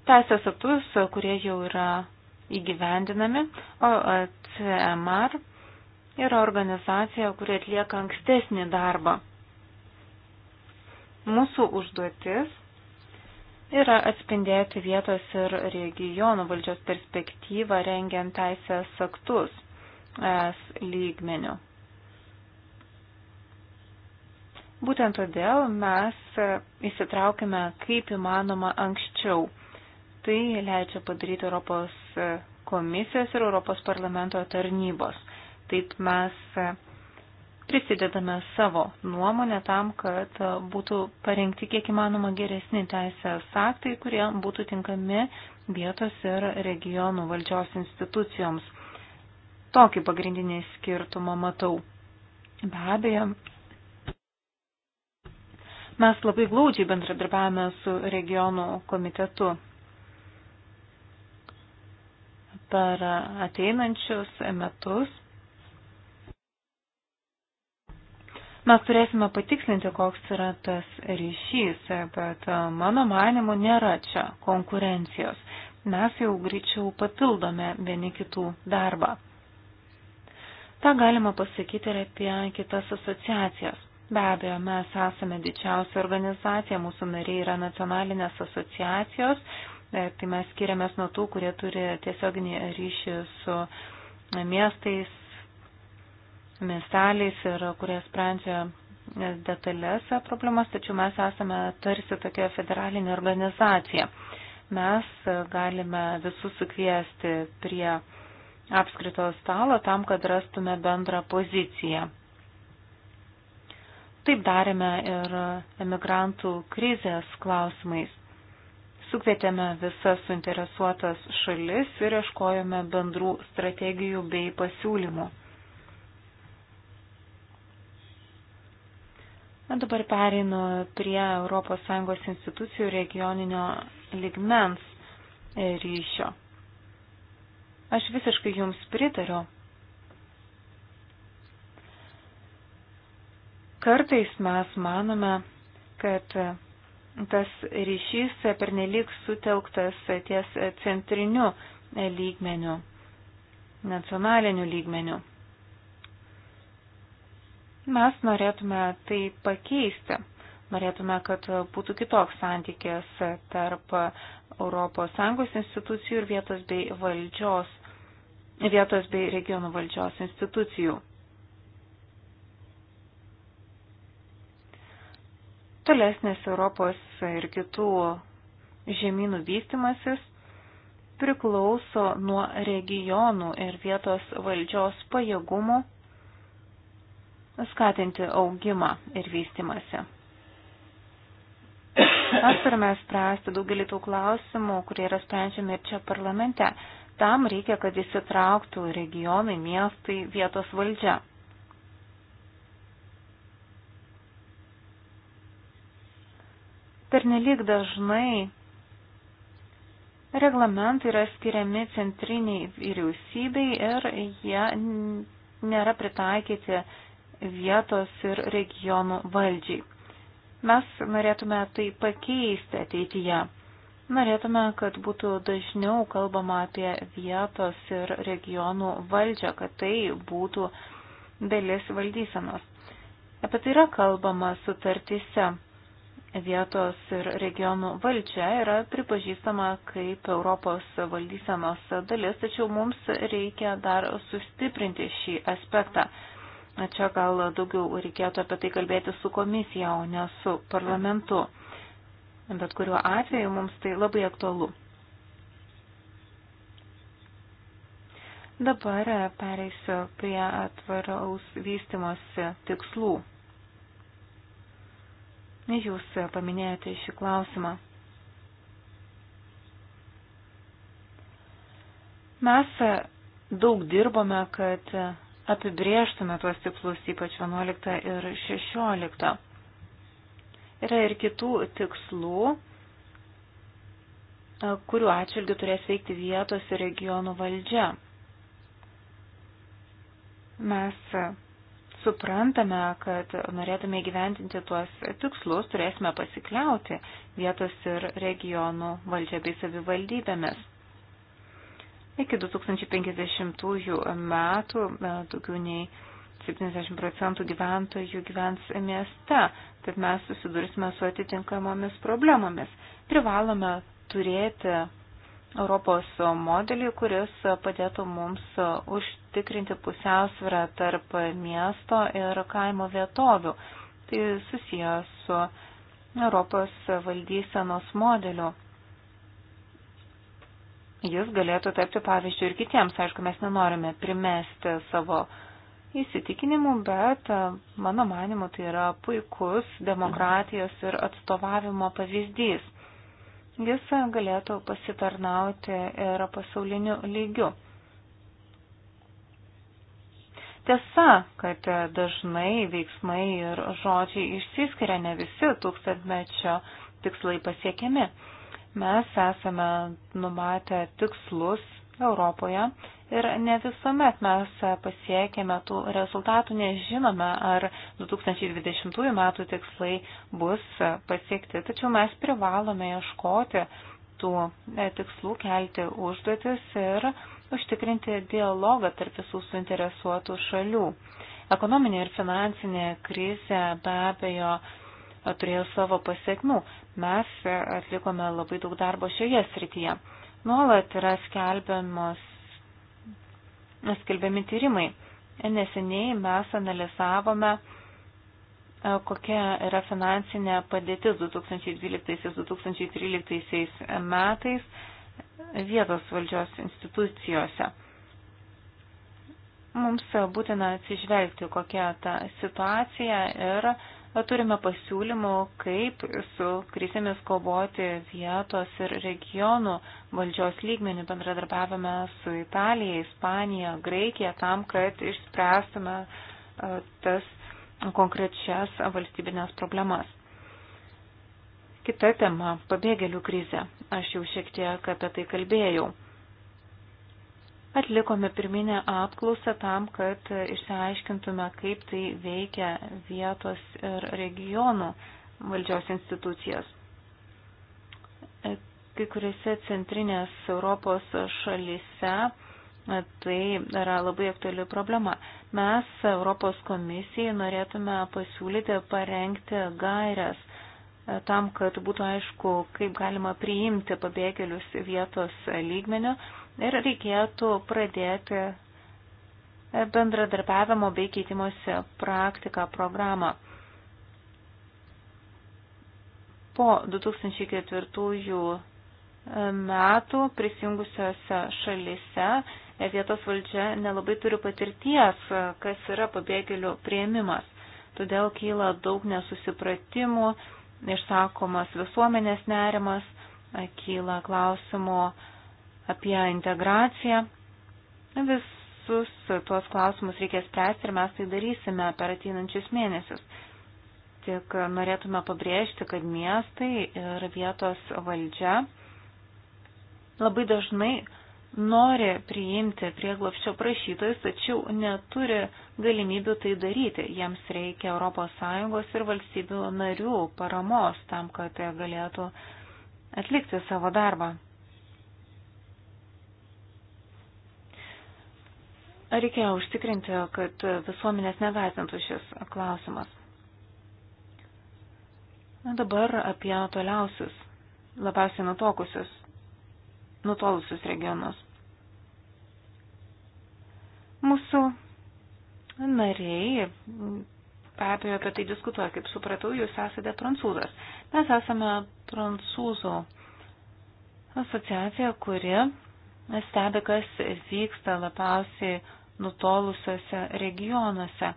teisės aktus, kurie jau yra įgyvendinami, o CMR yra organizacija, kuri atlieka ankstesnį darbą. Mūsų užduotis yra atspindėti vietos ir regionų valdžios perspektyvą rengiant teisės aktus es lygmeniu. Būtent todėl mes įsitraukime kaip įmanoma anksčiau. Tai leidžia padaryti Europos komisijos ir Europos parlamento tarnybos. Taip mes prisidedame savo nuomonę tam, kad būtų parengti kiek įmanoma geresni teisės aktai, kurie būtų tinkami vietos ir regionų valdžios institucijoms. Tokį pagrindinį skirtumą matau. Be abejo, mes labai glaudžiai bendradarbiavame su regionų komitetu. Per ateinančius metus Mes turėsime patikslinti, koks yra tas ryšys, bet e, mano manimu nėra čia konkurencijos. Mes jau greičiau papildome vieni kitų darbą. Ta galima pasakyti ir apie kitas asociacijas. Be abejo, mes esame didžiausia organizacija, mūsų nariai yra nacionalinės asociacijos, e, tai mes skiriamės nuo tų, kurie turi tiesioginį ryšį su miestais, miesteliais ir kurie sprendžia detalės problemas, tačiau mes esame tarsi tokia federalinė organizacija. Mes galime visus sukviesti prie apskrito stalo tam, kad rastume bendrą poziciją. Taip darėme ir emigrantų krizės klausimais. Sukvietėme visas suinteresuotas šalis ir ieškojome bendrų strategijų bei pasiūlymų. Dabar pereinu prie ES institucijų regioninio ligmens e, ryšio. Aš visiškai jums pritariu. Kartais mes manome, kad tas ryšys pernelyg sutelktas ties centriniu lygmeniu, nacionaliniu lygmeniu. Mes norėtume tai pakeisti. Norėtume, kad būtų kitoks santykis tarp ES institucijų ir vietos bei valdžios, vietos bei regionų valdžios institucijų. Tolesnės Europos ir kitų žemynų vystimasis priklauso nuo regionų ir vietos valdžios pajėgumų skatinti augimą ir vystimasi. Mes turime spręsti daugelį tų klausimų, kurie yra sprendžiami ir čia parlamente. Tam reikia, kad įsitrauktų regionai, miestai, vietos valdžia. Pernelyg dažnai reglamentai yra skiriami centriniai vyriausybei ir jie nėra pritaikyti vietos ir regionų valdžiai. Mes norėtume tai pakeisti ateityje. Norėtume, kad būtų dažniau kalbama apie vietos ir regionų valdžią, kad tai būtų dalis valdysenos. Apie tai yra kalbama sutartyse. Vietos ir regionų valdžia yra pripažįstama kaip Europos valdysenos dalis, tačiau mums reikia dar sustiprinti šį aspektą. Čia gal daugiau reikėtų apie tai kalbėti su komisija, o ne su parlamentu. Bet kuriuo atveju mums tai labai aktualu. Dabar pereisiu prie tvaraus vystimosi tikslų. Jūs paminėjote šį klausimą. Mes daug dirbome, kad apibrieštume tuos tikslus, ypač 11 ir 16. Yra ir kitų tikslų, kurių atšilgių turės veikti vietos ir regionų valdžia. Mes suprantame, kad norėtume įgyventinti tuos tikslus, turėsime pasikliauti vietos ir regionų valdžia bei savivaldybėmis. Iki 2050 metų e, daugiau nei 70 procentų gyventojų gyvens mieste, tad mes susidursime su atitinkamomis problemomis. Privalome turėti Europos modelį, kuris padėtų mums užtikrinti pusiausvyrą tarp miesto ir kaimo vietovių. Tai susijęs su Europos valdysenos modeliu jis galėtų tapti pavyzdžių ir kitiems. Aišku, mes nenorime primesti savo įsitikinimų, bet e, mano manimu tai yra puikus demokratijos ir atstovavimo pavyzdys. Jis galėtų pasitarnauti ir pasauliniu lygiu. Tiesa, kad dažnai veiksmai ir žodžiai išsiskiria, ne visi tūkstantmečio tikslai pasiekiami. Mes esame numatę tikslus Europoje ir ne visuomet mes pasiekėme tų rezultatų, nežinome, ar 2020 metų tikslai bus pasiekti. Tačiau mes privalome ieškoti tų e, tikslų, kelti užduotis ir užtikrinti dialogą tarp visų suinteresuotų šalių. Ekonominė ir finansinė krizė be abejo turėjo savo pasiekmių, Mes atlikome labai daug darbo šioje srityje. Nuolat yra skelbiamos, skelbiami tyrimai. Neseniai mes analizavome, e, kokia yra finansinė padėtis 2012-2013 metais vietos valdžios institucijose mums būtina atsižvelgti, kokia ta situacija ir turime pasiūlymų, kaip su krizėmis kovoti vietos ir regionų valdžios lygmenių bendradarbiavime su Italija, Ispanija, Graikija, tam, kad išspręstume e, tas konkrečias valstybinės problemas. Kita tema - pabėgėlių krizė. Aš jau šiek tiek apie tai kalbėjau. Atlikome pirminę apklausą tam, kad išsiaiškintume, kaip tai veikia vietos ir regionų valdžios institucijas. Kai kuriuose centrinės Europos šalyse e, tai yra labai aktuali problema. Mes Europos komisijai norėtume pasiūlyti parengti gairias e, tam, kad būtų aišku, kaip galima priimti pabėgėlius vietos lygmenio ir reikėtų pradėti bendradarbiavimo bei keitimosi praktiką programą. Po 2004 metų prisijungusiose šalise vietos valdžia nelabai turi patirties, kas yra pabėgėlių prieimimas. Todėl kyla daug nesusipratimų, išsakomas visuomenės nerimas, kyla klausimo, apie integraciją. Visus tuos klausimus reikės spręsti ir mes tai darysime per ateinančius mėnesius. Tik norėtume pabrėžti, kad miestai ir vietos valdžia labai dažnai nori priimti prieglopščio prašytojus, tačiau neturi galimybių tai daryti. Jiems reikia ES ir valstybių narių paramos tam, kad galėtų atlikti savo darbą. Reikėjo užtikrinti, kad visuomenės negazintų šis klausimas. Na, dabar apie toliausius, labiausiai nutokusius, nutolusius regionus. Mūsų nariai be abejo apie tai diskutuoja. Kaip supratau, jūs esate prancūzas. Mes esame prancūzų asociacija, kuri stebi, kas vyksta labiausiai nutolusiuose regionuose.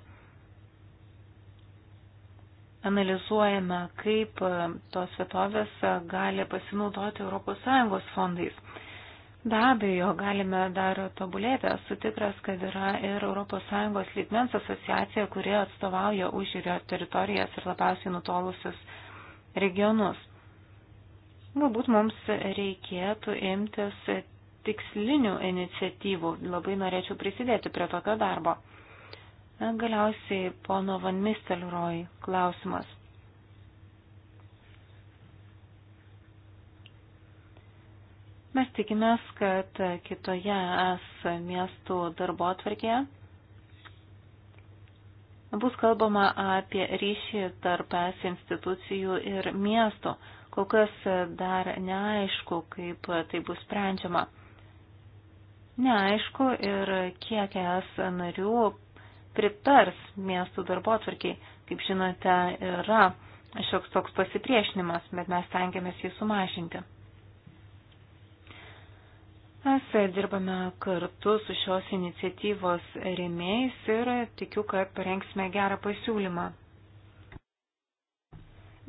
Analizuojame, kaip e, tos vietovės e, gali pasinaudoti ES fondais. Be abejo, galime dar tobulėti. Esu tikras, kad yra ir ES lygmens asociacija, kurie atstovauja užžiūrio teritorijas ir labiausiai nutolusius regionus. Galbūt mums reikėtų imtis tikslinių iniciatyvų. Labai norėčiau prisidėti prie tokio darbo. Galiausiai pono Van Mistelroj klausimas. Mes tikimės, kad kitoje es miestų darbo atvarkėje bus kalbama apie ryšį tarp es institucijų ir miestų. Kol kas dar neaišku, kaip tai bus sprendžiama. Neaišku ir kiek es narių pritars miestų darbo atvarkiai. Kaip žinote, yra šioks toks pasipriešinimas, bet mes tengiamės jį sumažinti. Mes dirbame kartu su šios iniciatyvos rėmėjais ir tikiu, kad parengsime gerą pasiūlymą.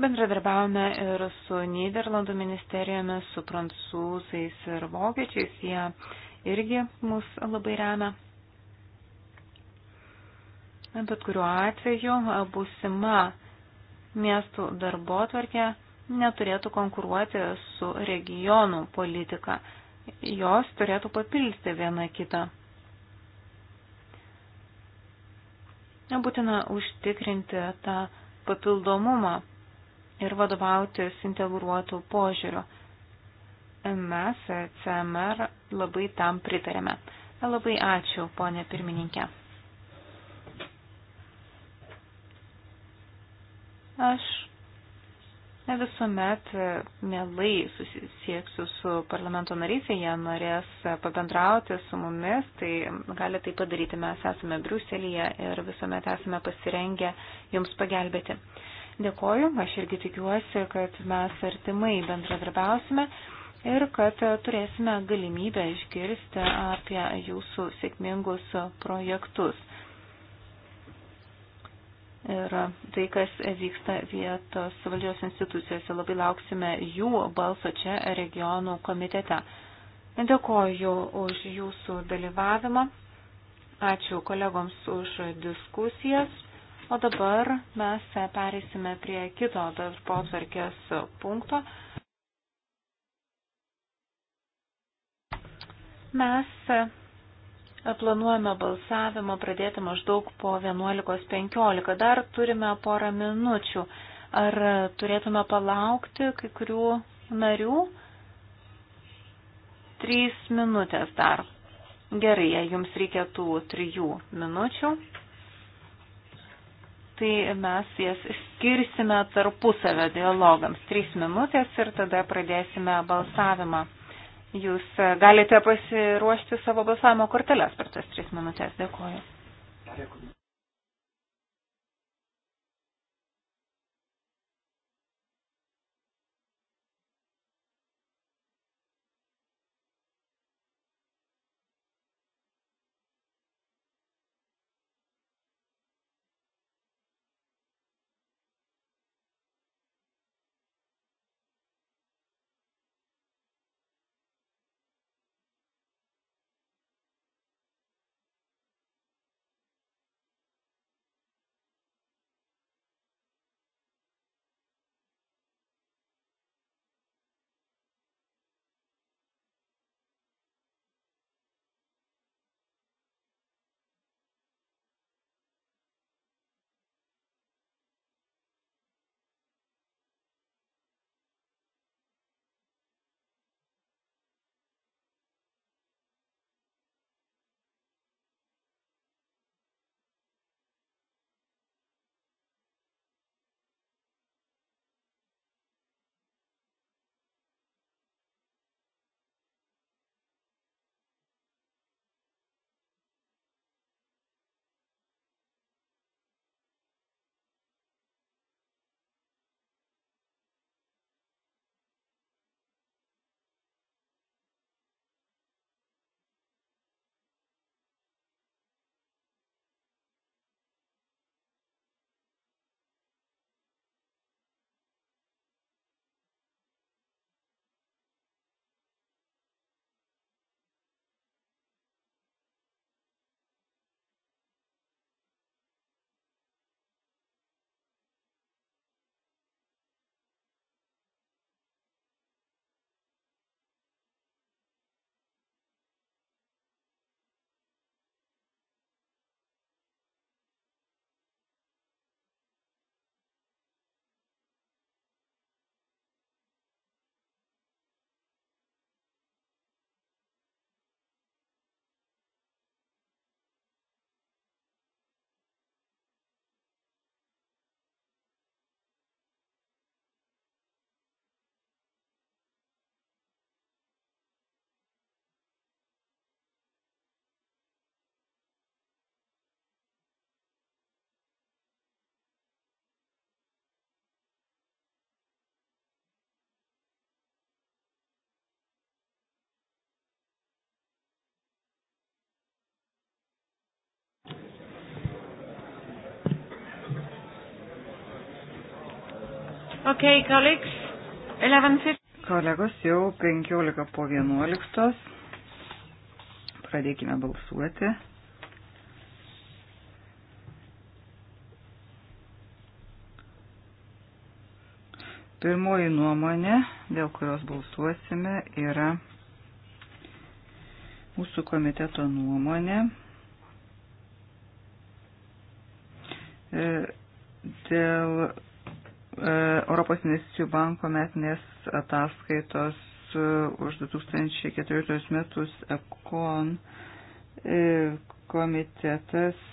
Bendradarbiavome ir su Niderlandų ministerijomis, su prancūzais ir vokiečiais. Jie irgi mus labai remia. Bet kuriuo atveju būsima miestų darbo tvarkė neturėtų konkuruoti su regionų politika. Jos turėtų papilti vieną kitą. Būtina užtikrinti tą papildomumą ir vadovautis integruotų požiūrių mes CMR labai tam pritarėme. Labai ačiū, ponė pirmininkė. Aš ne visuomet e, mielai susisieksiu su parlamento nariais, jei jie norės pabendrauti su mumis, tai gali tai padaryti. Mes esame Briuselėje ir visuomet esame pasirengę jums pagelbėti. Dėkoju, aš irgi tikiuosi, kad mes artimai bendradarbiausime ir kad turėsime galimybę išgirsti apie jūsų sėkmingus projektus ir tai, kas vyksta vietos valdžios institucijose. Labai lauksime jų balso čia regionų komitete. Dėkoju už jūsų dalyvavimą. Ačiū kolegoms už diskusijas. O dabar mes perėsime prie kito darbo tvarkės punkto. Mes e, planuojame balsavimą pradėti maždaug po 11.15. Dar turime porą minučių. Ar turėtume palaukti kai kurių narių? Trys minutės dar. Gerai, jei jums reikia tų trijų minučių, tai mes jas skirsime tarpusavio dialogams. Trys minutės ir tada pradėsime balsavimą. Jūs e, galite pasiruošti savo balsavimo korteles per tas tris minutės. Dėkuoju. Dėkui. Okay, colleagues, 11.50. Kolegos jau 15 po 11. Pradėkime balsuoti. Pirmoji nuomonė, dėl kurios balsuosime, yra mūsų komiteto nuomonė e, dėl E, Europos investicijų banko metinės ataskaitos e, už 2014 metus ECON e, komitetas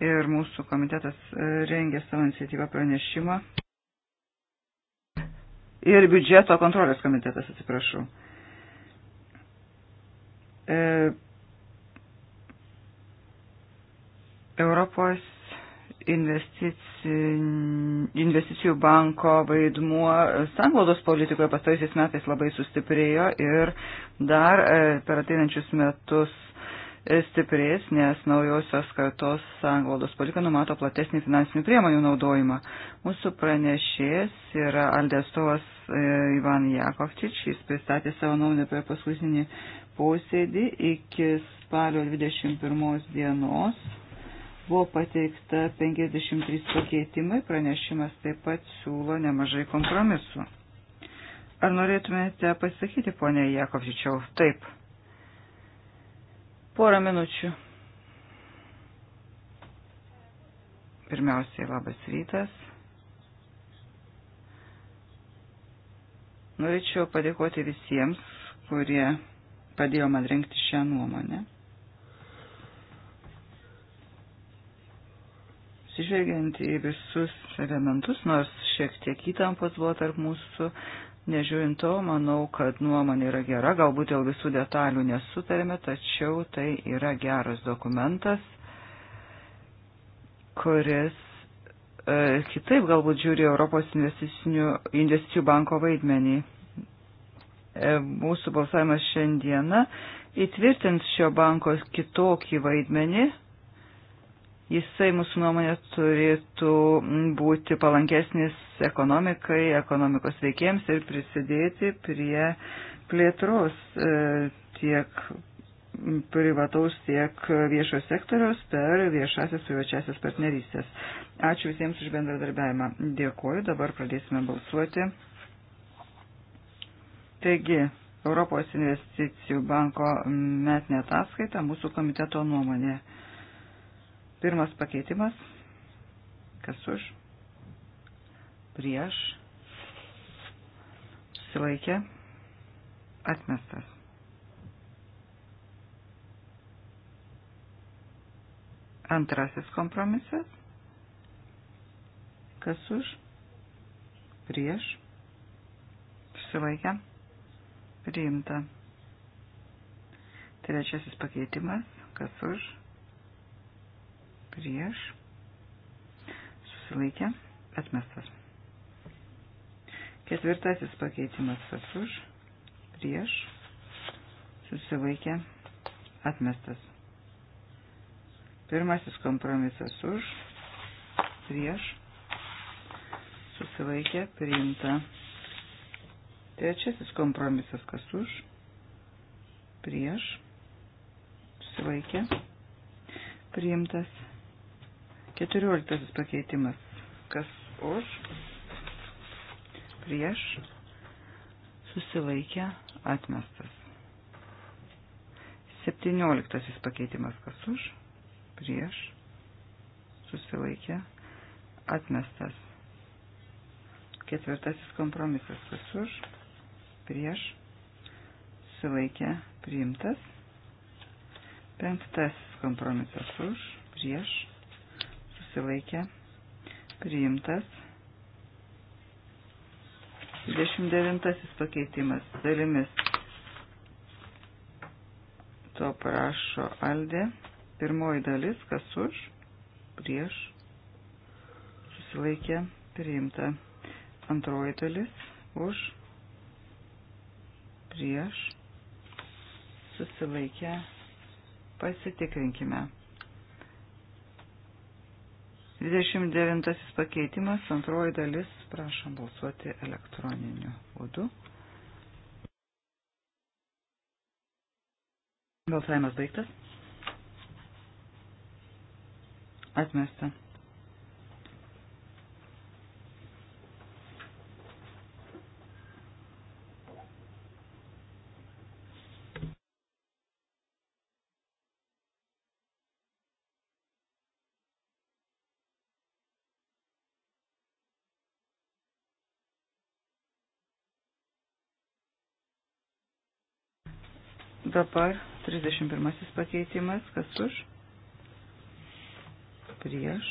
ir mūsų komitetas rengė savo iniciatyvą pranešimą. Ir biudžeto kontrolės komitetas, atsiprašau. Europos investicijų banko vaidmuo sanglaudos politikoje pastaisiais metais labai sustiprėjo ir dar e, per ateinančius metus e, stiprės, nes naujosios kartos sanglaudos politika numato platesnį finansinių priemonių naudojimą. Mūsų pranešėjas yra Aldestovas e, Ivan Jakovčič, jis pristatė savo nuomonę per paskutinį posėdį iki spalio 21 dienos. Buvo pateikta 53 pakeitimai, pranešimas taip pat siūlo nemažai kompromisų. Ar norėtumėte pasakyti, ponė Jakovčičiau? Taip. Porą minučių. Pirmiausiai labas rytas. Norėčiau padėkoti visiems, kurie padėjo man rinkti šią nuomonę. atsižvelgiant į visus elementus, nors šiek tiek įtampos buvo tarp mūsų, nežiūrint to, manau, kad nuomonė yra gera, galbūt dėl visų detalių nesutarėme, tačiau tai yra geras dokumentas, kuris e, kitaip galbūt žiūri Europos investicijų banko vaidmenį. E, mūsų balsavimas šiandieną įtvirtins šio banko kitokį vaidmenį Jisai mūsų nuomonė turėtų būti palankesnis ekonomikai, ekonomikos veikėjams ir prisidėti prie plėtros e, tiek privataus tiek viešo sektoriaus per viešasias privačiasias partnerystės. Ačiū visiems už bendradarbiavimą. Dėkuoju, dabar pradėsime balsuoti. Taigi, Europos investicijų banko metinė ataskaita mūsų komiteto nuomonė. Pirmas pakeitimas. Kas už? Prieš. Susilaikė. Atmestas. Antrasis kompromisas. Kas už? Prieš. Susilaikę. Priimta. Trečiasis pakeitimas. Kas už? prieš, susilaikė, atmestas. Ketvirtasis pakeitimas kas už, prieš, susilaikė, atmestas. Pirmasis kompromisas už, prieš, susilaikė, priimta. Trečiasis kompromisas kas už, prieš, susilaikė, priimtas. Keturioliktasis pakeitimas. Kas už? Prieš? Susilaikė? Atmestas. Septynioliktasis pakeitimas. Kas už? Prieš? Susilaikė? Atmestas. Ketvirtasis kompromisas. Kas už? Prieš? Susilaikė? Priimtas. Penktasis kompromisas už? Prieš? susilaikė, priimtas. 29 pakeitimas dalimis. To prašo Aldė. Pirmoji dalis, kas už, prieš, susilaikė, priimta. Antroji dalis, už, prieš, susilaikė, pasitikrinkime. 29 pakeitimas, antroji dalis, prašom balsuoti elektroniniu būdu. Balsavimas baigtas. Atmesta. Dabar 31 pakeitimas, kas už, prieš,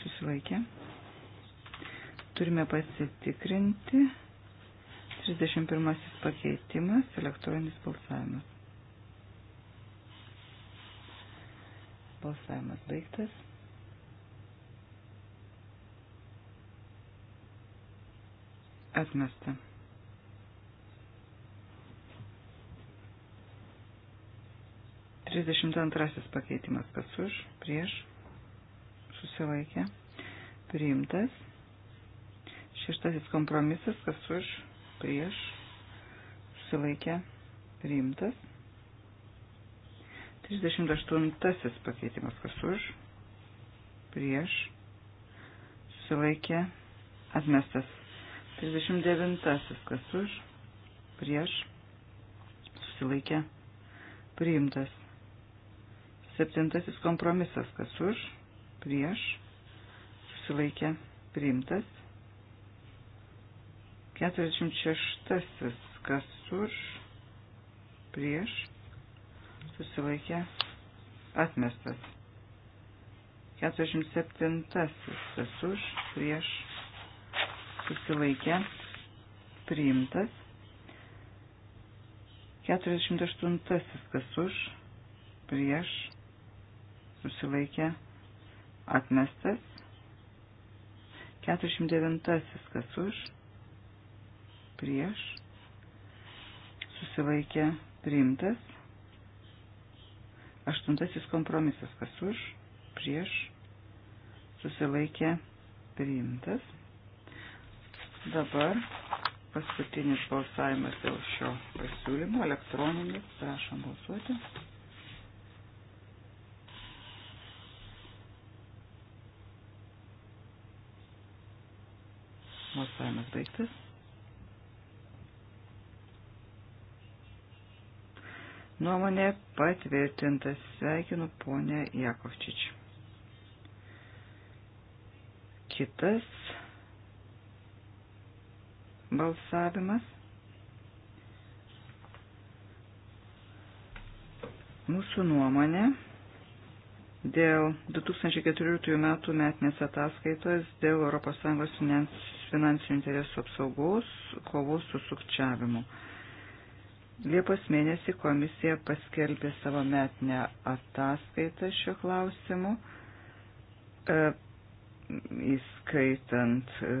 susilaikė. Turime pasitikrinti. 31 pakeitimas, elektroninis balsavimas. Balsavimas baigtas. Atmesta. 32 pakeitimas kas už, prieš, susilaikė, priimtas. Šeštasis kompromisas kas už, prieš, susilaikė, priimtas. 38 pakeitimas kas už, prieš, susilaikė, atmestas. 39 kas už, prieš, susilaikė, priimtas. Septintasis kompromisas, kas už, prieš, susilaikė, priimtas. 46, kas už, prieš, susilaikė, atmestas. 47, kas už, prieš, susilaikė, priimtas. 48, kas už, prieš, susilaikė atmestas. 409 kas už, prieš, susilaikė priimtas. Aštuntasis kompromisas kas už, prieš, susilaikė priimtas. Dabar paskutinis balsavimas dėl šio pasiūlymo elektroninis, prašom balsuoti. Balsavimas baigtas. Nuomonė patvirtintas. Sveikinu ponę Jakovčič. Kitas balsavimas. Mūsų nuomonė dėl 2014 metų metinės ataskaitos dėl ES finans, finansinių interesų apsaugos, kovos su sukčiavimu. Liepos mėnesį komisija paskelbė savo metinę ataskaitą šiuo klausimu, e, įskaitant e,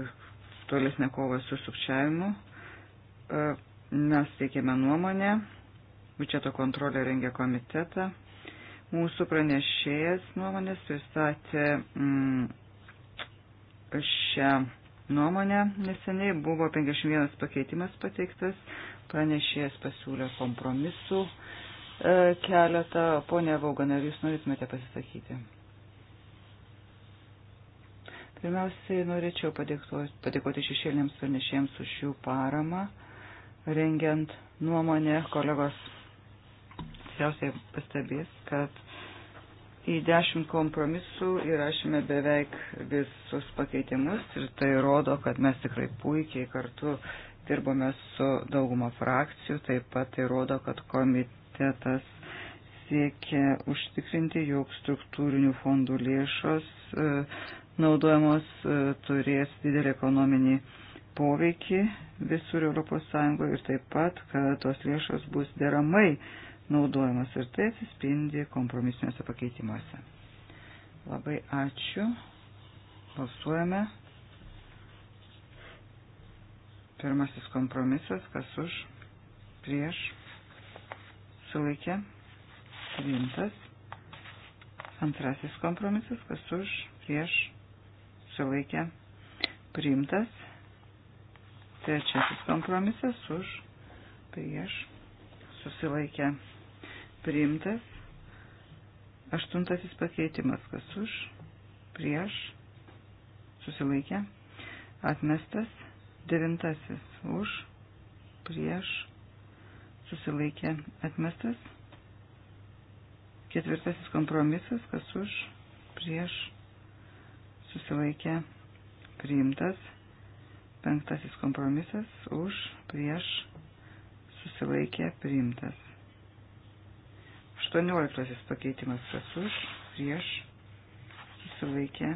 tolesnę kovą su sukčiavimu. E, mes teikėme nuomonę, biudžeto kontrolė rengė komitetą. Mūsų pranešėjas nuomonės pristatė mm, šią nuomonę neseniai. Buvo 51 pakeitimas pateiktas, pranešėjas pasiūlė kompromisų e, keletą. Pone Vaugan, ar jūs norėtumėte pasisakyti? Pirmiausiai norėčiau padėkoti šešėlėms pranešėjams už jų paramą, rengiant nuomonę kolegos tikriausiai pastebės, kad į dešimt kompromisų įrašėme beveik visus pakeitimus ir tai rodo, kad mes tikrai puikiai kartu dirbome su dauguma frakcijų, taip pat tai rodo, kad komitetas siekia užtikrinti, jog struktūrinių fondų lėšos e, naudojamos e, turės didelį ekonominį poveikį visur ES ir taip pat, kad tos lėšos bus deramai naudojamas ir tai atsispindi kompromisiniuose pakeitimuose. Labai ačiū. Balsuojame. Pirmasis kompromisas, kas už, prieš, sulaikė, rimtas. Antrasis kompromisas, kas už, prieš, sulaikė, priimtas. Trečiasis kompromisas už, prieš, susilaikė, priimtas. Aštuntasis pakeitimas, kas už, prieš, susilaikė, atmestas. Devintasis už, prieš, susilaikė, atmestas. Ketvirtasis kompromisas, kas už, prieš, susilaikė, priimtas. Penktasis kompromisas, už, prieš, susilaikė, priimtas. 18 pakeitimas kas už, prieš, susilaikė,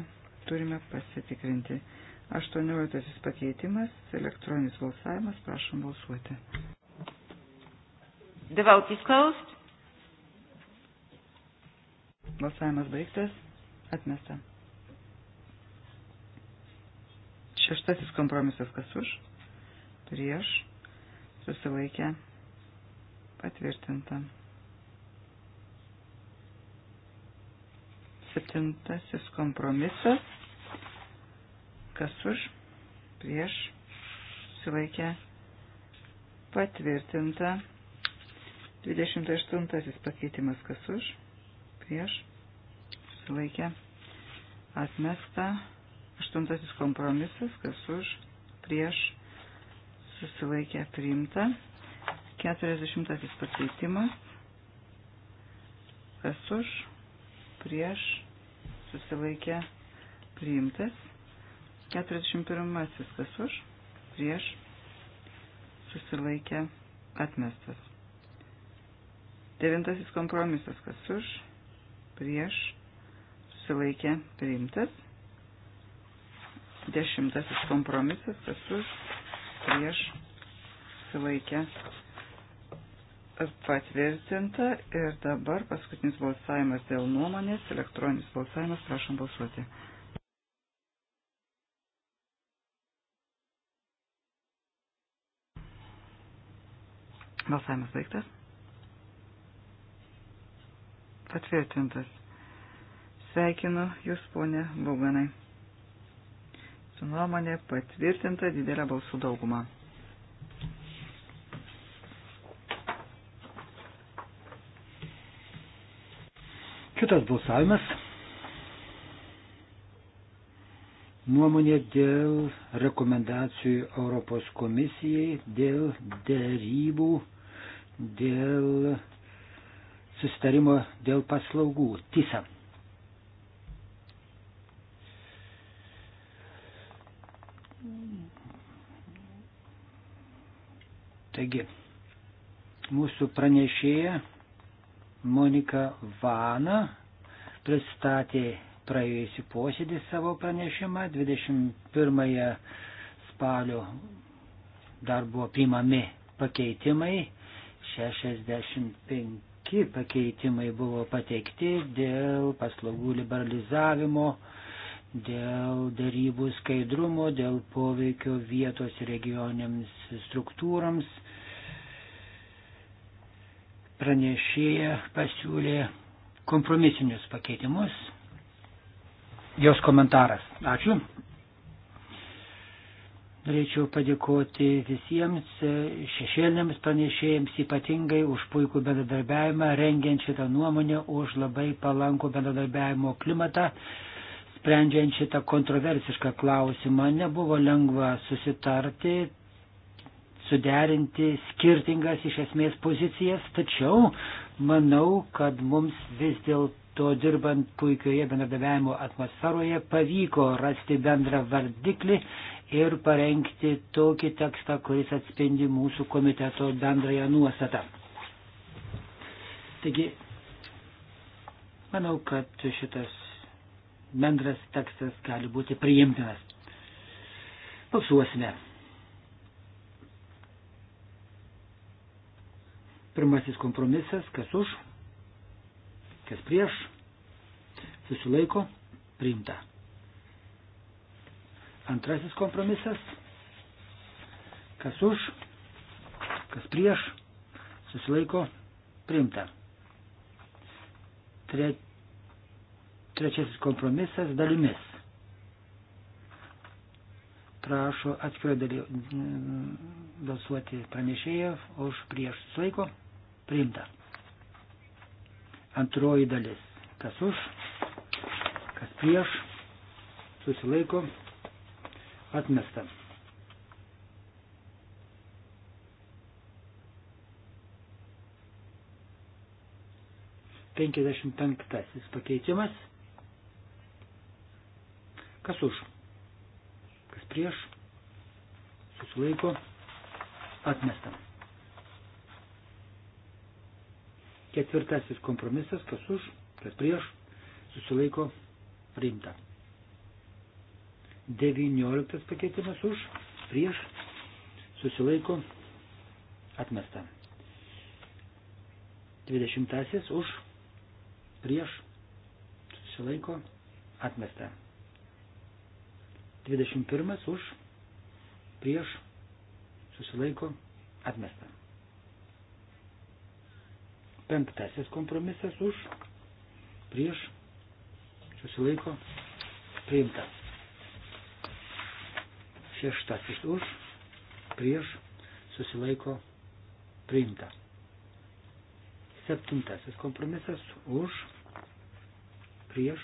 turime pasitikrinti. 18 pakeitimas, elektroninis balsavimas, prašom balsuoti. The vote is closed. Balsavimas baigtas, atmesta. Šeštasis kompromisas kas už, prieš, susilaikė, patvirtinta. Septintasis kompromisas. Kas už? Prieš. Susilaikė. Patvirtinta. 28 pakeitimas. Kas už? Prieš. Susilaikė. Atmesta. Aštuntasis kompromisas. Kas už? Prieš. Susilaikė. Priimta. 40 pakeitimas. Kas už? prieš susilaikė priimtas. 41. Kas už? Prieš. Susilaikė atmestas. 9. Kompromisas. Kas už? Prieš. Susilaikė priimtas. 10. Kompromisas. Kas už? Prieš. Susilaikė patvirtinta ir dabar paskutinis balsavimas dėl nuomonės, elektroninis balsavimas, prašom balsuoti. Balsavimas baigtas. Patvirtintas. Sveikinu Jūs, ponė Bauganai. Su nuomonė patvirtinta didelė balsų dauguma. Kitas balsavimas. Nuomonė dėl rekomendacijų Europos komisijai, dėl dėrybų, dėl susitarimo dėl paslaugų. Tisa. Taigi, mūsų pranešėja Monika Vana pristatė praėjusi posėdį savo pranešimą. 21 spalio dar buvo primami pakeitimai. 65 pakeitimai buvo pateikti dėl paslaugų liberalizavimo, dėl darybų skaidrumo, dėl poveikio vietos regioniams struktūrams. Pranešėja pasiūlė kompromisinius pakeitimus. Jos komentaras. Ačiū. Norėčiau padėkoti visiems šešėliniams pranešėjams ypatingai už puikų bendradarbiavimą, rengiant šitą nuomonę, už labai palankų bendradarbiavimo klimatą, sprendžiant šitą kontroversišką klausimą. Nebuvo lengva susitarti, suderinti skirtingas iš esmės pozicijas, tačiau manau, kad mums vis dėlto dirbant puikioje bendradarbiavimo atmosferoje pavyko rasti bendrą vardiklį ir parengti tokį tekstą, kuris atspindi mūsų komiteto bendrąją nuostatą. Taigi, manau, kad šitas bendras tekstas gali būti priimtinas. Balsuosime. Pirmasis kompromisas, kas už, kas prieš, susilaiko, priimta. Antrasis kompromisas, kas už, kas prieš, susilaiko, priimta. Tre, trečiasis kompromisas dalimis. Prašo atskirą dalį balsuoti pranešėjo už prieš susilaiko, priimta. Antroji dalis. Kas už, kas prieš, susilaiko, atmesta. Penkiasdešimt penktasis pakeitimas. Kas už, kas prieš, susilaiko, atmesta. Ketvirtasis kompromisas, kas už, kas prieš, susilaiko priimta. Devynioliktas pakeitimas už, prieš, susilaiko atmesta. Dvidešimtasis už, prieš, susilaiko atmesta. Dvidešimt pirmas už, prieš, susilaiko atmesta. Penktasis kompromisas už, prieš, susilaiko, priimta. Šeštasis už, prieš, susilaiko, priimta. Septintasis kompromisas už, prieš,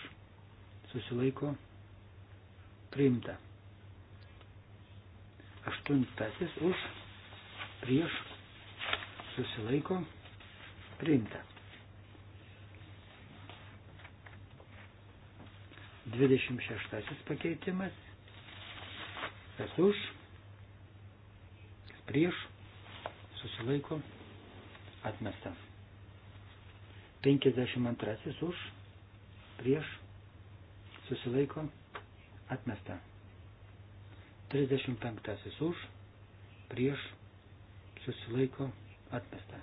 susilaiko, priimta. Aštuntasis už, prieš, susilaiko, priimta Priimta. 26 pakeitimas. Kas už, kas prieš, susilaiko, atmesta. 52 už, prieš, susilaiko, atmesta. 35 už, prieš, susilaiko, atmesta.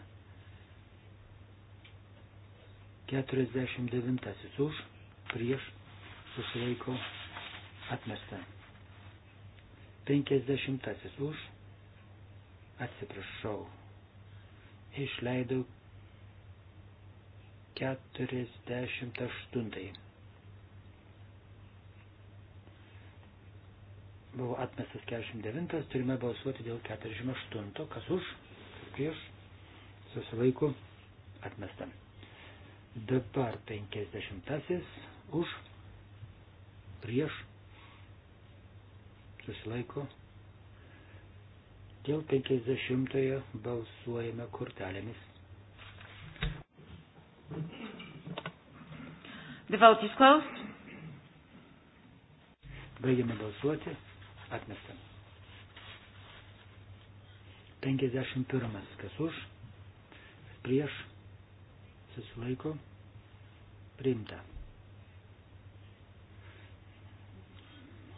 49 už, prieš, susilaiko, atmesta. 50 už, atsiprašau, išleidau 48. Buvo atmestas 49, turime balsuoti dėl 48, kas už, prieš, susilaiko, atmestam. Dabar 50 už, prieš, susilaiko. Dėl 50 balsuojame kortelėmis. The vote is closed. Baigiame balsuoti. Atmestam. 51. Kas už? Prieš susilaiko, priimta.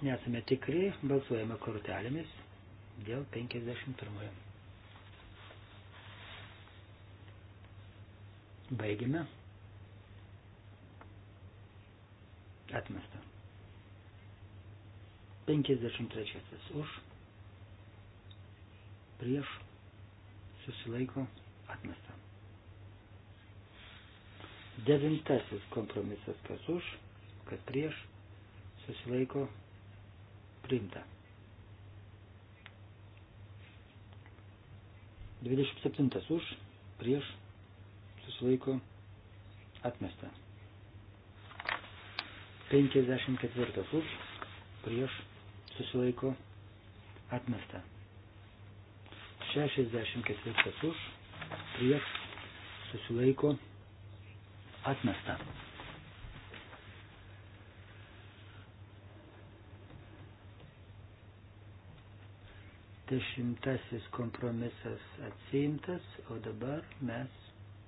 Nesame tikri, balsuojame kortelėmis dėl 51. Baigime. Atmesta. 53. Už. Prieš. Susilaiko. Atmesta. Devintasis kompromisas, kas už, kad prieš, susilaiko priimta. 27 už, prieš, susilaiko atmesta. 54 už, prieš, susilaiko atmesta. 64 už, prieš, susilaiko atmesta atmesta. Dešimtasis kompromisas atsiimtas, o dabar mes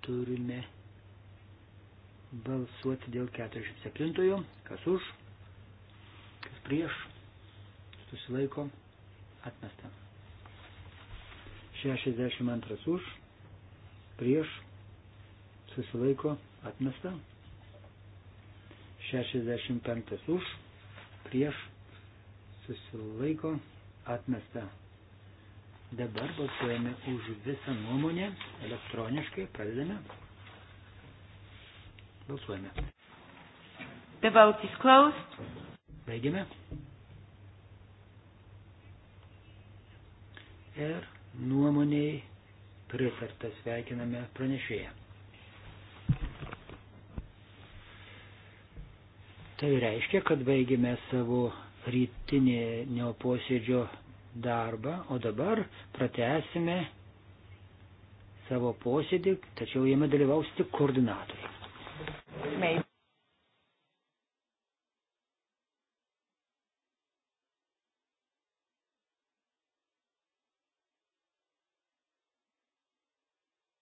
turime balsuoti dėl 47-ojo. Kas už, kas prieš, susilaiko, atmesta. 62 už, prieš, susilaiko, atmesta atmesta. 65 už, prieš, susilaiko, atmesta. Dabar balsuojame už visą nuomonę elektroniškai, pradedame. Balsuojame. The vote is closed. Baigiame. Ir nuomoniai pritarta sveikiname pranešėją. Tai reiškia, kad baigėme savo rytinio posėdžio darbą, o dabar pratesime savo posėdį, tačiau jame dalyvaus tik koordinatoriai.